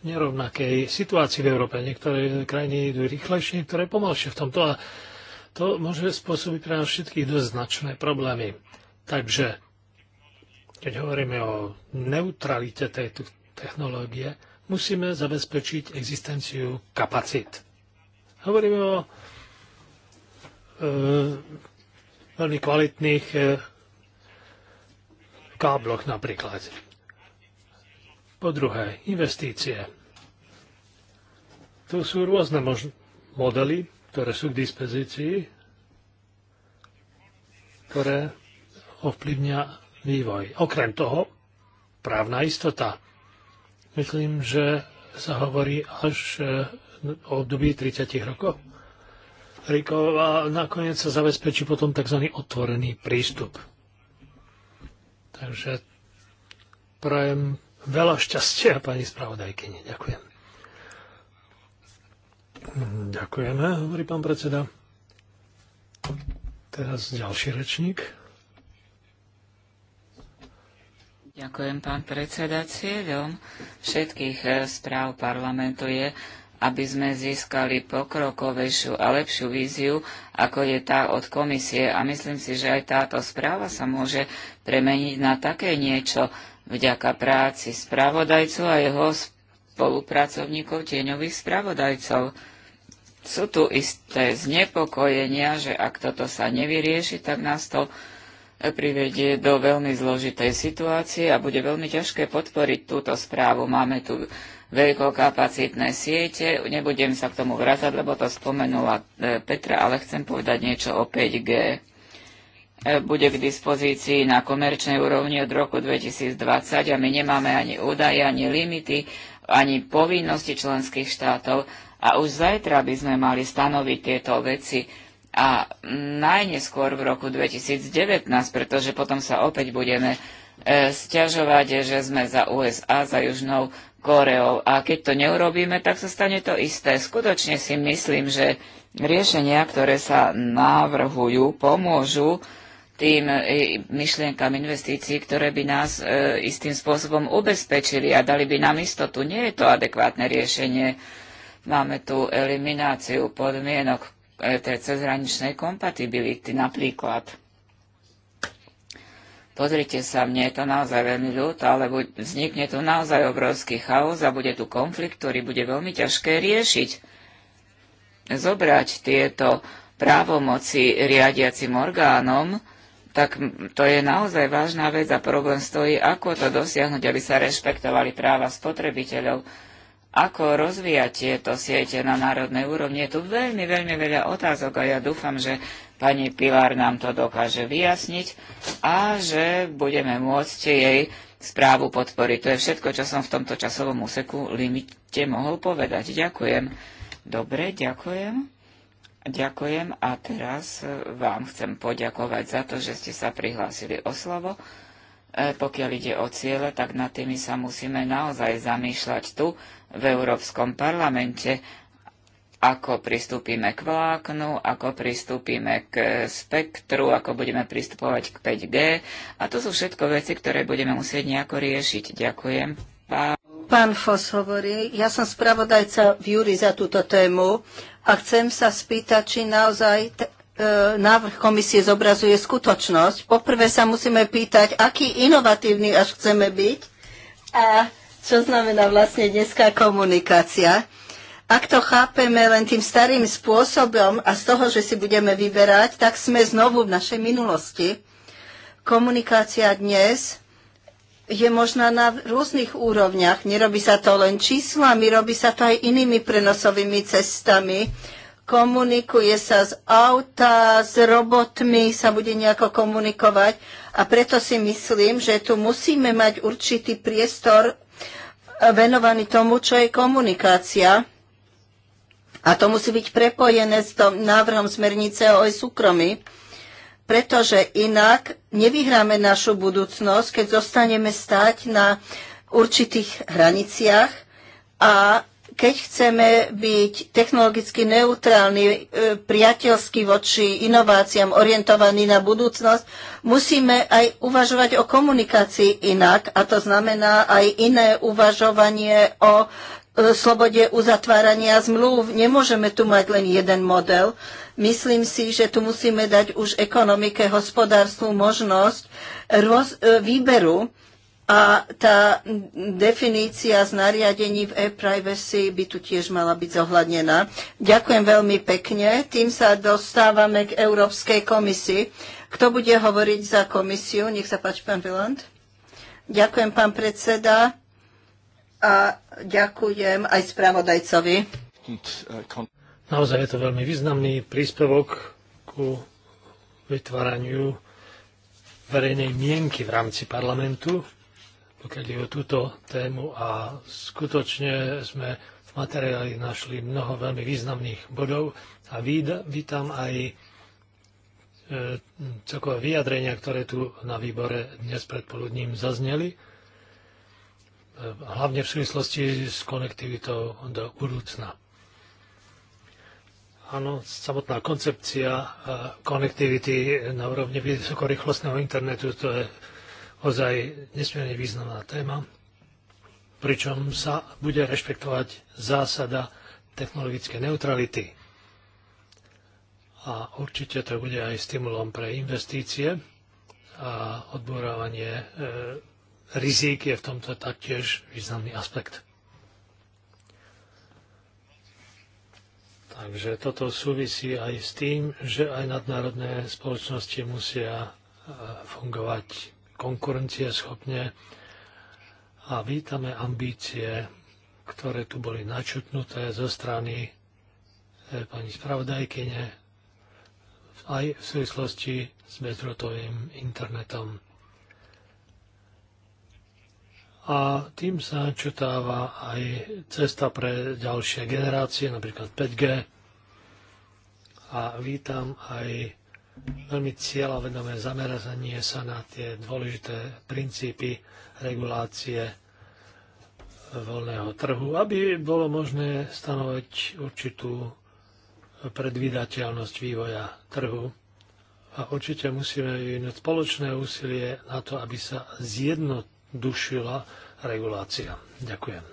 nerovnakej situácii v Európe. Niektoré krajiny idú rýchlejšie, niektoré pomalšie v tomto. A to môže spôsobiť pre nás všetkých dosť značné problémy. Takže, keď hovoríme o neutralite tejto technológie, musíme zabezpečiť existenciu kapacít. Hovoríme o e, veľmi kvalitných e, kábloch napríklad. Po druhé, investície. Tu sú rôzne mož- modely, ktoré sú k dispozícii, ktoré ovplyvňa vývoj. Okrem toho, právna istota. Myslím, že sa hovorí až e, o období 30 rokov. Rikov a nakoniec sa zabezpečí potom tzv. otvorený prístup. Takže prajem veľa šťastia pani spravodajkyni. Ďakujem. Ďakujeme, hovorí pán predseda. Teraz ďalší rečník. Ďakujem, pán predseda. Cieľom všetkých eh, správ parlamentu je, aby sme získali pokrokovejšiu a lepšiu víziu, ako je tá od komisie. A myslím si, že aj táto správa sa môže premeniť na také niečo vďaka práci spravodajcu a jeho spolupracovníkov tieňových spravodajcov. Sú tu isté znepokojenia, že ak toto sa nevyrieši, tak nás to privedie do veľmi zložitej situácie a bude veľmi ťažké podporiť túto správu. Máme tu veľkokapacitné siete, nebudem sa k tomu vrácať, lebo to spomenula e, Petra, ale chcem povedať niečo o 5G. E, bude k dispozícii na komerčnej úrovni od roku 2020 a my nemáme ani údaje, ani limity, ani povinnosti členských štátov a už zajtra by sme mali stanoviť tieto veci a najneskôr v roku 2019, pretože potom sa opäť budeme e, stiažovať, že sme za USA, za Južnou Koreou. A keď to neurobíme, tak sa stane to isté. Skutočne si myslím, že riešenia, ktoré sa návrhujú, pomôžu tým e, myšlienkam investícií, ktoré by nás e, istým spôsobom ubezpečili a dali by nám istotu. Nie je to adekvátne riešenie. Máme tu elimináciu podmienok E, tej cezhraničnej kompatibility napríklad. Pozrite sa, mne je to naozaj veľmi ľúto, ale vznikne tu naozaj obrovský chaos a bude tu konflikt, ktorý bude veľmi ťažké riešiť. Zobrať tieto právomoci riadiacim orgánom, tak to je naozaj vážna vec a problém stojí, ako to dosiahnuť, aby sa rešpektovali práva spotrebiteľov ako rozvíjať tieto siete na národnej úrovni. Je tu veľmi, veľmi veľa otázok a ja dúfam, že pani Pilár nám to dokáže vyjasniť a že budeme môcť jej správu podporiť. To je všetko, čo som v tomto časovom úseku limite mohol povedať. Ďakujem. Dobre, ďakujem. Ďakujem a teraz vám chcem poďakovať za to, že ste sa prihlásili o slovo. E, pokiaľ ide o ciele, tak nad tými sa musíme naozaj zamýšľať tu, v Európskom parlamente, ako pristúpime k vláknu, ako pristúpime k spektru, ako budeme pristupovať k 5G. A to sú všetko veci, ktoré budeme musieť nejako riešiť. Ďakujem. Pán, Pán Fos hovorí, ja som spravodajca v Júri za túto tému a chcem sa spýtať, či naozaj e, návrh komisie zobrazuje skutočnosť. Poprvé sa musíme pýtať, aký inovatívny až chceme byť a čo znamená vlastne dneska komunikácia. Ak to chápeme len tým starým spôsobom a z toho, že si budeme vyberať, tak sme znovu v našej minulosti. Komunikácia dnes je možná na rôznych úrovniach. Nerobí sa to len číslami, robí sa to aj inými prenosovými cestami. Komunikuje sa z auta, s robotmi sa bude nejako komunikovať a preto si myslím, že tu musíme mať určitý priestor venovaný tomu, čo je komunikácia. A to musí byť prepojené s tom návrhom smernice o súkromí, pretože inak nevyhráme našu budúcnosť, keď zostaneme stať na určitých hraniciach a keď chceme byť technologicky neutrálni, e, priateľskí voči inováciám, orientovaní na budúcnosť, musíme aj uvažovať o komunikácii inak, a to znamená aj iné uvažovanie o e, slobode uzatvárania zmluv. Nemôžeme tu mať len jeden model. Myslím si, že tu musíme dať už ekonomike, hospodárstvu možnosť e, výberu a tá definícia z nariadení v e-privacy by tu tiež mala byť zohľadnená. Ďakujem veľmi pekne. Tým sa dostávame k Európskej komisii. Kto bude hovoriť za komisiu? Nech sa páči, pán Viland. Ďakujem, pán predseda. A ďakujem aj spravodajcovi. Naozaj je to veľmi významný príspevok ku vytváraniu verejnej mienky v rámci parlamentu pokiaľ je o túto tému a skutočne sme v materiáli našli mnoho veľmi významných bodov a vítam aj e, celkové vyjadrenia, ktoré tu na výbore dnes predpoludním zazneli, e, hlavne v súvislosti s konektivitou do budúcna. Áno, samotná koncepcia e, konektivity na úrovni vysokorýchlostného internetu, to je ozaj nesmierne významná téma, pričom sa bude rešpektovať zásada technologické neutrality. A určite to bude aj stimulom pre investície a odborávanie e, rizík je v tomto taktiež významný aspekt. Takže toto súvisí aj s tým, že aj nadnárodné spoločnosti musia e, fungovať konkurencieschopne a vítame ambície, ktoré tu boli načutnuté zo strany e, pani spravodajkyne aj v súvislosti s bezrotovým internetom. A tým sa čutáva aj cesta pre ďalšie generácie, napríklad 5G. A vítam aj veľmi cieľavedomé zameranie sa na tie dôležité princípy regulácie voľného trhu, aby bolo možné stanoviť určitú predvydateľnosť vývoja trhu. A určite musíme vyvinúť spoločné úsilie na to, aby sa zjednodušila regulácia. Ďakujem.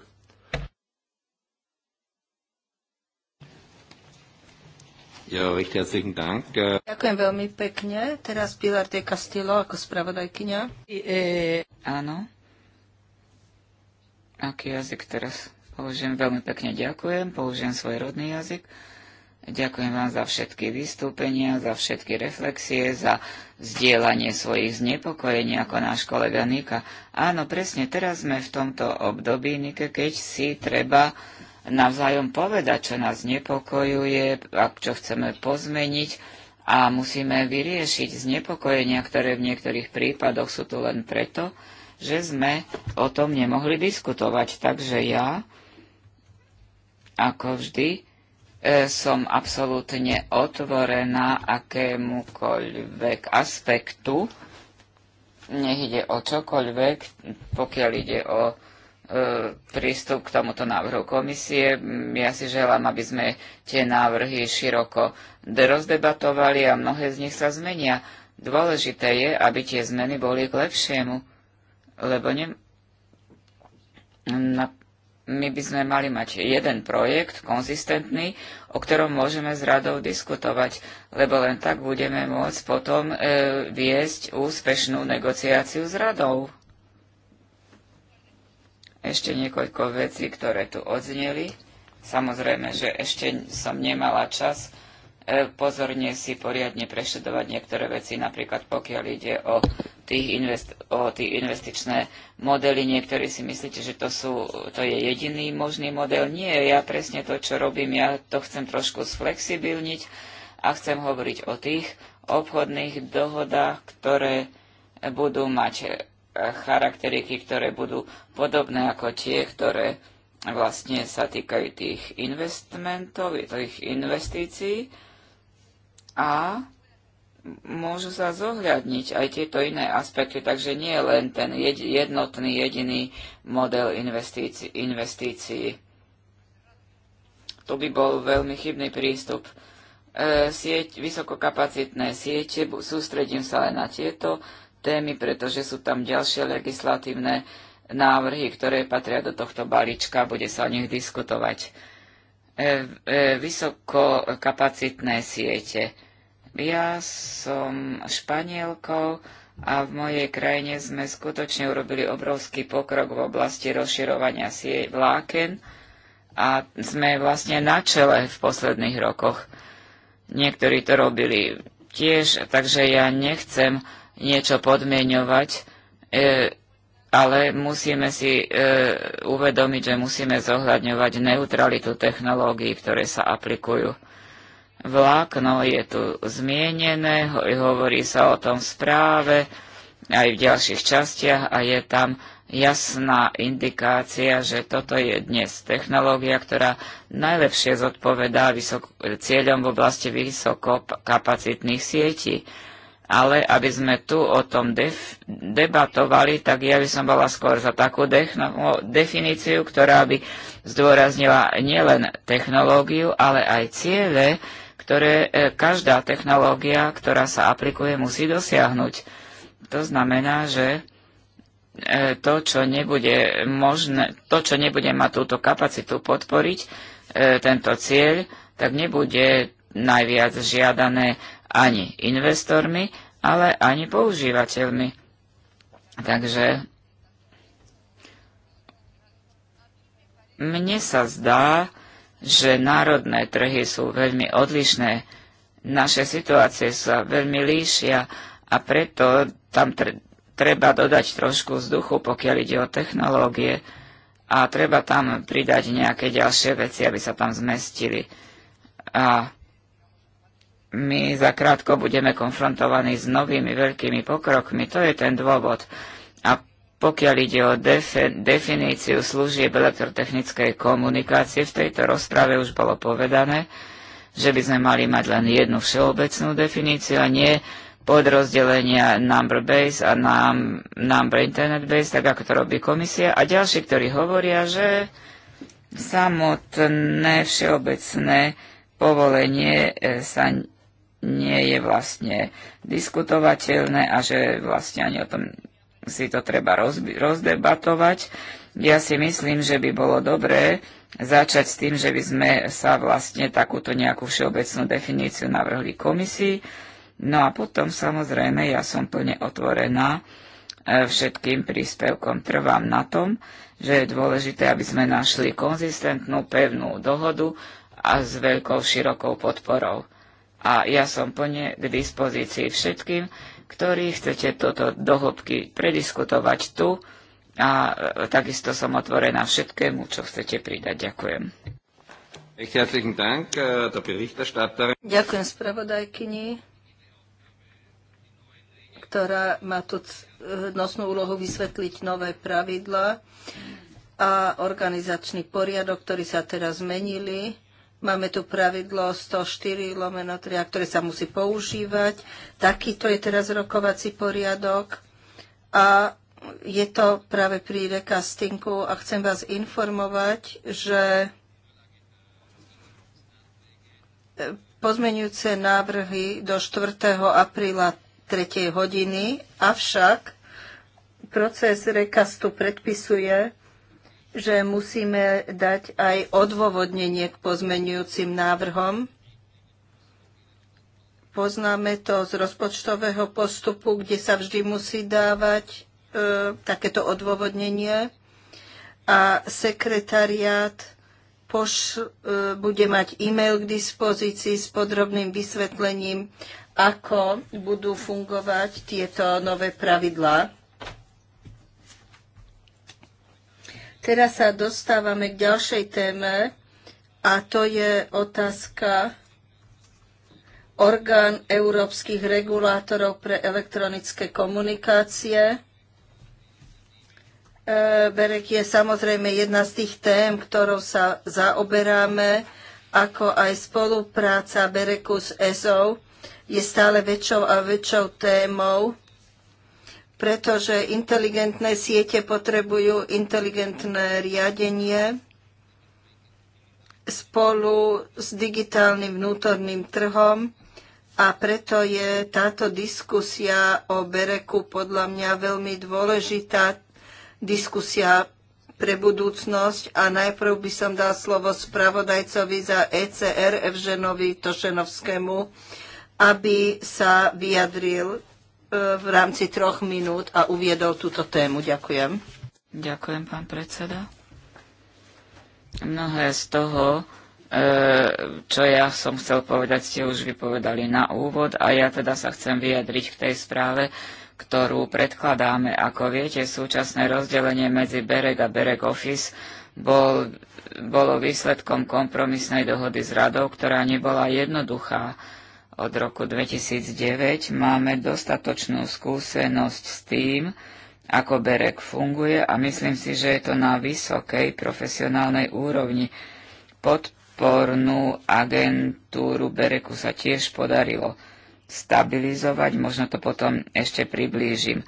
Ja, recht herzlichen Dank. Äh, ďakujem veľmi pekne. Teraz Pilar de Castillo ako spravodajkyňa. E, áno. Aký jazyk teraz? Použijem veľmi pekne ďakujem, použijem svoj rodný jazyk. Ďakujem vám za všetky vystúpenia, za všetky reflexie, za zdieľanie svojich znepokojení ako náš kolega Nika. Áno, presne teraz sme v tomto období, Nike, keď si treba navzájom povedať, čo nás nepokojuje, čo chceme pozmeniť a musíme vyriešiť znepokojenia, ktoré v niektorých prípadoch sú tu len preto, že sme o tom nemohli diskutovať. Takže ja, ako vždy, e, som absolútne otvorená akémukoľvek aspektu, nech ide o čokoľvek, pokiaľ ide o E, prístup k tomuto návrhu komisie. Mm, ja si želám, aby sme tie návrhy široko rozdebatovali a mnohé z nich sa zmenia. Dôležité je, aby tie zmeny boli k lepšiemu, lebo ne... Na... my by sme mali mať jeden projekt, konzistentný, o ktorom môžeme s radou diskutovať, lebo len tak budeme môcť potom e, viesť úspešnú negociáciu s radou ešte niekoľko vecí, ktoré tu odzneli. Samozrejme, že ešte som nemala čas e, pozorne si poriadne prešedovať niektoré veci, napríklad pokiaľ ide o, tých invest- o tie investičné modely. Niektorí si myslíte, že to, sú, to je jediný možný model. Nie, ja presne to, čo robím, ja to chcem trošku sflexibilniť a chcem hovoriť o tých obchodných dohodách, ktoré budú mať charakteriky, ktoré budú podobné ako tie, ktoré vlastne sa týkajú tých investmentov, tých investícií a môžu sa zohľadniť aj tieto iné aspekty, takže nie len ten jednotný, jediný model investícií. investícií. To by bol veľmi chybný prístup. E, sieť, vysokokapacitné siete, sústredím sa len na tieto témy, pretože sú tam ďalšie legislatívne návrhy, ktoré patria do tohto balíčka, bude sa o nich diskutovať. E, e, vysokokapacitné siete. Ja som Španielkou a v mojej krajine sme skutočne urobili obrovský pokrok v oblasti rozširovania sieť vláken a sme vlastne na čele v posledných rokoch. Niektorí to robili tiež, takže ja nechcem niečo podmienovať, e, ale musíme si e, uvedomiť, že musíme zohľadňovať neutralitu technológií, ktoré sa aplikujú. Vlákno je tu zmienené, hovorí sa o tom v správe, aj v ďalších častiach a je tam jasná indikácia, že toto je dnes technológia, ktorá najlepšie zodpovedá vysok- cieľom v oblasti vysokokapacitných sietí ale aby sme tu o tom def- debatovali, tak ja by som bola skôr za takú definíciu, ktorá by zdôraznila nielen technológiu, ale aj ciele, ktoré e, každá technológia, ktorá sa aplikuje, musí dosiahnuť. To znamená, že e, to, čo nebude možné, to, čo nebude mať túto kapacitu podporiť, e, tento cieľ, tak nebude najviac žiadané ani investormi, ale ani používateľmi. Takže mne sa zdá, že národné trhy sú veľmi odlišné. Naše situácie sa veľmi líšia a preto tam treba dodať trošku vzduchu, pokiaľ ide o technológie a treba tam pridať nejaké ďalšie veci, aby sa tam zmestili. A my zakrátko budeme konfrontovaní s novými veľkými pokrokmi. To je ten dôvod. A pokiaľ ide o definíciu služieb elektrotechnickej komunikácie, v tejto rozprave už bolo povedané, že by sme mali mať len jednu všeobecnú definíciu a nie podrozdelenia number base a num, number internet base, tak ako to robí komisia. A ďalší, ktorí hovoria, že samotné všeobecné povolenie e, sa nie je vlastne diskutovateľné a že vlastne ani o tom si to treba rozdebatovať. Ja si myslím, že by bolo dobré začať s tým, že by sme sa vlastne takúto nejakú všeobecnú definíciu navrhli komisii. No a potom samozrejme ja som plne otvorená e, všetkým príspevkom. Trvám na tom, že je dôležité, aby sme našli konzistentnú, pevnú dohodu a s veľkou širokou podporou a ja som plne k dispozícii všetkým, ktorí chcete toto dohobky prediskutovať tu a e, takisto som otvorená všetkému, čo chcete pridať. Ďakujem. Äh, Ďakujem spravodajkyni, ktorá má tu e, nosnú úlohu vysvetliť nové pravidla a organizačný poriadok, ktorý sa teraz zmenili Máme tu pravidlo 104 lomeno 3, ktoré sa musí používať. Takýto je teraz rokovací poriadok a je to práve pri recastingu a chcem vás informovať, že e, pozmenujúce návrhy do 4. apríla 3. hodiny, avšak proces rekastu predpisuje, že musíme dať aj odôvodnenie k pozmenujúcim návrhom. Poznáme to z rozpočtového postupu, kde sa vždy musí dávať e, takéto odôvodnenie a sekretariát poš, e, bude mať e-mail k dispozícii s podrobným vysvetlením, ako budú fungovať tieto nové pravidlá. Teraz sa dostávame k ďalšej téme a to je otázka orgán európskych regulátorov pre elektronické komunikácie. E, Berek je samozrejme jedna z tých tém, ktorou sa zaoberáme, ako aj spolupráca Bereku s ESO je stále väčšou a väčšou témou pretože inteligentné siete potrebujú inteligentné riadenie spolu s digitálnym vnútorným trhom a preto je táto diskusia o Bereku podľa mňa veľmi dôležitá diskusia pre budúcnosť a najprv by som dal slovo spravodajcovi za ECR Evženovi Tošenovskému, aby sa vyjadril v rámci troch minút a uviedol túto tému. Ďakujem. Ďakujem, pán predseda. Mnohé z toho, e, čo ja som chcel povedať, ste už vypovedali na úvod a ja teda sa chcem vyjadriť k tej správe, ktorú predkladáme. Ako viete, súčasné rozdelenie medzi Bereg a Bereg Office bol, bolo výsledkom kompromisnej dohody s radou, ktorá nebola jednoduchá od roku 2009 máme dostatočnú skúsenosť s tým, ako Berek funguje a myslím si, že je to na vysokej profesionálnej úrovni. Podpornú agentúru Bereku sa tiež podarilo stabilizovať, možno to potom ešte priblížim.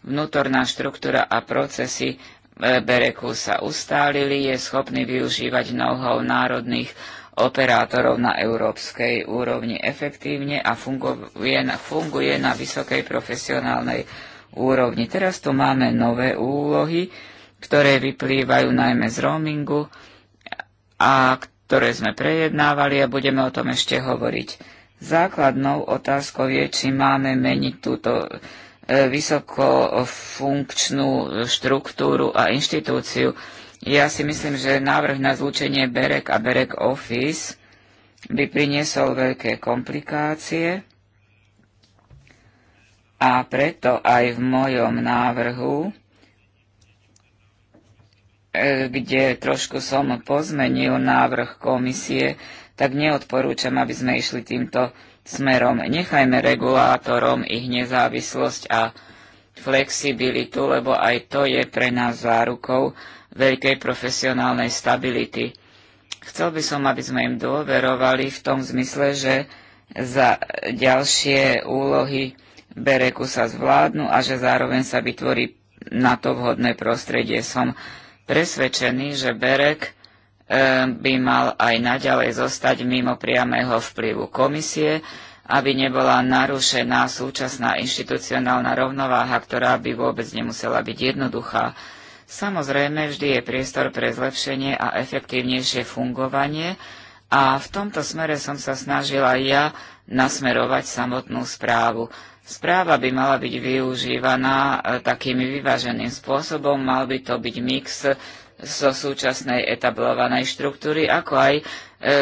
Vnútorná štruktúra a procesy e, Bereku sa ustálili, je schopný využívať know-how národných operátorov na európskej úrovni efektívne a funguje na, funguje na vysokej profesionálnej úrovni. Teraz tu máme nové úlohy, ktoré vyplývajú najmä z roamingu a ktoré sme prejednávali a budeme o tom ešte hovoriť. Základnou otázkou je, či máme meniť túto e, vysokofunkčnú štruktúru a inštitúciu. Ja si myslím, že návrh na zlúčenie Berek a Berek Office by priniesol veľké komplikácie a preto aj v mojom návrhu, e, kde trošku som pozmenil návrh komisie, tak neodporúčam, aby sme išli týmto smerom. Nechajme regulátorom ich nezávislosť a flexibilitu, lebo aj to je pre nás zárukou, veľkej profesionálnej stability. Chcel by som, aby sme im dôverovali v tom zmysle, že za ďalšie úlohy Bereku sa zvládnu a že zároveň sa vytvorí na to vhodné prostredie. Som presvedčený, že Berek e, by mal aj naďalej zostať mimo priamého vplyvu komisie, aby nebola narušená súčasná inštitucionálna rovnováha, ktorá by vôbec nemusela byť jednoduchá. Samozrejme, vždy je priestor pre zlepšenie a efektívnejšie fungovanie a v tomto smere som sa snažila ja nasmerovať samotnú správu. Správa by mala byť využívaná e, takým vyváženým spôsobom, mal by to byť mix zo súčasnej etablovanej štruktúry, ako aj e,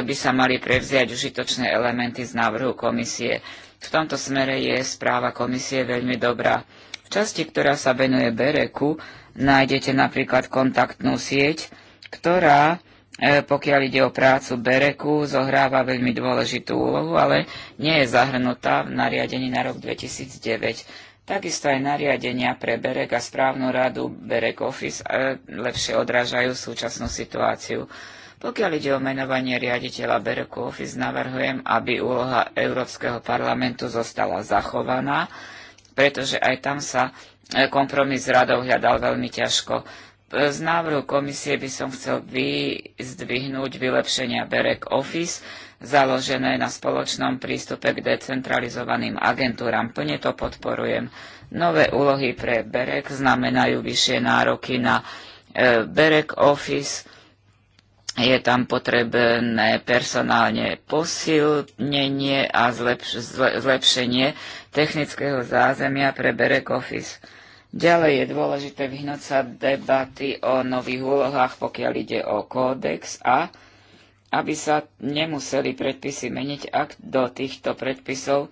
by sa mali prevziať užitočné elementy z návrhu komisie. V tomto smere je správa komisie veľmi dobrá. V časti, ktorá sa venuje Bereku, Nájdete napríklad kontaktnú sieť, ktorá, e, pokiaľ ide o prácu Bereku, zohráva veľmi dôležitú úlohu, ale nie je zahrnutá v nariadení na rok 2009. Takisto aj nariadenia pre Berek a správnu radu Berek Office e, lepšie odrážajú súčasnú situáciu. Pokiaľ ide o menovanie riaditeľa Bereku Office, navrhujem, aby úloha Európskeho parlamentu zostala zachovaná, pretože aj tam sa kompromis s radou hľadal veľmi ťažko. Z návrhu komisie by som chcel vyzdvihnúť vylepšenia Berek Office, založené na spoločnom prístupe k decentralizovaným agentúram. Plne to podporujem. Nové úlohy pre Berek znamenajú vyššie nároky na e, Berek Office. Je tam potrebné personálne posilnenie a zlepšenie technického zázemia pre Berek Office Ďalej je dôležité vyhnúť sa debaty o nových úlohách, pokiaľ ide o kódex a aby sa nemuseli predpisy meniť, ak do týchto predpisov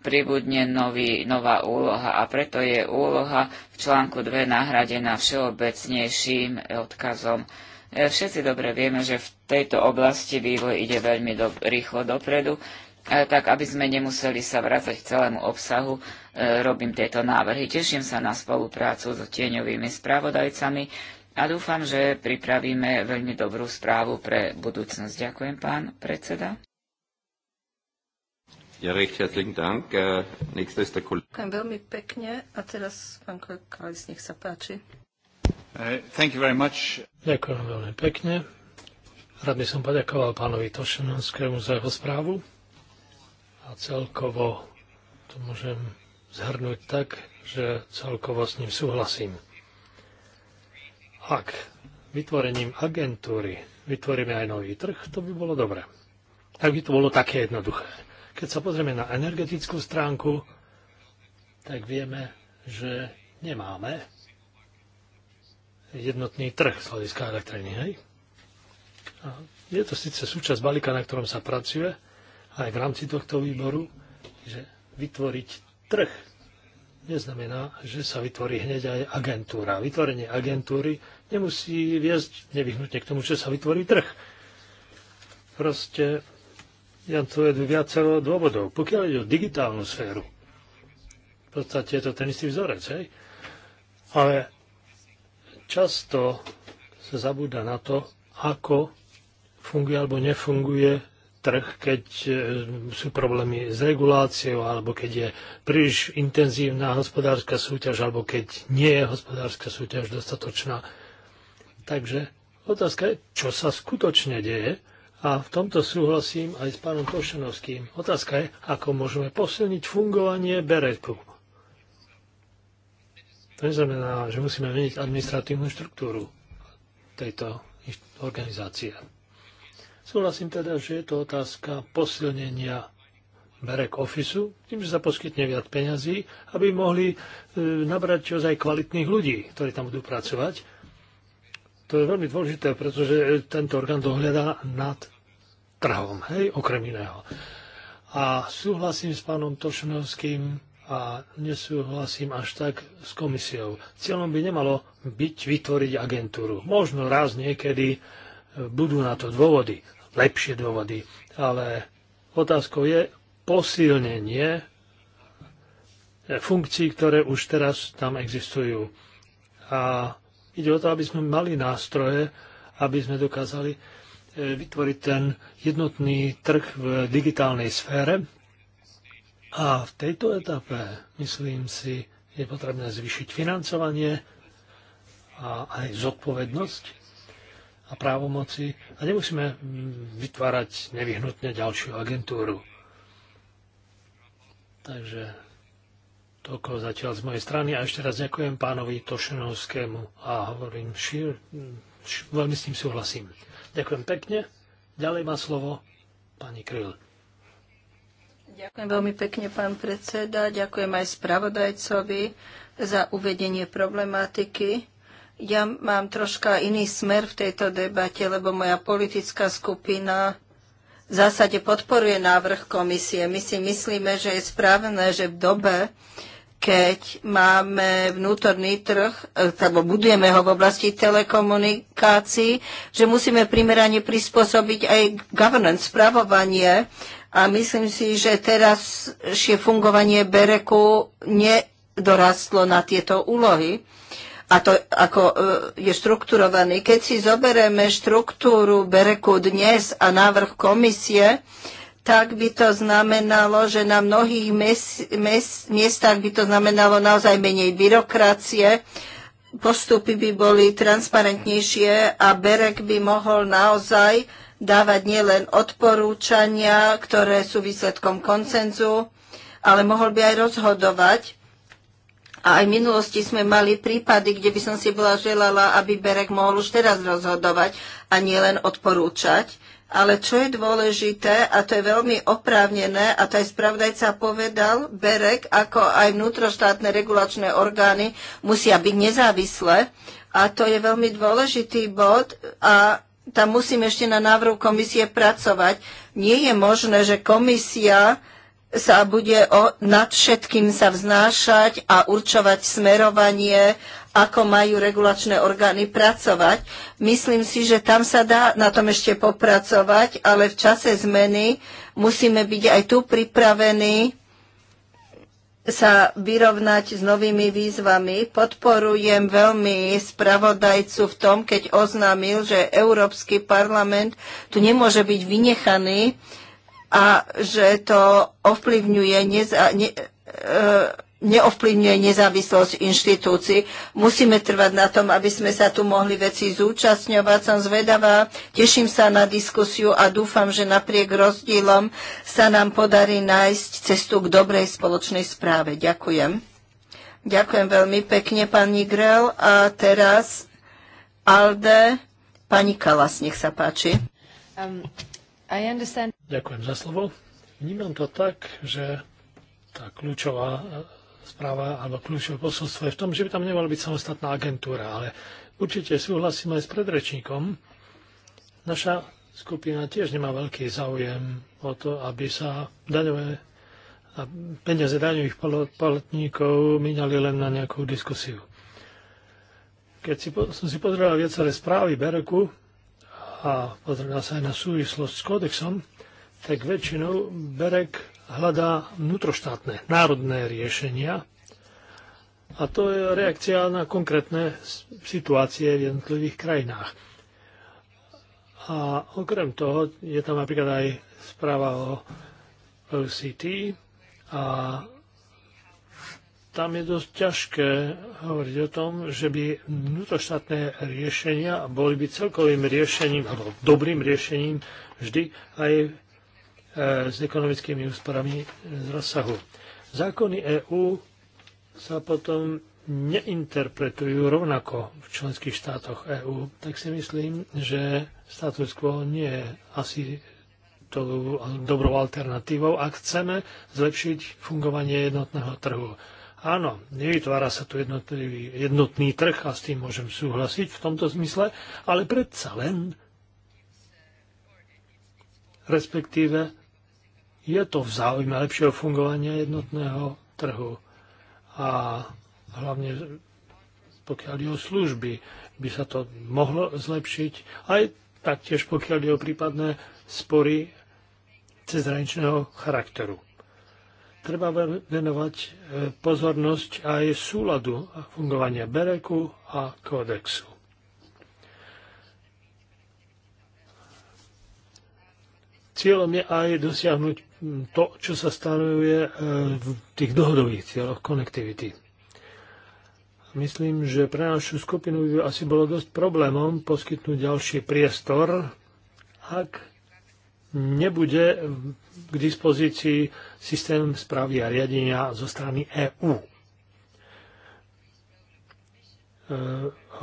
pribudne nový, nová úloha. A preto je úloha v článku 2 nahradená všeobecnejším odkazom. E, Všetci dobre vieme, že v tejto oblasti vývoj ide veľmi do, rýchlo dopredu E, tak aby sme nemuseli sa vrácať k celému obsahu, e, robím tieto návrhy. Teším sa na spoluprácu s tieňovými spravodajcami a dúfam, že pripravíme veľmi dobrú správu pre budúcnosť. Ďakujem, pán predseda. Ja recht herzlichen Dank. Äh, nächster ist der Ďakujem veľmi pekne. A teraz pán nech sa páči. thank you very much. Ďakujem veľmi pekne. Rád by som poďakoval pánovi Tošenanskému za jeho správu a celkovo to môžem zhrnúť tak, že celkovo s ním súhlasím. Ak vytvorením agentúry vytvoríme aj nový trh, to by bolo dobré. Tak by to bolo také jednoduché. Keď sa pozrieme na energetickú stránku, tak vieme, že nemáme jednotný trh z hľadiska elektriny. Hej? A je to síce súčasť balíka, na ktorom sa pracuje, aj v rámci tohto výboru, že vytvoriť trh neznamená, že sa vytvorí hneď aj agentúra. Vytvorenie agentúry nemusí viesť nevyhnutne k tomu, že sa vytvorí trh. Proste ja tu je viacero dôvodov. Pokiaľ ide o digitálnu sféru, v podstate je to ten istý vzorec, hej? ale často sa zabúda na to, ako funguje alebo nefunguje trh, keď e, sú problémy s reguláciou, alebo keď je príliš intenzívna hospodárska súťaž, alebo keď nie je hospodárska súťaž dostatočná. Takže otázka je, čo sa skutočne deje. A v tomto súhlasím aj s pánom Tošenovským. Otázka je, ako môžeme posilniť fungovanie Bereku. To neznamená, že musíme meniť administratívnu štruktúru tejto organizácie. Súhlasím teda, že je to otázka posilnenia berek Officeu, tým, že sa poskytne viac peňazí, aby mohli e, nabrať ozaj kvalitných ľudí, ktorí tam budú pracovať. To je veľmi dôležité, pretože tento orgán dohľadá nad trhom, hej, okrem iného. A súhlasím s pánom Tošenovským a nesúhlasím až tak s komisiou. Cieľom by nemalo byť vytvoriť agentúru. Možno raz niekedy budú na to dôvody lepšie dôvody, ale otázkou je posilnenie funkcií, ktoré už teraz tam existujú. A ide o to, aby sme mali nástroje, aby sme dokázali e, vytvoriť ten jednotný trh v digitálnej sfére. A v tejto etape, myslím si, je potrebné zvyšiť financovanie a aj zodpovednosť a právomoci a nemusíme vytvárať nevyhnutne ďalšiu agentúru. Takže toľko zatiaľ z mojej strany a ešte raz ďakujem pánovi Tošenovskému a hovorím, šir, šir, veľmi s tým súhlasím. Ďakujem pekne. Ďalej má slovo pani Kryl. Ďakujem veľmi pekne, pán predseda. Ďakujem aj spravodajcovi za uvedenie problematiky. Ja mám troška iný smer v tejto debate, lebo moja politická skupina v zásade podporuje návrh komisie. My si myslíme, že je správne, že v dobe, keď máme vnútorný trh, e, alebo budujeme ho v oblasti telekomunikácií, že musíme primerane prispôsobiť aj governance, spravovanie. A myslím si, že teraz fungovanie Bereku nedorastlo na tieto úlohy a to ako e, je štrukturovaný. Keď si zoberieme štruktúru Bereku dnes a návrh komisie, tak by to znamenalo, že na mnohých mes, mes, miestach by to znamenalo naozaj menej byrokracie, postupy by boli transparentnejšie a Berek by mohol naozaj dávať nielen odporúčania, ktoré sú výsledkom koncenzu, ale mohol by aj rozhodovať a aj v minulosti sme mali prípady, kde by som si bola želala, aby Berek mohol už teraz rozhodovať a nielen odporúčať. Ale čo je dôležité, a to je veľmi oprávnené, a to aj spravdajca povedal, BEREK, ako aj vnútroštátne regulačné orgány musia byť nezávislé. A to je veľmi dôležitý bod a tam musím ešte na návrhu komisie pracovať. Nie je možné, že komisia sa bude o, nad všetkým sa vznášať a určovať smerovanie, ako majú regulačné orgány pracovať. Myslím si, že tam sa dá na tom ešte popracovať, ale v čase zmeny musíme byť aj tu pripravení sa vyrovnať s novými výzvami. Podporujem veľmi spravodajcu v tom, keď oznámil, že Európsky parlament tu nemôže byť vynechaný, a že to ovplyvňuje neza, ne, e, neovplyvňuje nezávislosť inštitúcií. Musíme trvať na tom, aby sme sa tu mohli veci zúčastňovať. Som zvedavá, teším sa na diskusiu a dúfam, že napriek rozdielom sa nám podarí nájsť cestu k dobrej spoločnej správe. Ďakujem. Ďakujem veľmi pekne, pani Grel. A teraz Alde, pani Kalas, nech sa páči. Um. Ďakujem za slovo. Vnímam to tak, že tá kľúčová e, správa alebo kľúčové posolstvo je v tom, že by tam nemala byť samostatná agentúra, ale určite súhlasím aj s predrečníkom. Naša skupina tiež nemá veľký záujem o to, aby sa daňové a peniaze daňových poletníkov minali len na nejakú diskusiu. Keď si, som si pozrel viaceré správy Bereku, a pozrela sa aj na súvislosť s kódexom, tak väčšinou Berek hľadá vnútroštátne, národné riešenia. A to je reakcia na konkrétne situácie v jednotlivých krajinách. A okrem toho je tam napríklad aj správa o OCT a tam je dosť ťažké hovoriť o tom, že by vnútroštátne riešenia boli by celkovým riešením, alebo dobrým riešením vždy aj e, s ekonomickými úsporami z rozsahu. Zákony EÚ sa potom neinterpretujú rovnako v členských štátoch EÚ, tak si myslím, že status quo nie je asi tou dobrou alternatívou, ak chceme zlepšiť fungovanie jednotného trhu. Áno, nevytvára sa tu jednotný, jednotný trh a s tým môžem súhlasiť v tomto zmysle, ale predsa len, respektíve, je to v záujme lepšieho fungovania jednotného trhu. A hlavne pokiaľ je o služby, by sa to mohlo zlepšiť. Aj taktiež pokiaľ je o prípadné spory cezhraničného charakteru treba venovať e, pozornosť aj súladu fungovania Bereku a kódexu. Cieľom je aj dosiahnuť to, čo sa stanovuje e, v tých dohodových cieľoch konektivity. Myslím, že pre našu skupinu by asi bolo dosť problémom poskytnúť ďalší priestor, ak nebude k dispozícii systém správy a riadenia zo strany EÚ. E,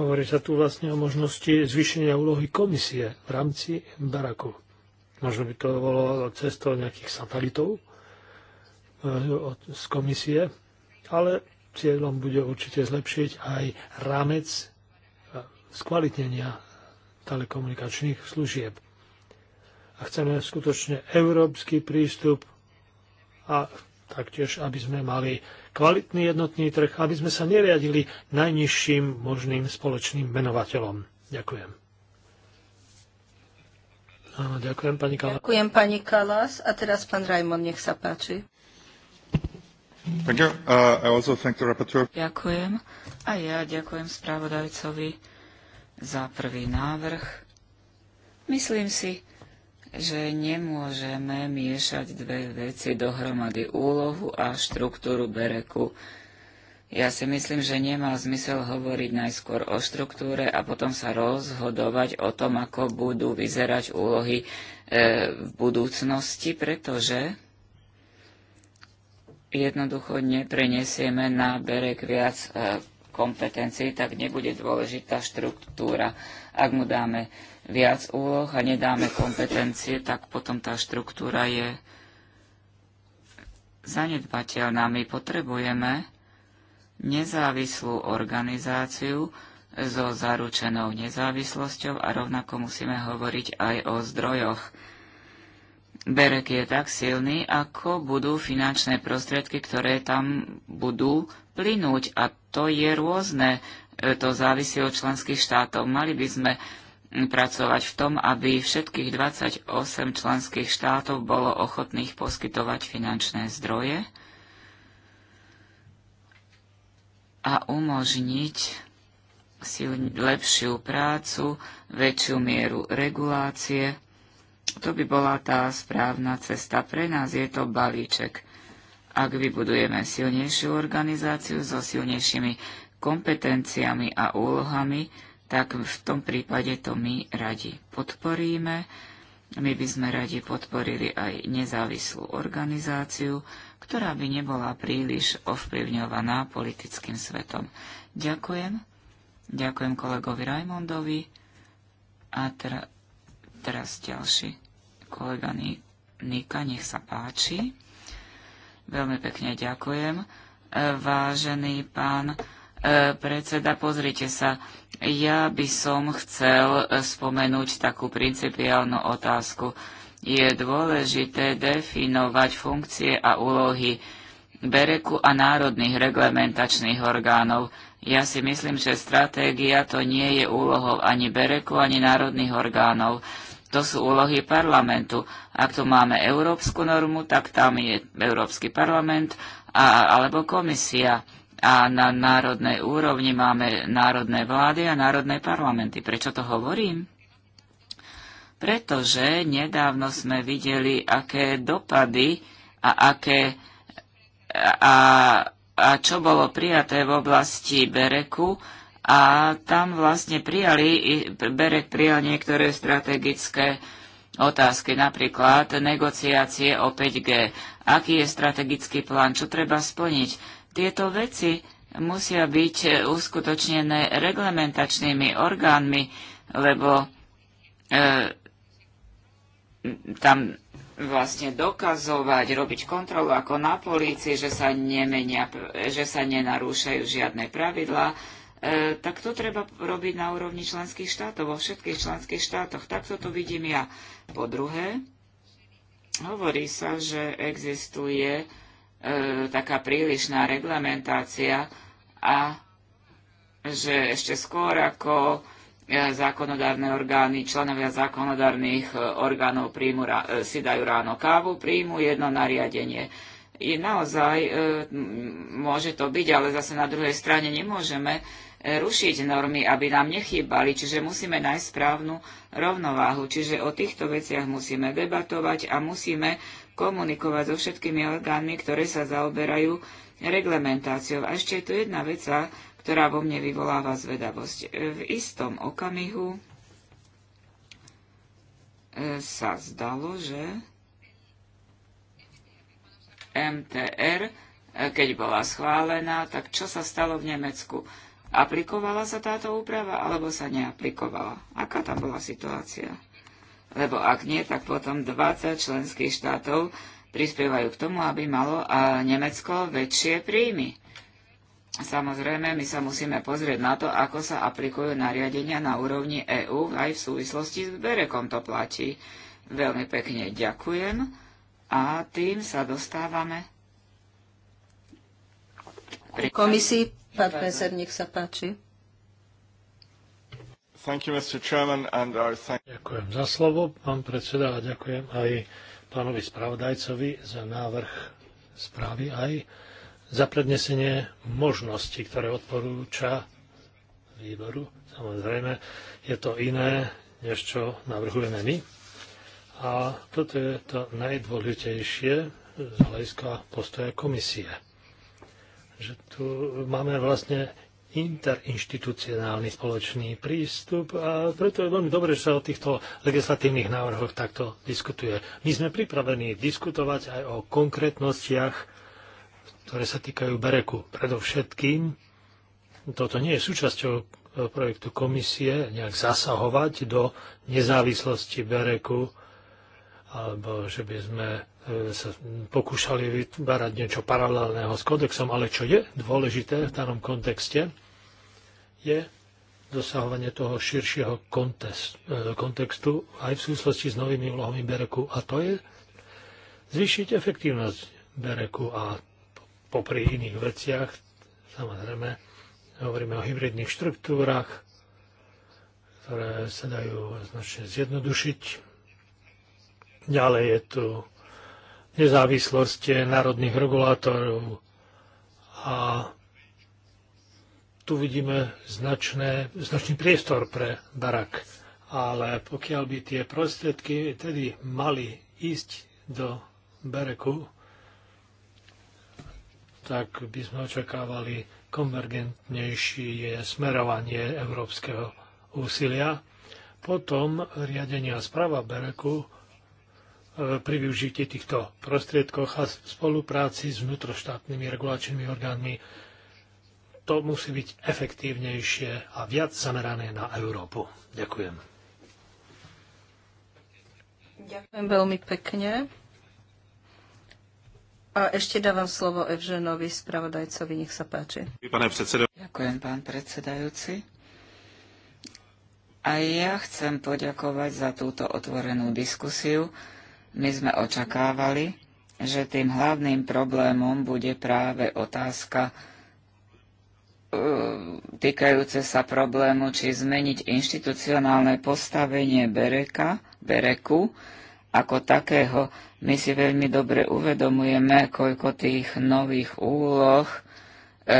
hovorí sa tu vlastne o možnosti zvýšenia úlohy komisie v rámci Baraku. Možno by to bolo cestou nejakých satelitov e, z komisie, ale cieľom bude určite zlepšiť aj rámec e, skvalitnenia telekomunikačných služieb a chceme skutočne európsky prístup a taktiež, aby sme mali kvalitný jednotný trh, aby sme sa neriadili najnižším možným spoločným menovateľom. Ďakujem. Áno, ďakujem pani Kalas. Ďakujem pani Kalas. A teraz pán Rajmon, nech sa páči. Uh, ďakujem. A ja ďakujem správodajcovi za prvý návrh. Myslím si, že nemôžeme miešať dve veci dohromady, úlohu a štruktúru bereku. Ja si myslím, že nemá zmysel hovoriť najskôr o štruktúre a potom sa rozhodovať o tom, ako budú vyzerať úlohy e, v budúcnosti, pretože jednoducho neprenesieme na berek viac e, kompetencií, tak nebude dôležitá štruktúra. Ak mu dáme viac úloh a nedáme kompetencie, tak potom tá štruktúra je zanedbateľná. My potrebujeme nezávislú organizáciu so zaručenou nezávislosťou a rovnako musíme hovoriť aj o zdrojoch. Berek je tak silný, ako budú finančné prostriedky, ktoré tam budú plynúť a to je rôzne, e, to závisí od členských štátov. Mali by sme pracovať v tom, aby všetkých 28 členských štátov bolo ochotných poskytovať finančné zdroje a umožniť si lepšiu prácu, väčšiu mieru regulácie. To by bola tá správna cesta. Pre nás je to balíček ak vybudujeme silnejšiu organizáciu so silnejšími kompetenciami a úlohami, tak v tom prípade to my radi podporíme. My by sme radi podporili aj nezávislú organizáciu, ktorá by nebola príliš ovplyvňovaná politickým svetom. Ďakujem. Ďakujem kolegovi Rajmondovi. A ter- teraz ďalší kolega Nika, nech sa páči. Veľmi pekne ďakujem. E, vážený pán e, predseda, pozrite sa, ja by som chcel e, spomenúť takú principiálnu otázku. Je dôležité definovať funkcie a úlohy Bereku a národných reglementačných orgánov. Ja si myslím, že stratégia to nie je úlohou ani Bereku, ani národných orgánov. To sú úlohy parlamentu. Ak tu máme európsku normu, tak tam je Európsky parlament a, alebo komisia. A na národnej úrovni máme národné vlády a národné parlamenty. Prečo to hovorím? Pretože nedávno sme videli, aké dopady a aké a, a čo bolo prijaté v oblasti Bereku, a tam vlastne prijali, Berek prijal niektoré strategické otázky, napríklad negociácie o 5G. Aký je strategický plán, čo treba splniť? Tieto veci musia byť uskutočnené reglementačnými orgánmi, lebo e, tam vlastne dokazovať, robiť kontrolu ako na polícii, že sa nemenia, že sa nenarúšajú žiadne pravidlá, E, tak to treba robiť na úrovni členských štátov, vo všetkých členských štátoch. Takto to vidím ja. Po druhé, hovorí sa, že existuje e, taká prílišná reglamentácia a že ešte skôr ako e, zákonodárne orgány, členovia zákonodárnych e, orgánov príjmu, si dajú ráno kávu, príjmu jedno nariadenie naozaj, e, môže to byť, ale zase na druhej strane nemôžeme rušiť normy, aby nám nechýbali, čiže musíme nájsť správnu rovnováhu. Čiže o týchto veciach musíme debatovať a musíme komunikovať so všetkými orgánmi, ktoré sa zaoberajú reglementáciou. A ešte je tu jedna veca, ktorá vo mne vyvoláva zvedavosť. V istom okamihu e, sa zdalo, že MTR, e, keď bola schválená, tak čo sa stalo v Nemecku? Aplikovala sa táto úprava, alebo sa neaplikovala? Aká tam bola situácia? Lebo ak nie, tak potom 20 členských štátov prispievajú k tomu, aby malo a Nemecko väčšie príjmy. Samozrejme, my sa musíme pozrieť na to, ako sa aplikujú nariadenia na úrovni EÚ, aj v súvislosti s Berekom to platí. Veľmi pekne ďakujem a tým sa dostávame. Pri... Komisii Pán Pezer, nech sa páči. You, our... Ďakujem za slovo, pán predseda, a ďakujem aj pánovi spravodajcovi za návrh správy, aj za prednesenie možnosti, ktoré odporúča výboru. Samozrejme, je to iné, než čo navrhujeme my. A toto je to najdôležitejšie z hľadiska postoja komisie že tu máme vlastne interinstitucionálny spoločný prístup a preto je veľmi dobré, že sa o týchto legislatívnych návrhoch takto diskutuje. My sme pripravení diskutovať aj o konkrétnostiach, ktoré sa týkajú Bereku. Predovšetkým, toto nie je súčasťou e, projektu komisie nejak zasahovať do nezávislosti Bereku, alebo že by sme E, sa pokúšali vytvárať niečo paralelného s kodexom, ale čo je dôležité v danom kontexte, je dosahovanie toho širšieho e, kontextu aj v súvislosti s novými úlohami Bereku. A to je zvýšiť efektívnosť Bereku a popri iných veciach, samozrejme, hovoríme o hybridných štruktúrach, ktoré sa dajú značne zjednodušiť. Ďalej je tu nezávislosť národných regulátorov. A tu vidíme značné, značný priestor pre barak. Ale pokiaľ by tie prostriedky tedy mali ísť do bereku, tak by sme očakávali konvergentnejšie smerovanie európskeho úsilia. Potom riadenia správa bereku E, pri využití týchto prostriedkoch a spolupráci s vnútroštátnymi regulačnými orgánmi. To musí byť efektívnejšie a viac zamerané na Európu. Ďakujem. Ďakujem veľmi pekne. A ešte dávam slovo Evženovi, spravodajcovi, nech sa páči. Ďakujem, pán predsedajúci. A ja chcem poďakovať za túto otvorenú diskusiu my sme očakávali, že tým hlavným problémom bude práve otázka e, týkajúce sa problému, či zmeniť inštitucionálne postavenie Bereka, Bereku ako takého. My si veľmi dobre uvedomujeme, koľko tých nových úloh e,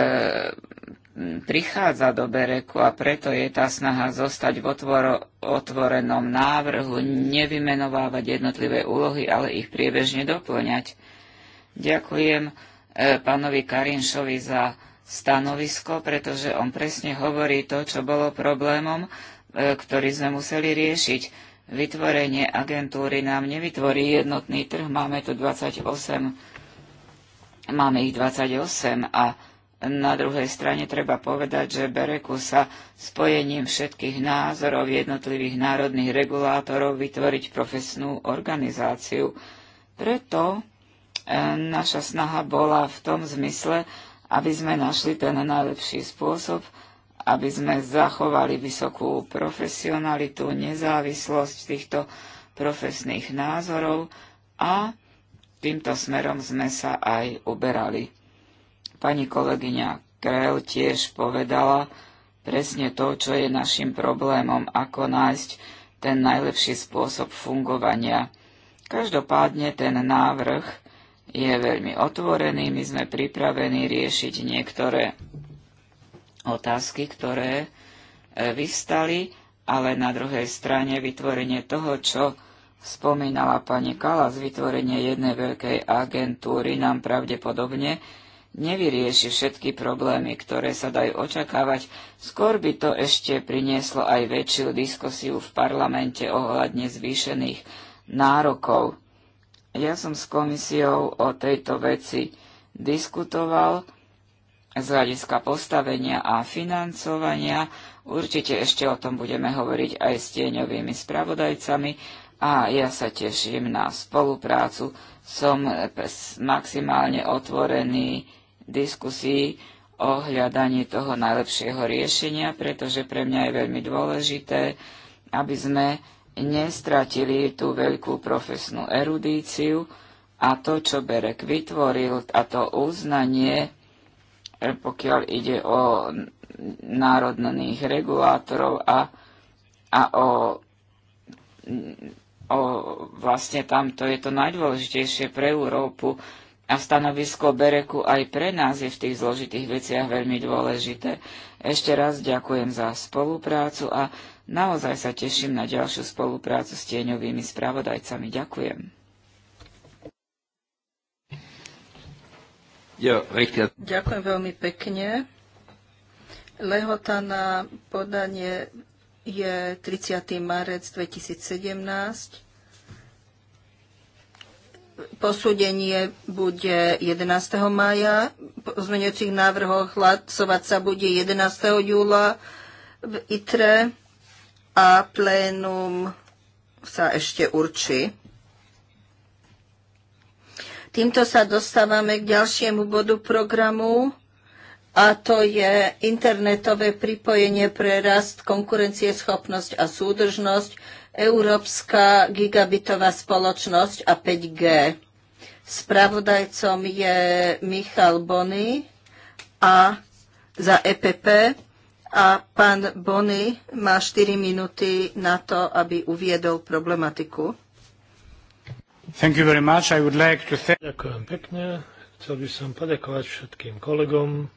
prichádza do Bereku a preto je tá snaha zostať v otvoro, otvorenom návrhu, nevymenovávať jednotlivé úlohy, ale ich priebežne doplňať. Ďakujem e, pánovi Karinšovi za stanovisko, pretože on presne hovorí to, čo bolo problémom, e, ktorý sme museli riešiť. Vytvorenie agentúry nám nevytvorí jednotný trh, máme tu 28, máme ich 28 a na druhej strane treba povedať, že Bereku sa spojením všetkých názorov jednotlivých národných regulátorov vytvoriť profesnú organizáciu. Preto e, naša snaha bola v tom zmysle, aby sme našli ten najlepší spôsob, aby sme zachovali vysokú profesionalitu, nezávislosť týchto profesných názorov a týmto smerom sme sa aj uberali. Pani kolegyňa Krell tiež povedala presne to, čo je našim problémom, ako nájsť ten najlepší spôsob fungovania. Každopádne ten návrh je veľmi otvorený, my sme pripravení riešiť niektoré otázky, ktoré e, vyvstali, ale na druhej strane vytvorenie toho, čo spomínala pani Kala z vytvorenie jednej veľkej agentúry nám pravdepodobne nevyrieši všetky problémy, ktoré sa dajú očakávať, skôr by to ešte prinieslo aj väčšiu diskusiu v parlamente ohľadne zvýšených nárokov. Ja som s komisiou o tejto veci diskutoval z hľadiska postavenia a financovania. Určite ešte o tom budeme hovoriť aj s tieňovými spravodajcami a ja sa teším na spoluprácu som maximálne otvorený diskusí o hľadaní toho najlepšieho riešenia, pretože pre mňa je veľmi dôležité, aby sme nestratili tú veľkú profesnú erudíciu a to, čo Berek vytvoril, a to uznanie, e, pokiaľ ide o národných regulátorov a, a o, o vlastne tamto je to najdôležitejšie pre Európu, a stanovisko Bereku aj pre nás je v tých zložitých veciach veľmi dôležité. Ešte raz ďakujem za spoluprácu a naozaj sa teším na ďalšiu spoluprácu s tieňovými spravodajcami. Ďakujem. Ďakujem veľmi pekne. Lehota na podanie je 30. marec 2017. Posúdenie bude 11. maja, po zmenujúcich návrhoch hlasovať sa bude 11. júla v ITRE a plénum sa ešte určí. Týmto sa dostávame k ďalšiemu bodu programu a to je internetové pripojenie pre rast, konkurencieschopnosť a súdržnosť Európska gigabitová spoločnosť a 5G. Spravodajcom je Michal Bony a za EPP a pán Bony má 4 minúty na to, aby uviedol problematiku. Thank you very much. I would like to thank... Ďakujem pekne. Chcel by som poďakovať všetkým kolegom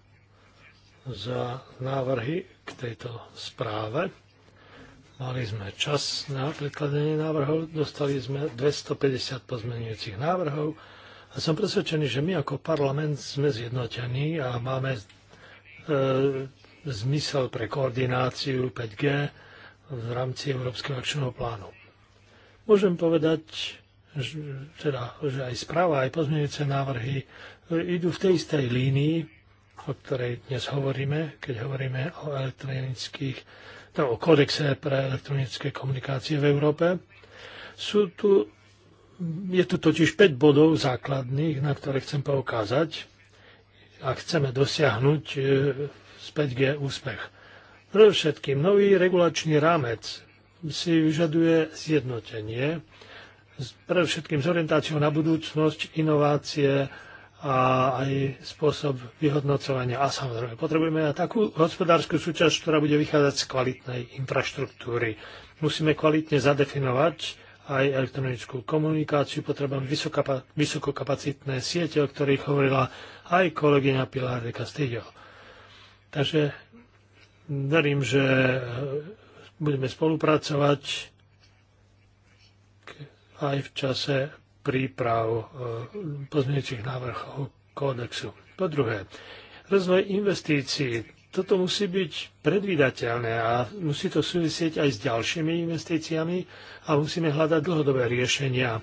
za návrhy k tejto správe. Mali sme čas na predkladanie návrhov, dostali sme 250 pozmenujúcich návrhov a som presvedčený, že my ako parlament sme zjednotení a máme e, zmysel pre koordináciu 5G v rámci Európskeho akčného plánu. Môžem povedať, že, teda, že aj správa, aj pozmenujúce návrhy e, idú v tej istej línii, o ktorej dnes hovoríme, keď hovoríme o elektronických o kodexe pre elektronické komunikácie v Európe. Sú tu, je tu totiž 5 bodov základných, na ktoré chcem poukázať, ak chceme dosiahnuť z e, 5G úspech. Predovšetkým nový regulačný rámec si vyžaduje zjednotenie, predovšetkým s orientáciou na budúcnosť, inovácie, a aj spôsob vyhodnocovania. A samozrejme, potrebujeme aj takú hospodárskú súťaž, ktorá bude vychádzať z kvalitnej infraštruktúry. Musíme kvalitne zadefinovať aj elektronickú komunikáciu, potrebujeme vysokokapacitné siete, o ktorých hovorila aj kolegyňa Pilar de Castillo. Takže verím, že e, budeme spolupracovať aj v čase príprav e, pozmeňujúcich návrhov kódexu. Po druhé, rozvoj investícií. Toto musí byť predvídateľné a musí to súvisieť aj s ďalšími investíciami a musíme hľadať dlhodobé riešenia.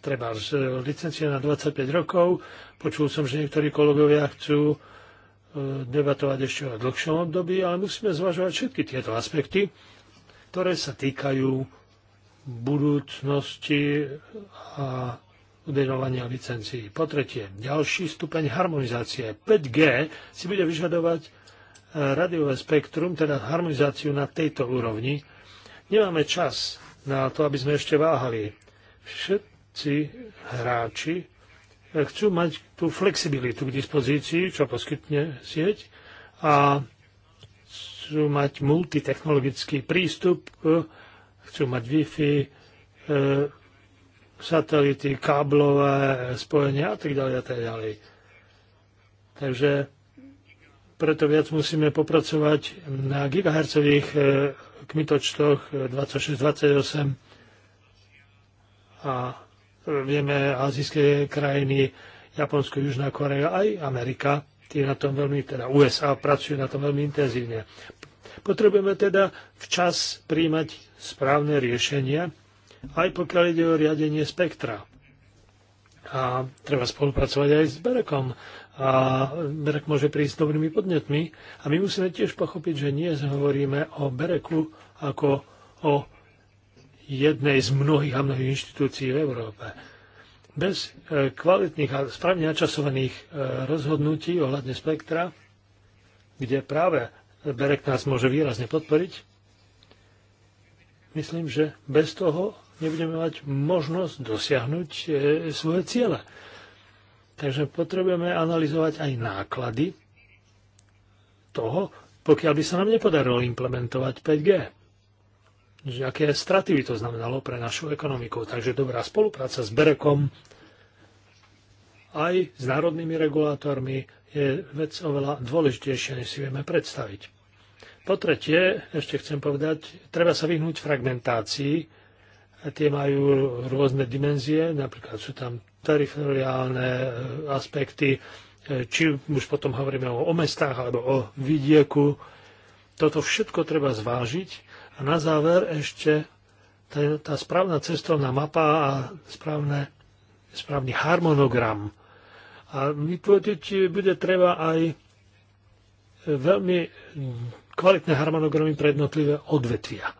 Treba z licencie na 25 rokov. Počul som, že niektorí kolegovia chcú e, debatovať ešte o dlhšom období, ale musíme zvažovať všetky tieto aspekty, ktoré sa týkajú budúcnosti a udelovania licencií. Po tretie, ďalší stupeň harmonizácie 5G si bude vyžadovať eh, radiové spektrum, teda harmonizáciu na tejto úrovni. Nemáme čas na to, aby sme ešte váhali. Všetci hráči eh, chcú mať tú flexibilitu k dispozícii, čo poskytne sieť a chcú mať multitechnologický prístup k chcú mať Wi-Fi, e, satelity, káblové spojenia a tak ďalej a tak ďalej. Takže preto viac musíme popracovať na gigahercových e, kmitočtoch 26-28 a e, vieme azijské krajiny Japonsko, Južná Korea aj Amerika, tí na tom veľmi, teda USA pracujú na tom veľmi intenzívne. Potrebujeme teda včas príjmať správne riešenia, aj pokiaľ ide o riadenie spektra. A treba spolupracovať aj s Berekom. A Berek môže prísť s dobrými podnetmi. A my musíme tiež pochopiť, že nie hovoríme o Bereku ako o jednej z mnohých a mnohých inštitúcií v Európe. Bez e, kvalitných a správne načasovaných e, rozhodnutí ohľadne spektra, kde práve Berek nás môže výrazne podporiť. Myslím, že bez toho nebudeme mať možnosť dosiahnuť e, svoje ciele. Takže potrebujeme analyzovať aj náklady toho, pokiaľ by sa nám nepodarilo implementovať 5G. Že aké straty by to znamenalo pre našu ekonomiku. Takže dobrá spolupráca s Berekom aj s národnými regulátormi je vec oveľa dôležitejšia, než si vieme predstaviť. Po tretie, ešte chcem povedať, treba sa vyhnúť fragmentácii. Tie majú rôzne dimenzie, napríklad sú tam teritoriálne e, aspekty, e, či už potom hovoríme o mestách alebo o vidieku. Toto všetko treba zvážiť. A na záver ešte tá, tá správna cestovná mapa a správne, správny harmonogram a vytvoriť bude treba aj veľmi kvalitné harmonogramy pre jednotlivé odvetvia.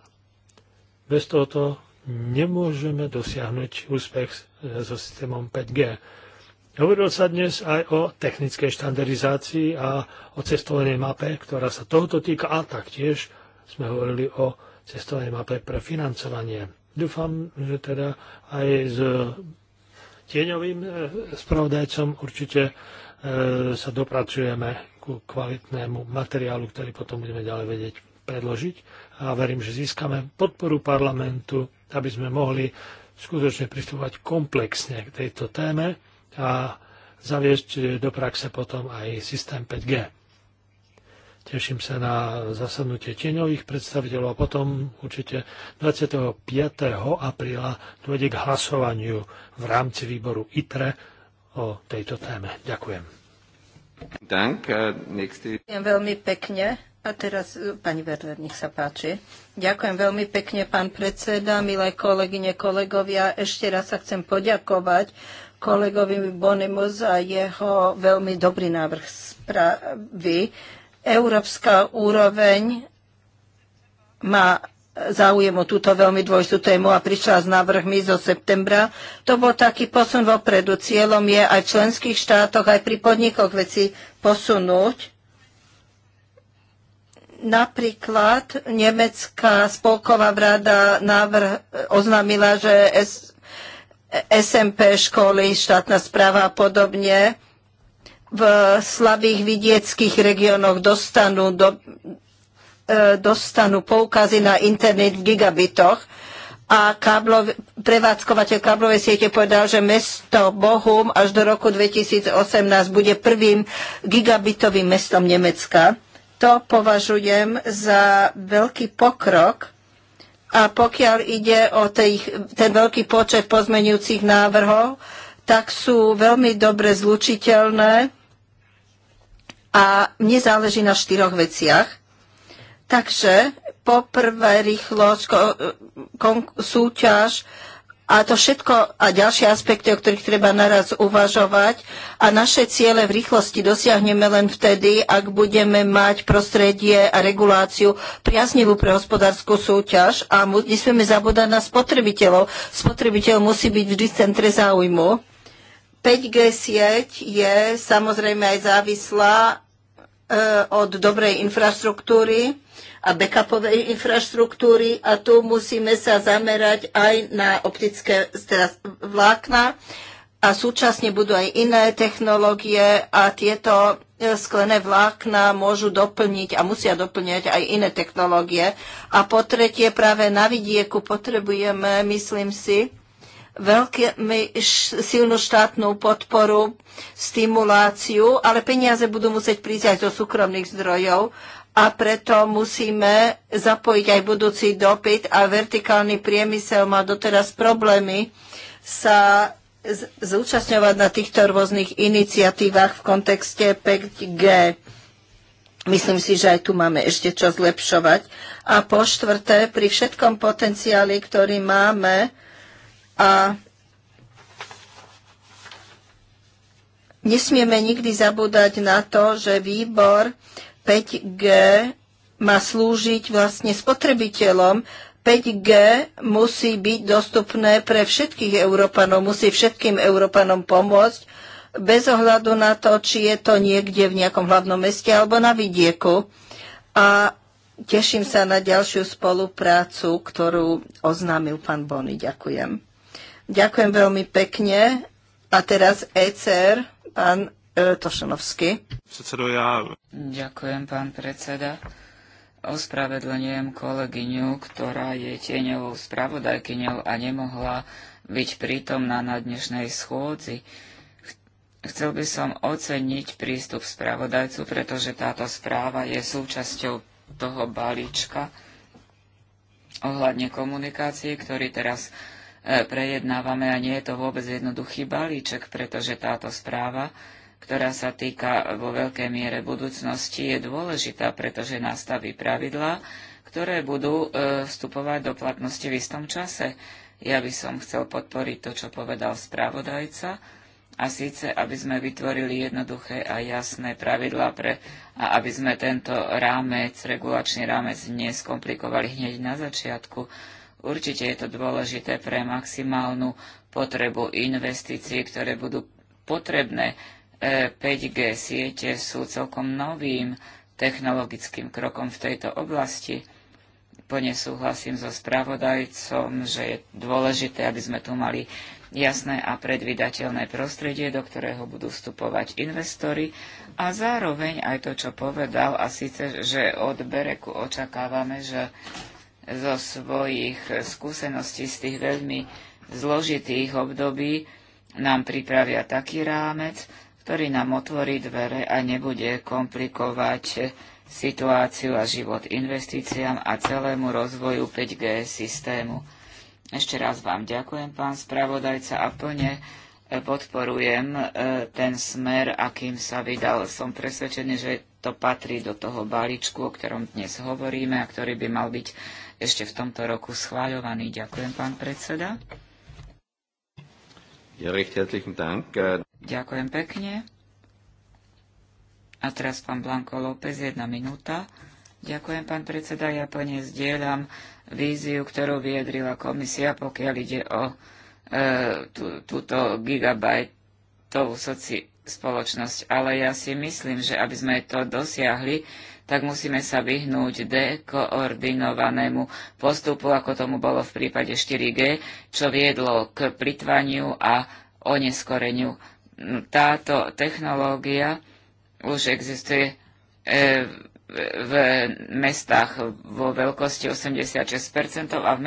Bez tohoto nemôžeme dosiahnuť úspech so systémom 5G. Hovorilo sa dnes aj o technickej štandardizácii a o cestovanej mape, ktorá sa tohoto týka a taktiež sme hovorili o cestovanej mape pre financovanie. Dúfam, že teda aj s tieňovým e, spravodajcom určite e, sa dopracujeme ku kvalitnému materiálu, ktorý potom budeme ďalej vedieť predložiť a verím, že získame podporu parlamentu, aby sme mohli skutočne pristúpať komplexne k tejto téme a zaviesť do praxe potom aj systém 5G. Teším sa na zasadnutie tieňových predstaviteľov a potom určite 25. apríla dôjde k hlasovaniu v rámci výboru ITRE o tejto téme. Ďakujem. Äh, Ďakujem veľmi pekne. A teraz, e, pani Verder, nech sa páči. Ďakujem veľmi pekne, pán predseda, milé kolegyne, kolegovia. Ešte raz sa chcem poďakovať kolegovi Bonimu za jeho veľmi dobrý návrh správy Európska úroveň má záujem o túto veľmi dôležitú tému a prišla s návrhmi zo septembra. To bol taký posun vopredu. Cieľom je aj v členských štátoch, aj pri podnikoch veci posunúť. Napríklad Nemecká spolková rada návrh oznámila, že SMP školy, štátna správa a podobne v slabých vidieckých regiónoch dostanú, do, e, dostanú poukazy na internet v gigabitoch. A káblov, prevádzkovateľ káblovej siete povedal, že mesto Bohum až do roku 2018 bude prvým gigabitovým mestom Nemecka. To považujem za veľký pokrok. A pokiaľ ide o tej, ten veľký počet pozmenujúcich návrhov, tak sú veľmi dobre zlučiteľné a mne záleží na štyroch veciach. Takže poprvé rýchlosť, súťaž a to všetko a ďalšie aspekty, o ktorých treba naraz uvažovať. A naše ciele v rýchlosti dosiahneme len vtedy, ak budeme mať prostredie a reguláciu priaznivú pre hospodárskú súťaž a nesmieme zabúdať na spotrebiteľov. Spotrebiteľ musí byť vždy v centre záujmu. 5G sieť je samozrejme aj závislá e, od dobrej infraštruktúry a backupovej infraštruktúry a tu musíme sa zamerať aj na optické teda vlákna a súčasne budú aj iné technológie a tieto e, sklené vlákna môžu doplniť a musia doplňať aj iné technológie. A po tretie, práve na vidieku potrebujeme, myslím si, veľmi silnú štátnu podporu, stimuláciu, ale peniaze budú musieť prísť aj zo súkromných zdrojov a preto musíme zapojiť aj budúci dopyt a vertikálny priemysel má doteraz problémy sa zúčastňovať na týchto rôznych iniciatívach v kontexte 5G. Myslím si, že aj tu máme ešte čo zlepšovať. A po štvrté, pri všetkom potenciáli, ktorý máme, a nesmieme nikdy zabúdať na to, že výbor 5G má slúžiť vlastne spotrebiteľom. 5G musí byť dostupné pre všetkých Európanov, musí všetkým Európanom pomôcť, bez ohľadu na to, či je to niekde v nejakom hlavnom meste alebo na vidieku. A teším sa na ďalšiu spoluprácu, ktorú oznámil pán Bony. Ďakujem. Ďakujem veľmi pekne. A teraz ECR, pán e, Predsedo, ja... Ďakujem, pán predseda. Ospravedlňujem kolegyňu, ktorá je tieňovou spravodajkyňou a nemohla byť prítomná na dnešnej schôdzi. Chcel by som oceniť prístup spravodajcu, pretože táto správa je súčasťou toho balíčka ohľadne komunikácie, ktorý teraz E, prejednávame a nie je to vôbec jednoduchý balíček, pretože táto správa, ktorá sa týka vo veľkej miere budúcnosti, je dôležitá, pretože nastaví pravidlá, ktoré budú e, vstupovať do platnosti v istom čase. Ja by som chcel podporiť to, čo povedal spravodajca, a síce, aby sme vytvorili jednoduché a jasné pravidlá pre, a aby sme tento rámec, regulačný rámec neskomplikovali hneď na začiatku, Určite je to dôležité pre maximálnu potrebu investícií, ktoré budú potrebné. E, 5G siete sú celkom novým technologickým krokom v tejto oblasti. Plne súhlasím so spravodajcom, že je dôležité, aby sme tu mali jasné a predvydateľné prostredie, do ktorého budú vstupovať investori a zároveň aj to, čo povedal, a síce, že od Bereku očakávame, že zo svojich skúseností z tých veľmi zložitých období nám pripravia taký rámec, ktorý nám otvorí dvere a nebude komplikovať situáciu a život investíciám a celému rozvoju 5G systému. Ešte raz vám ďakujem, pán spravodajca, a plne e, podporujem e, ten smer, akým sa vydal. Som presvedčený, že to patrí do toho balíčku, o ktorom dnes hovoríme a ktorý by mal byť ešte v tomto roku schváľovaný. Ďakujem, pán predseda. Ja Dank. Ďakujem pekne. A teraz pán Blanko López, jedna minúta. Ďakujem, pán predseda. Ja plne zdieľam víziu, ktorú vyjadrila komisia, pokiaľ ide o e, tú, túto gigabajtovú soci spoločnosť. Ale ja si myslím, že aby sme to dosiahli, tak musíme sa vyhnúť dekoordinovanému postupu, ako tomu bolo v prípade 4G, čo viedlo k plitvaniu a oneskoreniu. Táto technológia už existuje e, v mestách vo veľkosti 86% a v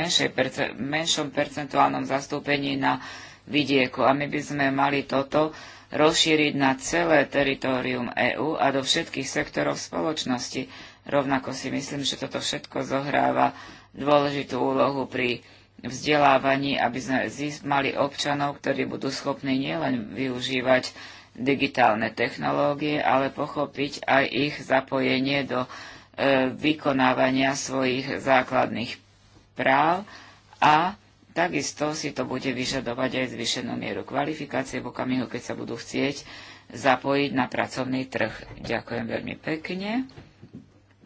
menšom percentuálnom zastúpení na vidieku. A my by sme mali toto rozšíriť na celé teritórium EÚ a do všetkých sektorov spoločnosti. Rovnako si myslím, že toto všetko zohráva dôležitú úlohu pri vzdelávaní, aby sme mali občanov, ktorí budú schopní nielen využívať digitálne technológie, ale pochopiť aj ich zapojenie do e, vykonávania svojich základných práv a Takisto si to bude vyžadovať aj zvyšenú mieru kvalifikácie v okamihu, keď sa budú chcieť zapojiť na pracovný trh. Ďakujem veľmi pekne.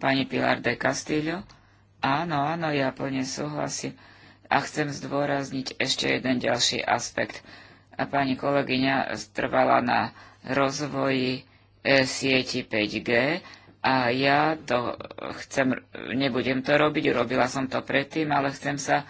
Pani Pilar de Castillo. Áno, áno, ja plne súhlasím. A chcem zdôrazniť ešte jeden ďalší aspekt. A pani kolegyňa trvala na rozvoji e, sieti 5G a ja to chcem, nebudem to robiť, robila som to predtým, ale chcem sa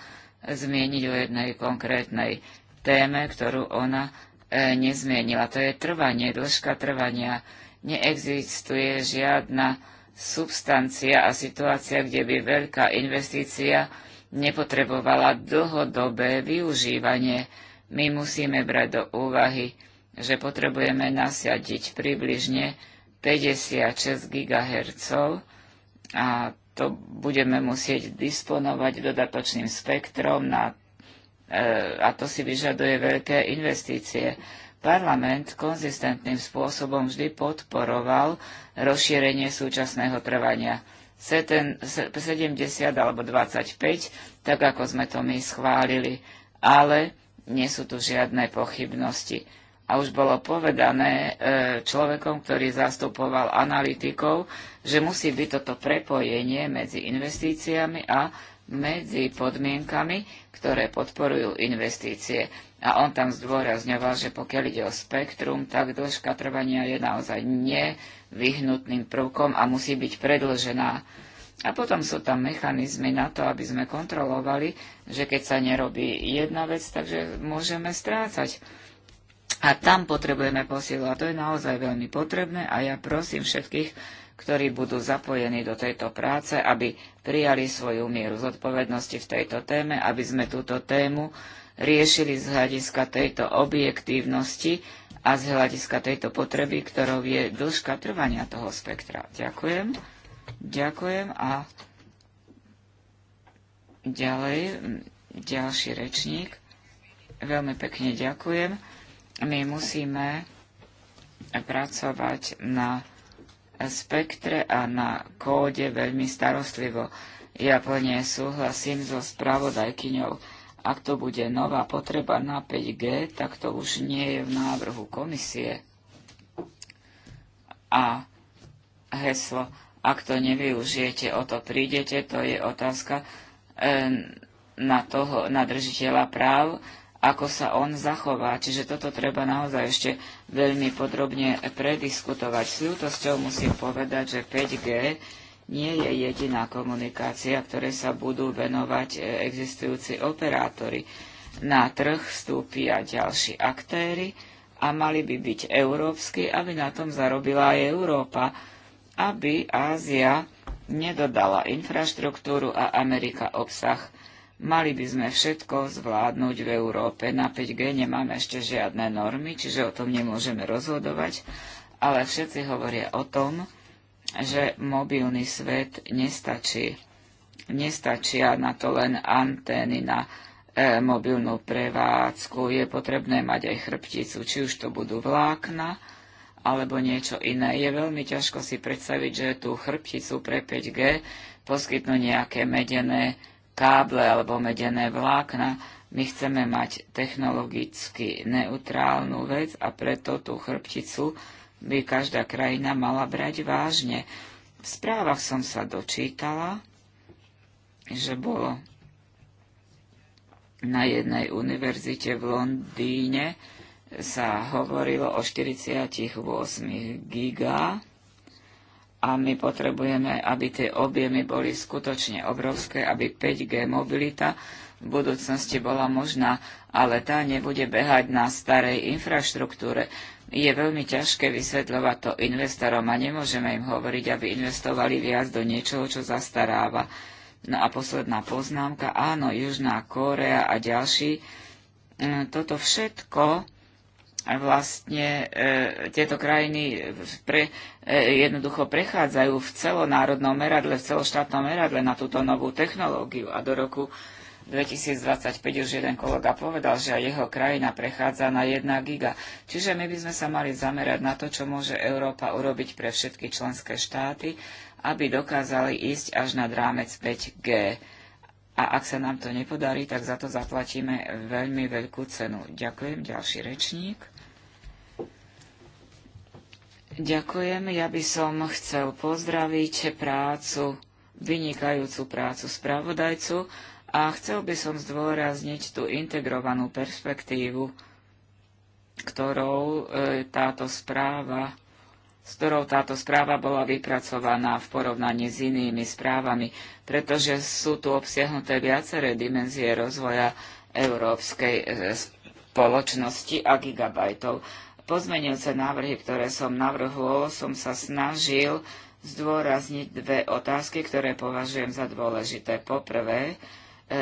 zmieniť o jednej konkrétnej téme, ktorú ona e, nezmienila. To je trvanie, dĺžka trvania. Neexistuje žiadna substancia a situácia, kde by veľká investícia nepotrebovala dlhodobé využívanie. My musíme brať do úvahy, že potrebujeme nasiadiť približne 56 GHz a to budeme musieť disponovať dodatočným spektrom na, e, a to si vyžaduje veľké investície. Parlament konzistentným spôsobom vždy podporoval rozšírenie súčasného trvania 70 alebo 25, tak ako sme to my schválili, ale nie sú tu žiadne pochybnosti a už bolo povedané e, človekom, ktorý zastupoval analytikov, že musí byť toto prepojenie medzi investíciami a medzi podmienkami, ktoré podporujú investície. A on tam zdôrazňoval, že pokiaľ ide o spektrum, tak dĺžka trvania je naozaj nevyhnutným prvkom a musí byť predlžená. A potom sú tam mechanizmy na to, aby sme kontrolovali, že keď sa nerobí jedna vec, takže môžeme strácať. A tam potrebujeme posilu. A to je naozaj veľmi potrebné a ja prosím všetkých, ktorí budú zapojení do tejto práce, aby prijali svoju mieru zodpovednosti v tejto téme, aby sme túto tému riešili z hľadiska tejto objektívnosti a z hľadiska tejto potreby, ktorou je dĺžka trvania toho spektra. Ďakujem. Ďakujem a ďalej ďalší rečník. Veľmi pekne ďakujem my musíme pracovať na spektre a na kóde veľmi starostlivo. Ja plne súhlasím so spravodajkyňou. Ak to bude nová potreba na 5G, tak to už nie je v návrhu komisie. A heslo, ak to nevyužijete, o to prídete, to je otázka e, na, toho, na držiteľa práv, ako sa on zachová. Čiže toto treba naozaj ešte veľmi podrobne prediskutovať. S ľútosťou musím povedať, že 5G nie je jediná komunikácia, ktoré sa budú venovať e, existujúci operátori. Na trh vstúpia ďalší aktéry a mali by byť európsky, aby na tom zarobila aj Európa, aby Ázia nedodala infraštruktúru a Amerika obsah. Mali by sme všetko zvládnuť v Európe. Na 5G nemáme ešte žiadne normy, čiže o tom nemôžeme rozhodovať, ale všetci hovoria o tom, že mobilný svet nestačí. Nestačia na to len antény na e, mobilnú prevádzku. Je potrebné mať aj chrbticu, či už to budú vlákna, alebo niečo iné. Je veľmi ťažko si predstaviť, že tú chrbticu pre 5G poskytnú nejaké medené káble alebo medené vlákna. My chceme mať technologicky neutrálnu vec a preto tú chrbticu by každá krajina mala brať vážne. V správach som sa dočítala, že bolo na jednej univerzite v Londýne sa hovorilo o 48 gigách a my potrebujeme, aby tie objemy boli skutočne obrovské, aby 5G mobilita v budúcnosti bola možná, ale tá nebude behať na starej infraštruktúre. Je veľmi ťažké vysvetľovať to investorom a nemôžeme im hovoriť, aby investovali viac do niečoho, čo zastaráva. No a posledná poznámka, áno, Južná Kórea a ďalší, mm, toto všetko vlastne e, tieto krajiny pre, e, jednoducho prechádzajú v celonárodnom meradle, v celoštátnom meradle na túto novú technológiu a do roku 2025 už jeden kolega povedal, že aj jeho krajina prechádza na 1 giga. Čiže my by sme sa mali zamerať na to, čo môže Európa urobiť pre všetky členské štáty, aby dokázali ísť až nad rámec 5G. A ak sa nám to nepodarí, tak za to zaplatíme veľmi veľkú cenu. Ďakujem, ďalší rečník. Ďakujem. Ja by som chcel pozdraviť prácu, vynikajúcu prácu spravodajcu a chcel by som zdôrazniť tú integrovanú perspektívu, ktorou e, táto správa s ktorou táto správa bola vypracovaná v porovnaní s inými správami, pretože sú tu obsiahnuté viaceré dimenzie rozvoja európskej e, spoločnosti a gigabajtov pozmenujúce návrhy, ktoré som navrhol, som sa snažil zdôrazniť dve otázky, ktoré považujem za dôležité. Poprvé, e,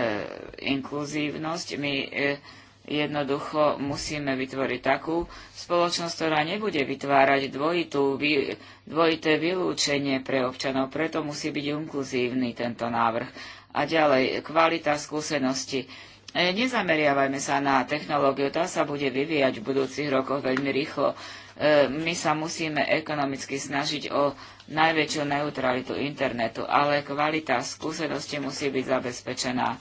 inkluzívnosť. My e, jednoducho musíme vytvoriť takú spoločnosť, ktorá nebude vytvárať dvojitú, vy, dvojité vylúčenie pre občanov. Preto musí byť inkluzívny tento návrh. A ďalej, kvalita skúsenosti E, nezameriavajme sa na technológiu, tá sa bude vyvíjať v budúcich rokoch veľmi rýchlo. E, my sa musíme ekonomicky snažiť o najväčšiu neutralitu internetu, ale kvalita skúsenosti musí byť zabezpečená.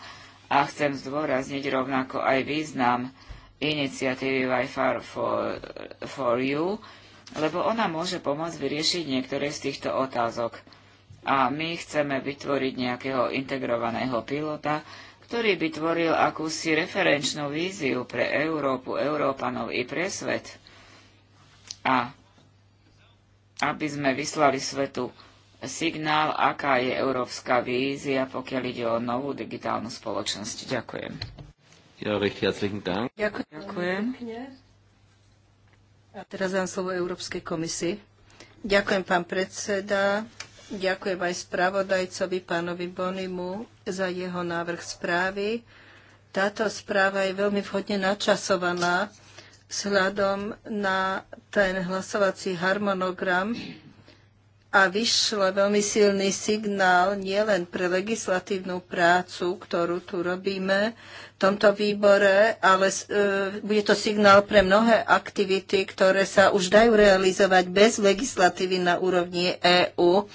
A chcem zdôrazniť rovnako aj význam iniciatívy Wi-Fi for, for You, lebo ona môže pomôcť vyriešiť niektoré z týchto otázok. A my chceme vytvoriť nejakého integrovaného pilota, ktorý by tvoril akúsi referenčnú víziu pre Európu, Európanov i pre svet. A aby sme vyslali svetu signál, aká je európska vízia, pokiaľ ide o novú digitálnu spoločnosť. Ďakujem. Ja, recht herzlichen Dank. Ďakujem. Ďakujem. A teraz dám slovo Európskej komisii. Ďakujem, pán predseda. Ďakujem aj spravodajcovi, pánovi Bonimu, za jeho návrh správy. Táto správa je veľmi vhodne načasovaná vzhľadom na ten hlasovací harmonogram a vyšle veľmi silný signál nielen pre legislatívnu prácu, ktorú tu robíme v tomto výbore, ale e, bude to signál pre mnohé aktivity, ktoré sa už dajú realizovať bez legislatívy na úrovni EÚ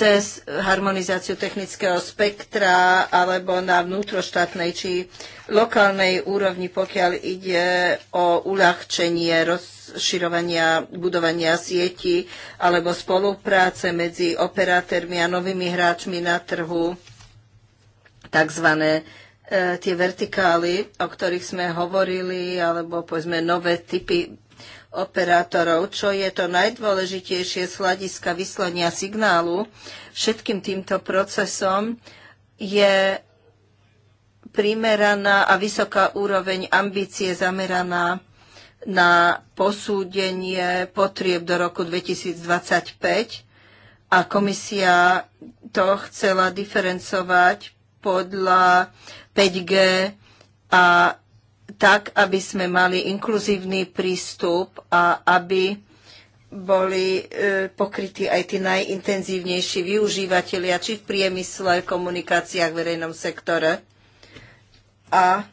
cez harmonizáciu technického spektra alebo na vnútroštátnej či lokálnej úrovni, pokiaľ ide o uľahčenie rozširovania, budovania sieti alebo spolupráce medzi operátormi a novými hráčmi na trhu, takzvané e, tie vertikály, o ktorých sme hovorili, alebo povedzme nové typy operátorov, čo je to najdôležitejšie z hľadiska vyslania signálu všetkým týmto procesom, je primeraná a vysoká úroveň ambície zameraná na posúdenie potrieb do roku 2025 a komisia to chcela diferencovať podľa 5G a tak, aby sme mali inkluzívny prístup a aby boli e, pokrytí aj tí najintenzívnejší využívateľia, či v priemysle, v komunikáciách, v verejnom sektore. A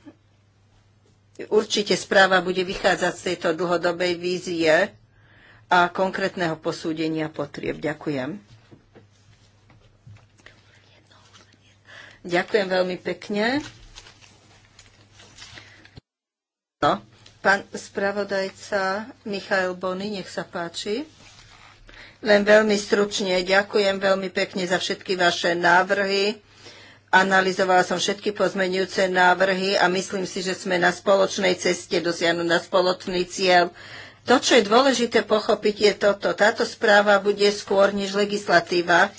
určite správa bude vychádzať z tejto dlhodobej vízie a konkrétneho posúdenia potrieb. Ďakujem. Ďakujem veľmi pekne. No, pán spravodajca Michail Bony, nech sa páči. Len veľmi stručne ďakujem veľmi pekne za všetky vaše návrhy. Analizovala som všetky pozmenujúce návrhy a myslím si, že sme na spoločnej ceste dosiahnuť na spoločný cieľ. To, čo je dôležité pochopiť, je toto. Táto správa bude skôr než legislatíva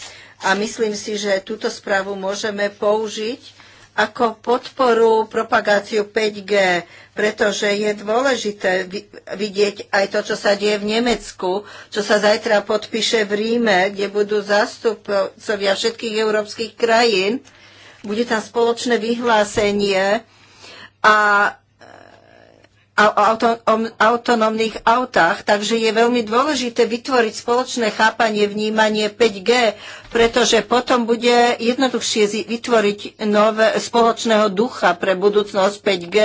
a myslím si, že túto správu môžeme použiť ako podporu propagáciu 5G, pretože je dôležité vidieť aj to, čo sa deje v Nemecku, čo sa zajtra podpíše v Ríme, kde budú zástupcovia všetkých európskych krajín. Bude tam spoločné vyhlásenie a autonómnych autách, takže je veľmi dôležité vytvoriť spoločné chápanie, vnímanie 5G, pretože potom bude jednoduchšie vytvoriť nové spoločného ducha pre budúcnosť 5G,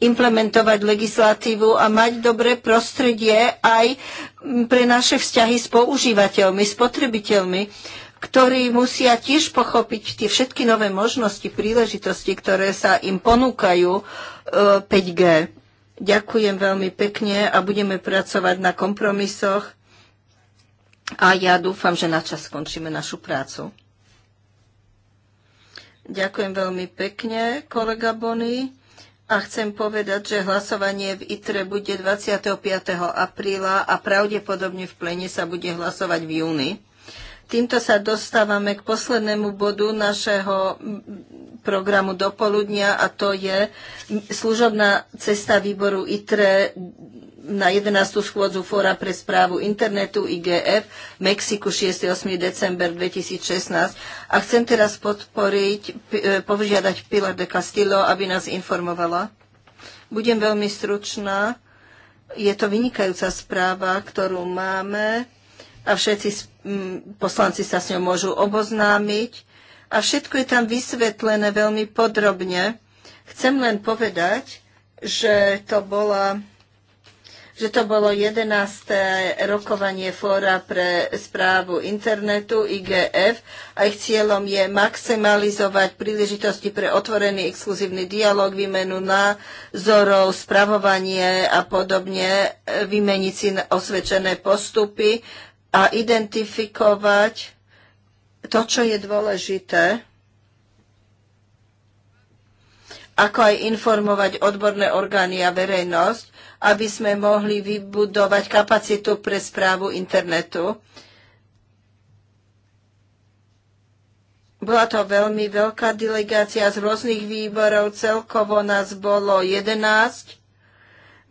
implementovať legislatívu a mať dobré prostredie aj pre naše vzťahy s používateľmi, s potrebiteľmi, ktorí musia tiež pochopiť tie všetky nové možnosti, príležitosti, ktoré sa im ponúkajú e, 5G. Ďakujem veľmi pekne a budeme pracovať na kompromisoch a ja dúfam, že na čas skončíme našu prácu. Ďakujem veľmi pekne, kolega Bony. A chcem povedať, že hlasovanie v ITRE bude 25. apríla a pravdepodobne v plene sa bude hlasovať v júni. Týmto sa dostávame k poslednému bodu našeho programu dopoludnia a to je služobná cesta výboru ITRE na 11. schôdzu Fóra pre správu internetu IGF v Mexiku 6. 8. december 2016. A chcem teraz podporiť, e, požiadať Pilar de Castillo, aby nás informovala. Budem veľmi stručná. Je to vynikajúca správa, ktorú máme a všetci poslanci sa s ňou môžu oboznámiť. A všetko je tam vysvetlené veľmi podrobne. Chcem len povedať, že to bola že to bolo 11. rokovanie fóra pre správu internetu IGF a ich cieľom je maximalizovať príležitosti pre otvorený exkluzívny dialog, výmenu názorov, spravovanie a podobne, e, vymeniť si osvedčené postupy a identifikovať to, čo je dôležité, ako aj informovať odborné orgány a verejnosť, aby sme mohli vybudovať kapacitu pre správu internetu. Bola to veľmi veľká delegácia z rôznych výborov, celkovo nás bolo 11.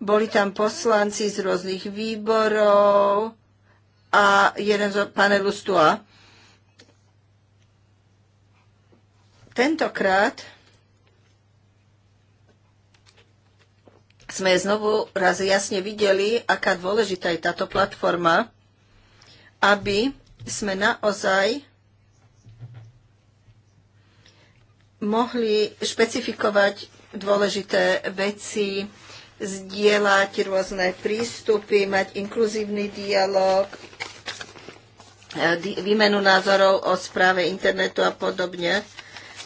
Boli tam poslanci z rôznych výborov, a jeden z panelu Stua. Tentokrát sme znovu raz jasne videli, aká dôležitá je táto platforma, aby sme naozaj mohli špecifikovať dôležité veci, zdieľať rôzne prístupy, mať inkluzívny dialog, e, výmenu názorov o správe internetu a podobne.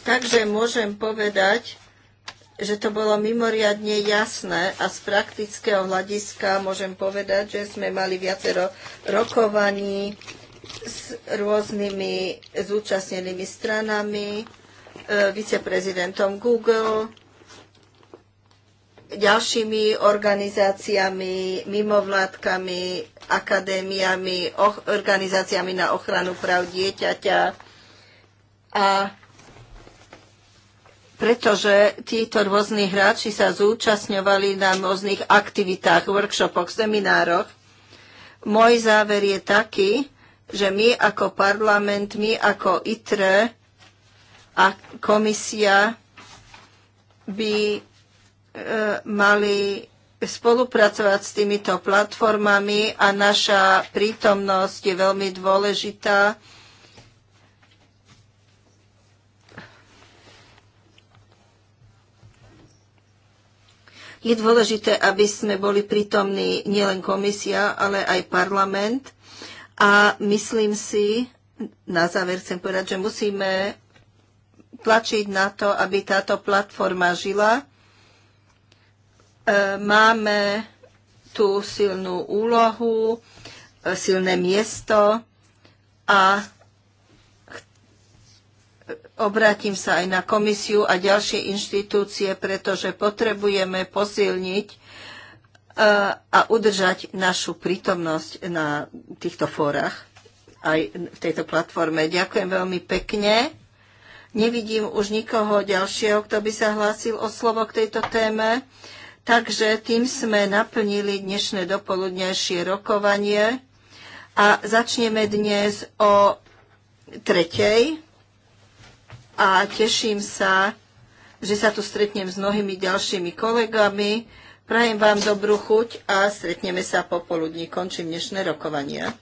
Takže môžem povedať, že to bolo mimoriadne jasné a z praktického hľadiska môžem povedať, že sme mali viacero rokovaní s rôznymi zúčastnenými stranami, e, viceprezidentom Google, ďalšími organizáciami, mimovládkami, akadémiami, organizáciami na ochranu práv dieťaťa. A pretože títo rôzni hráči sa zúčastňovali na rôznych aktivitách, workshopoch, seminároch. Môj záver je taký, že my ako parlament, my ako ITRE a komisia by E, mali spolupracovať s týmito platformami a naša prítomnosť je veľmi dôležitá. Je dôležité, aby sme boli prítomní nielen komisia, ale aj parlament. A myslím si, na záver chcem povedať, že musíme tlačiť na to, aby táto platforma žila E, máme tú silnú úlohu, e, silné miesto a obrátim sa aj na komisiu a ďalšie inštitúcie, pretože potrebujeme posilniť e, a udržať našu prítomnosť na týchto fórach aj v tejto platforme. Ďakujem veľmi pekne. Nevidím už nikoho ďalšieho, kto by sa hlásil o slovo k tejto téme. Takže tým sme naplnili dnešné dopoludnejšie rokovanie a začneme dnes o tretej a teším sa, že sa tu stretnem s mnohými ďalšími kolegami. Prajem vám dobrú chuť a stretneme sa popoludní. Končím dnešné rokovanie.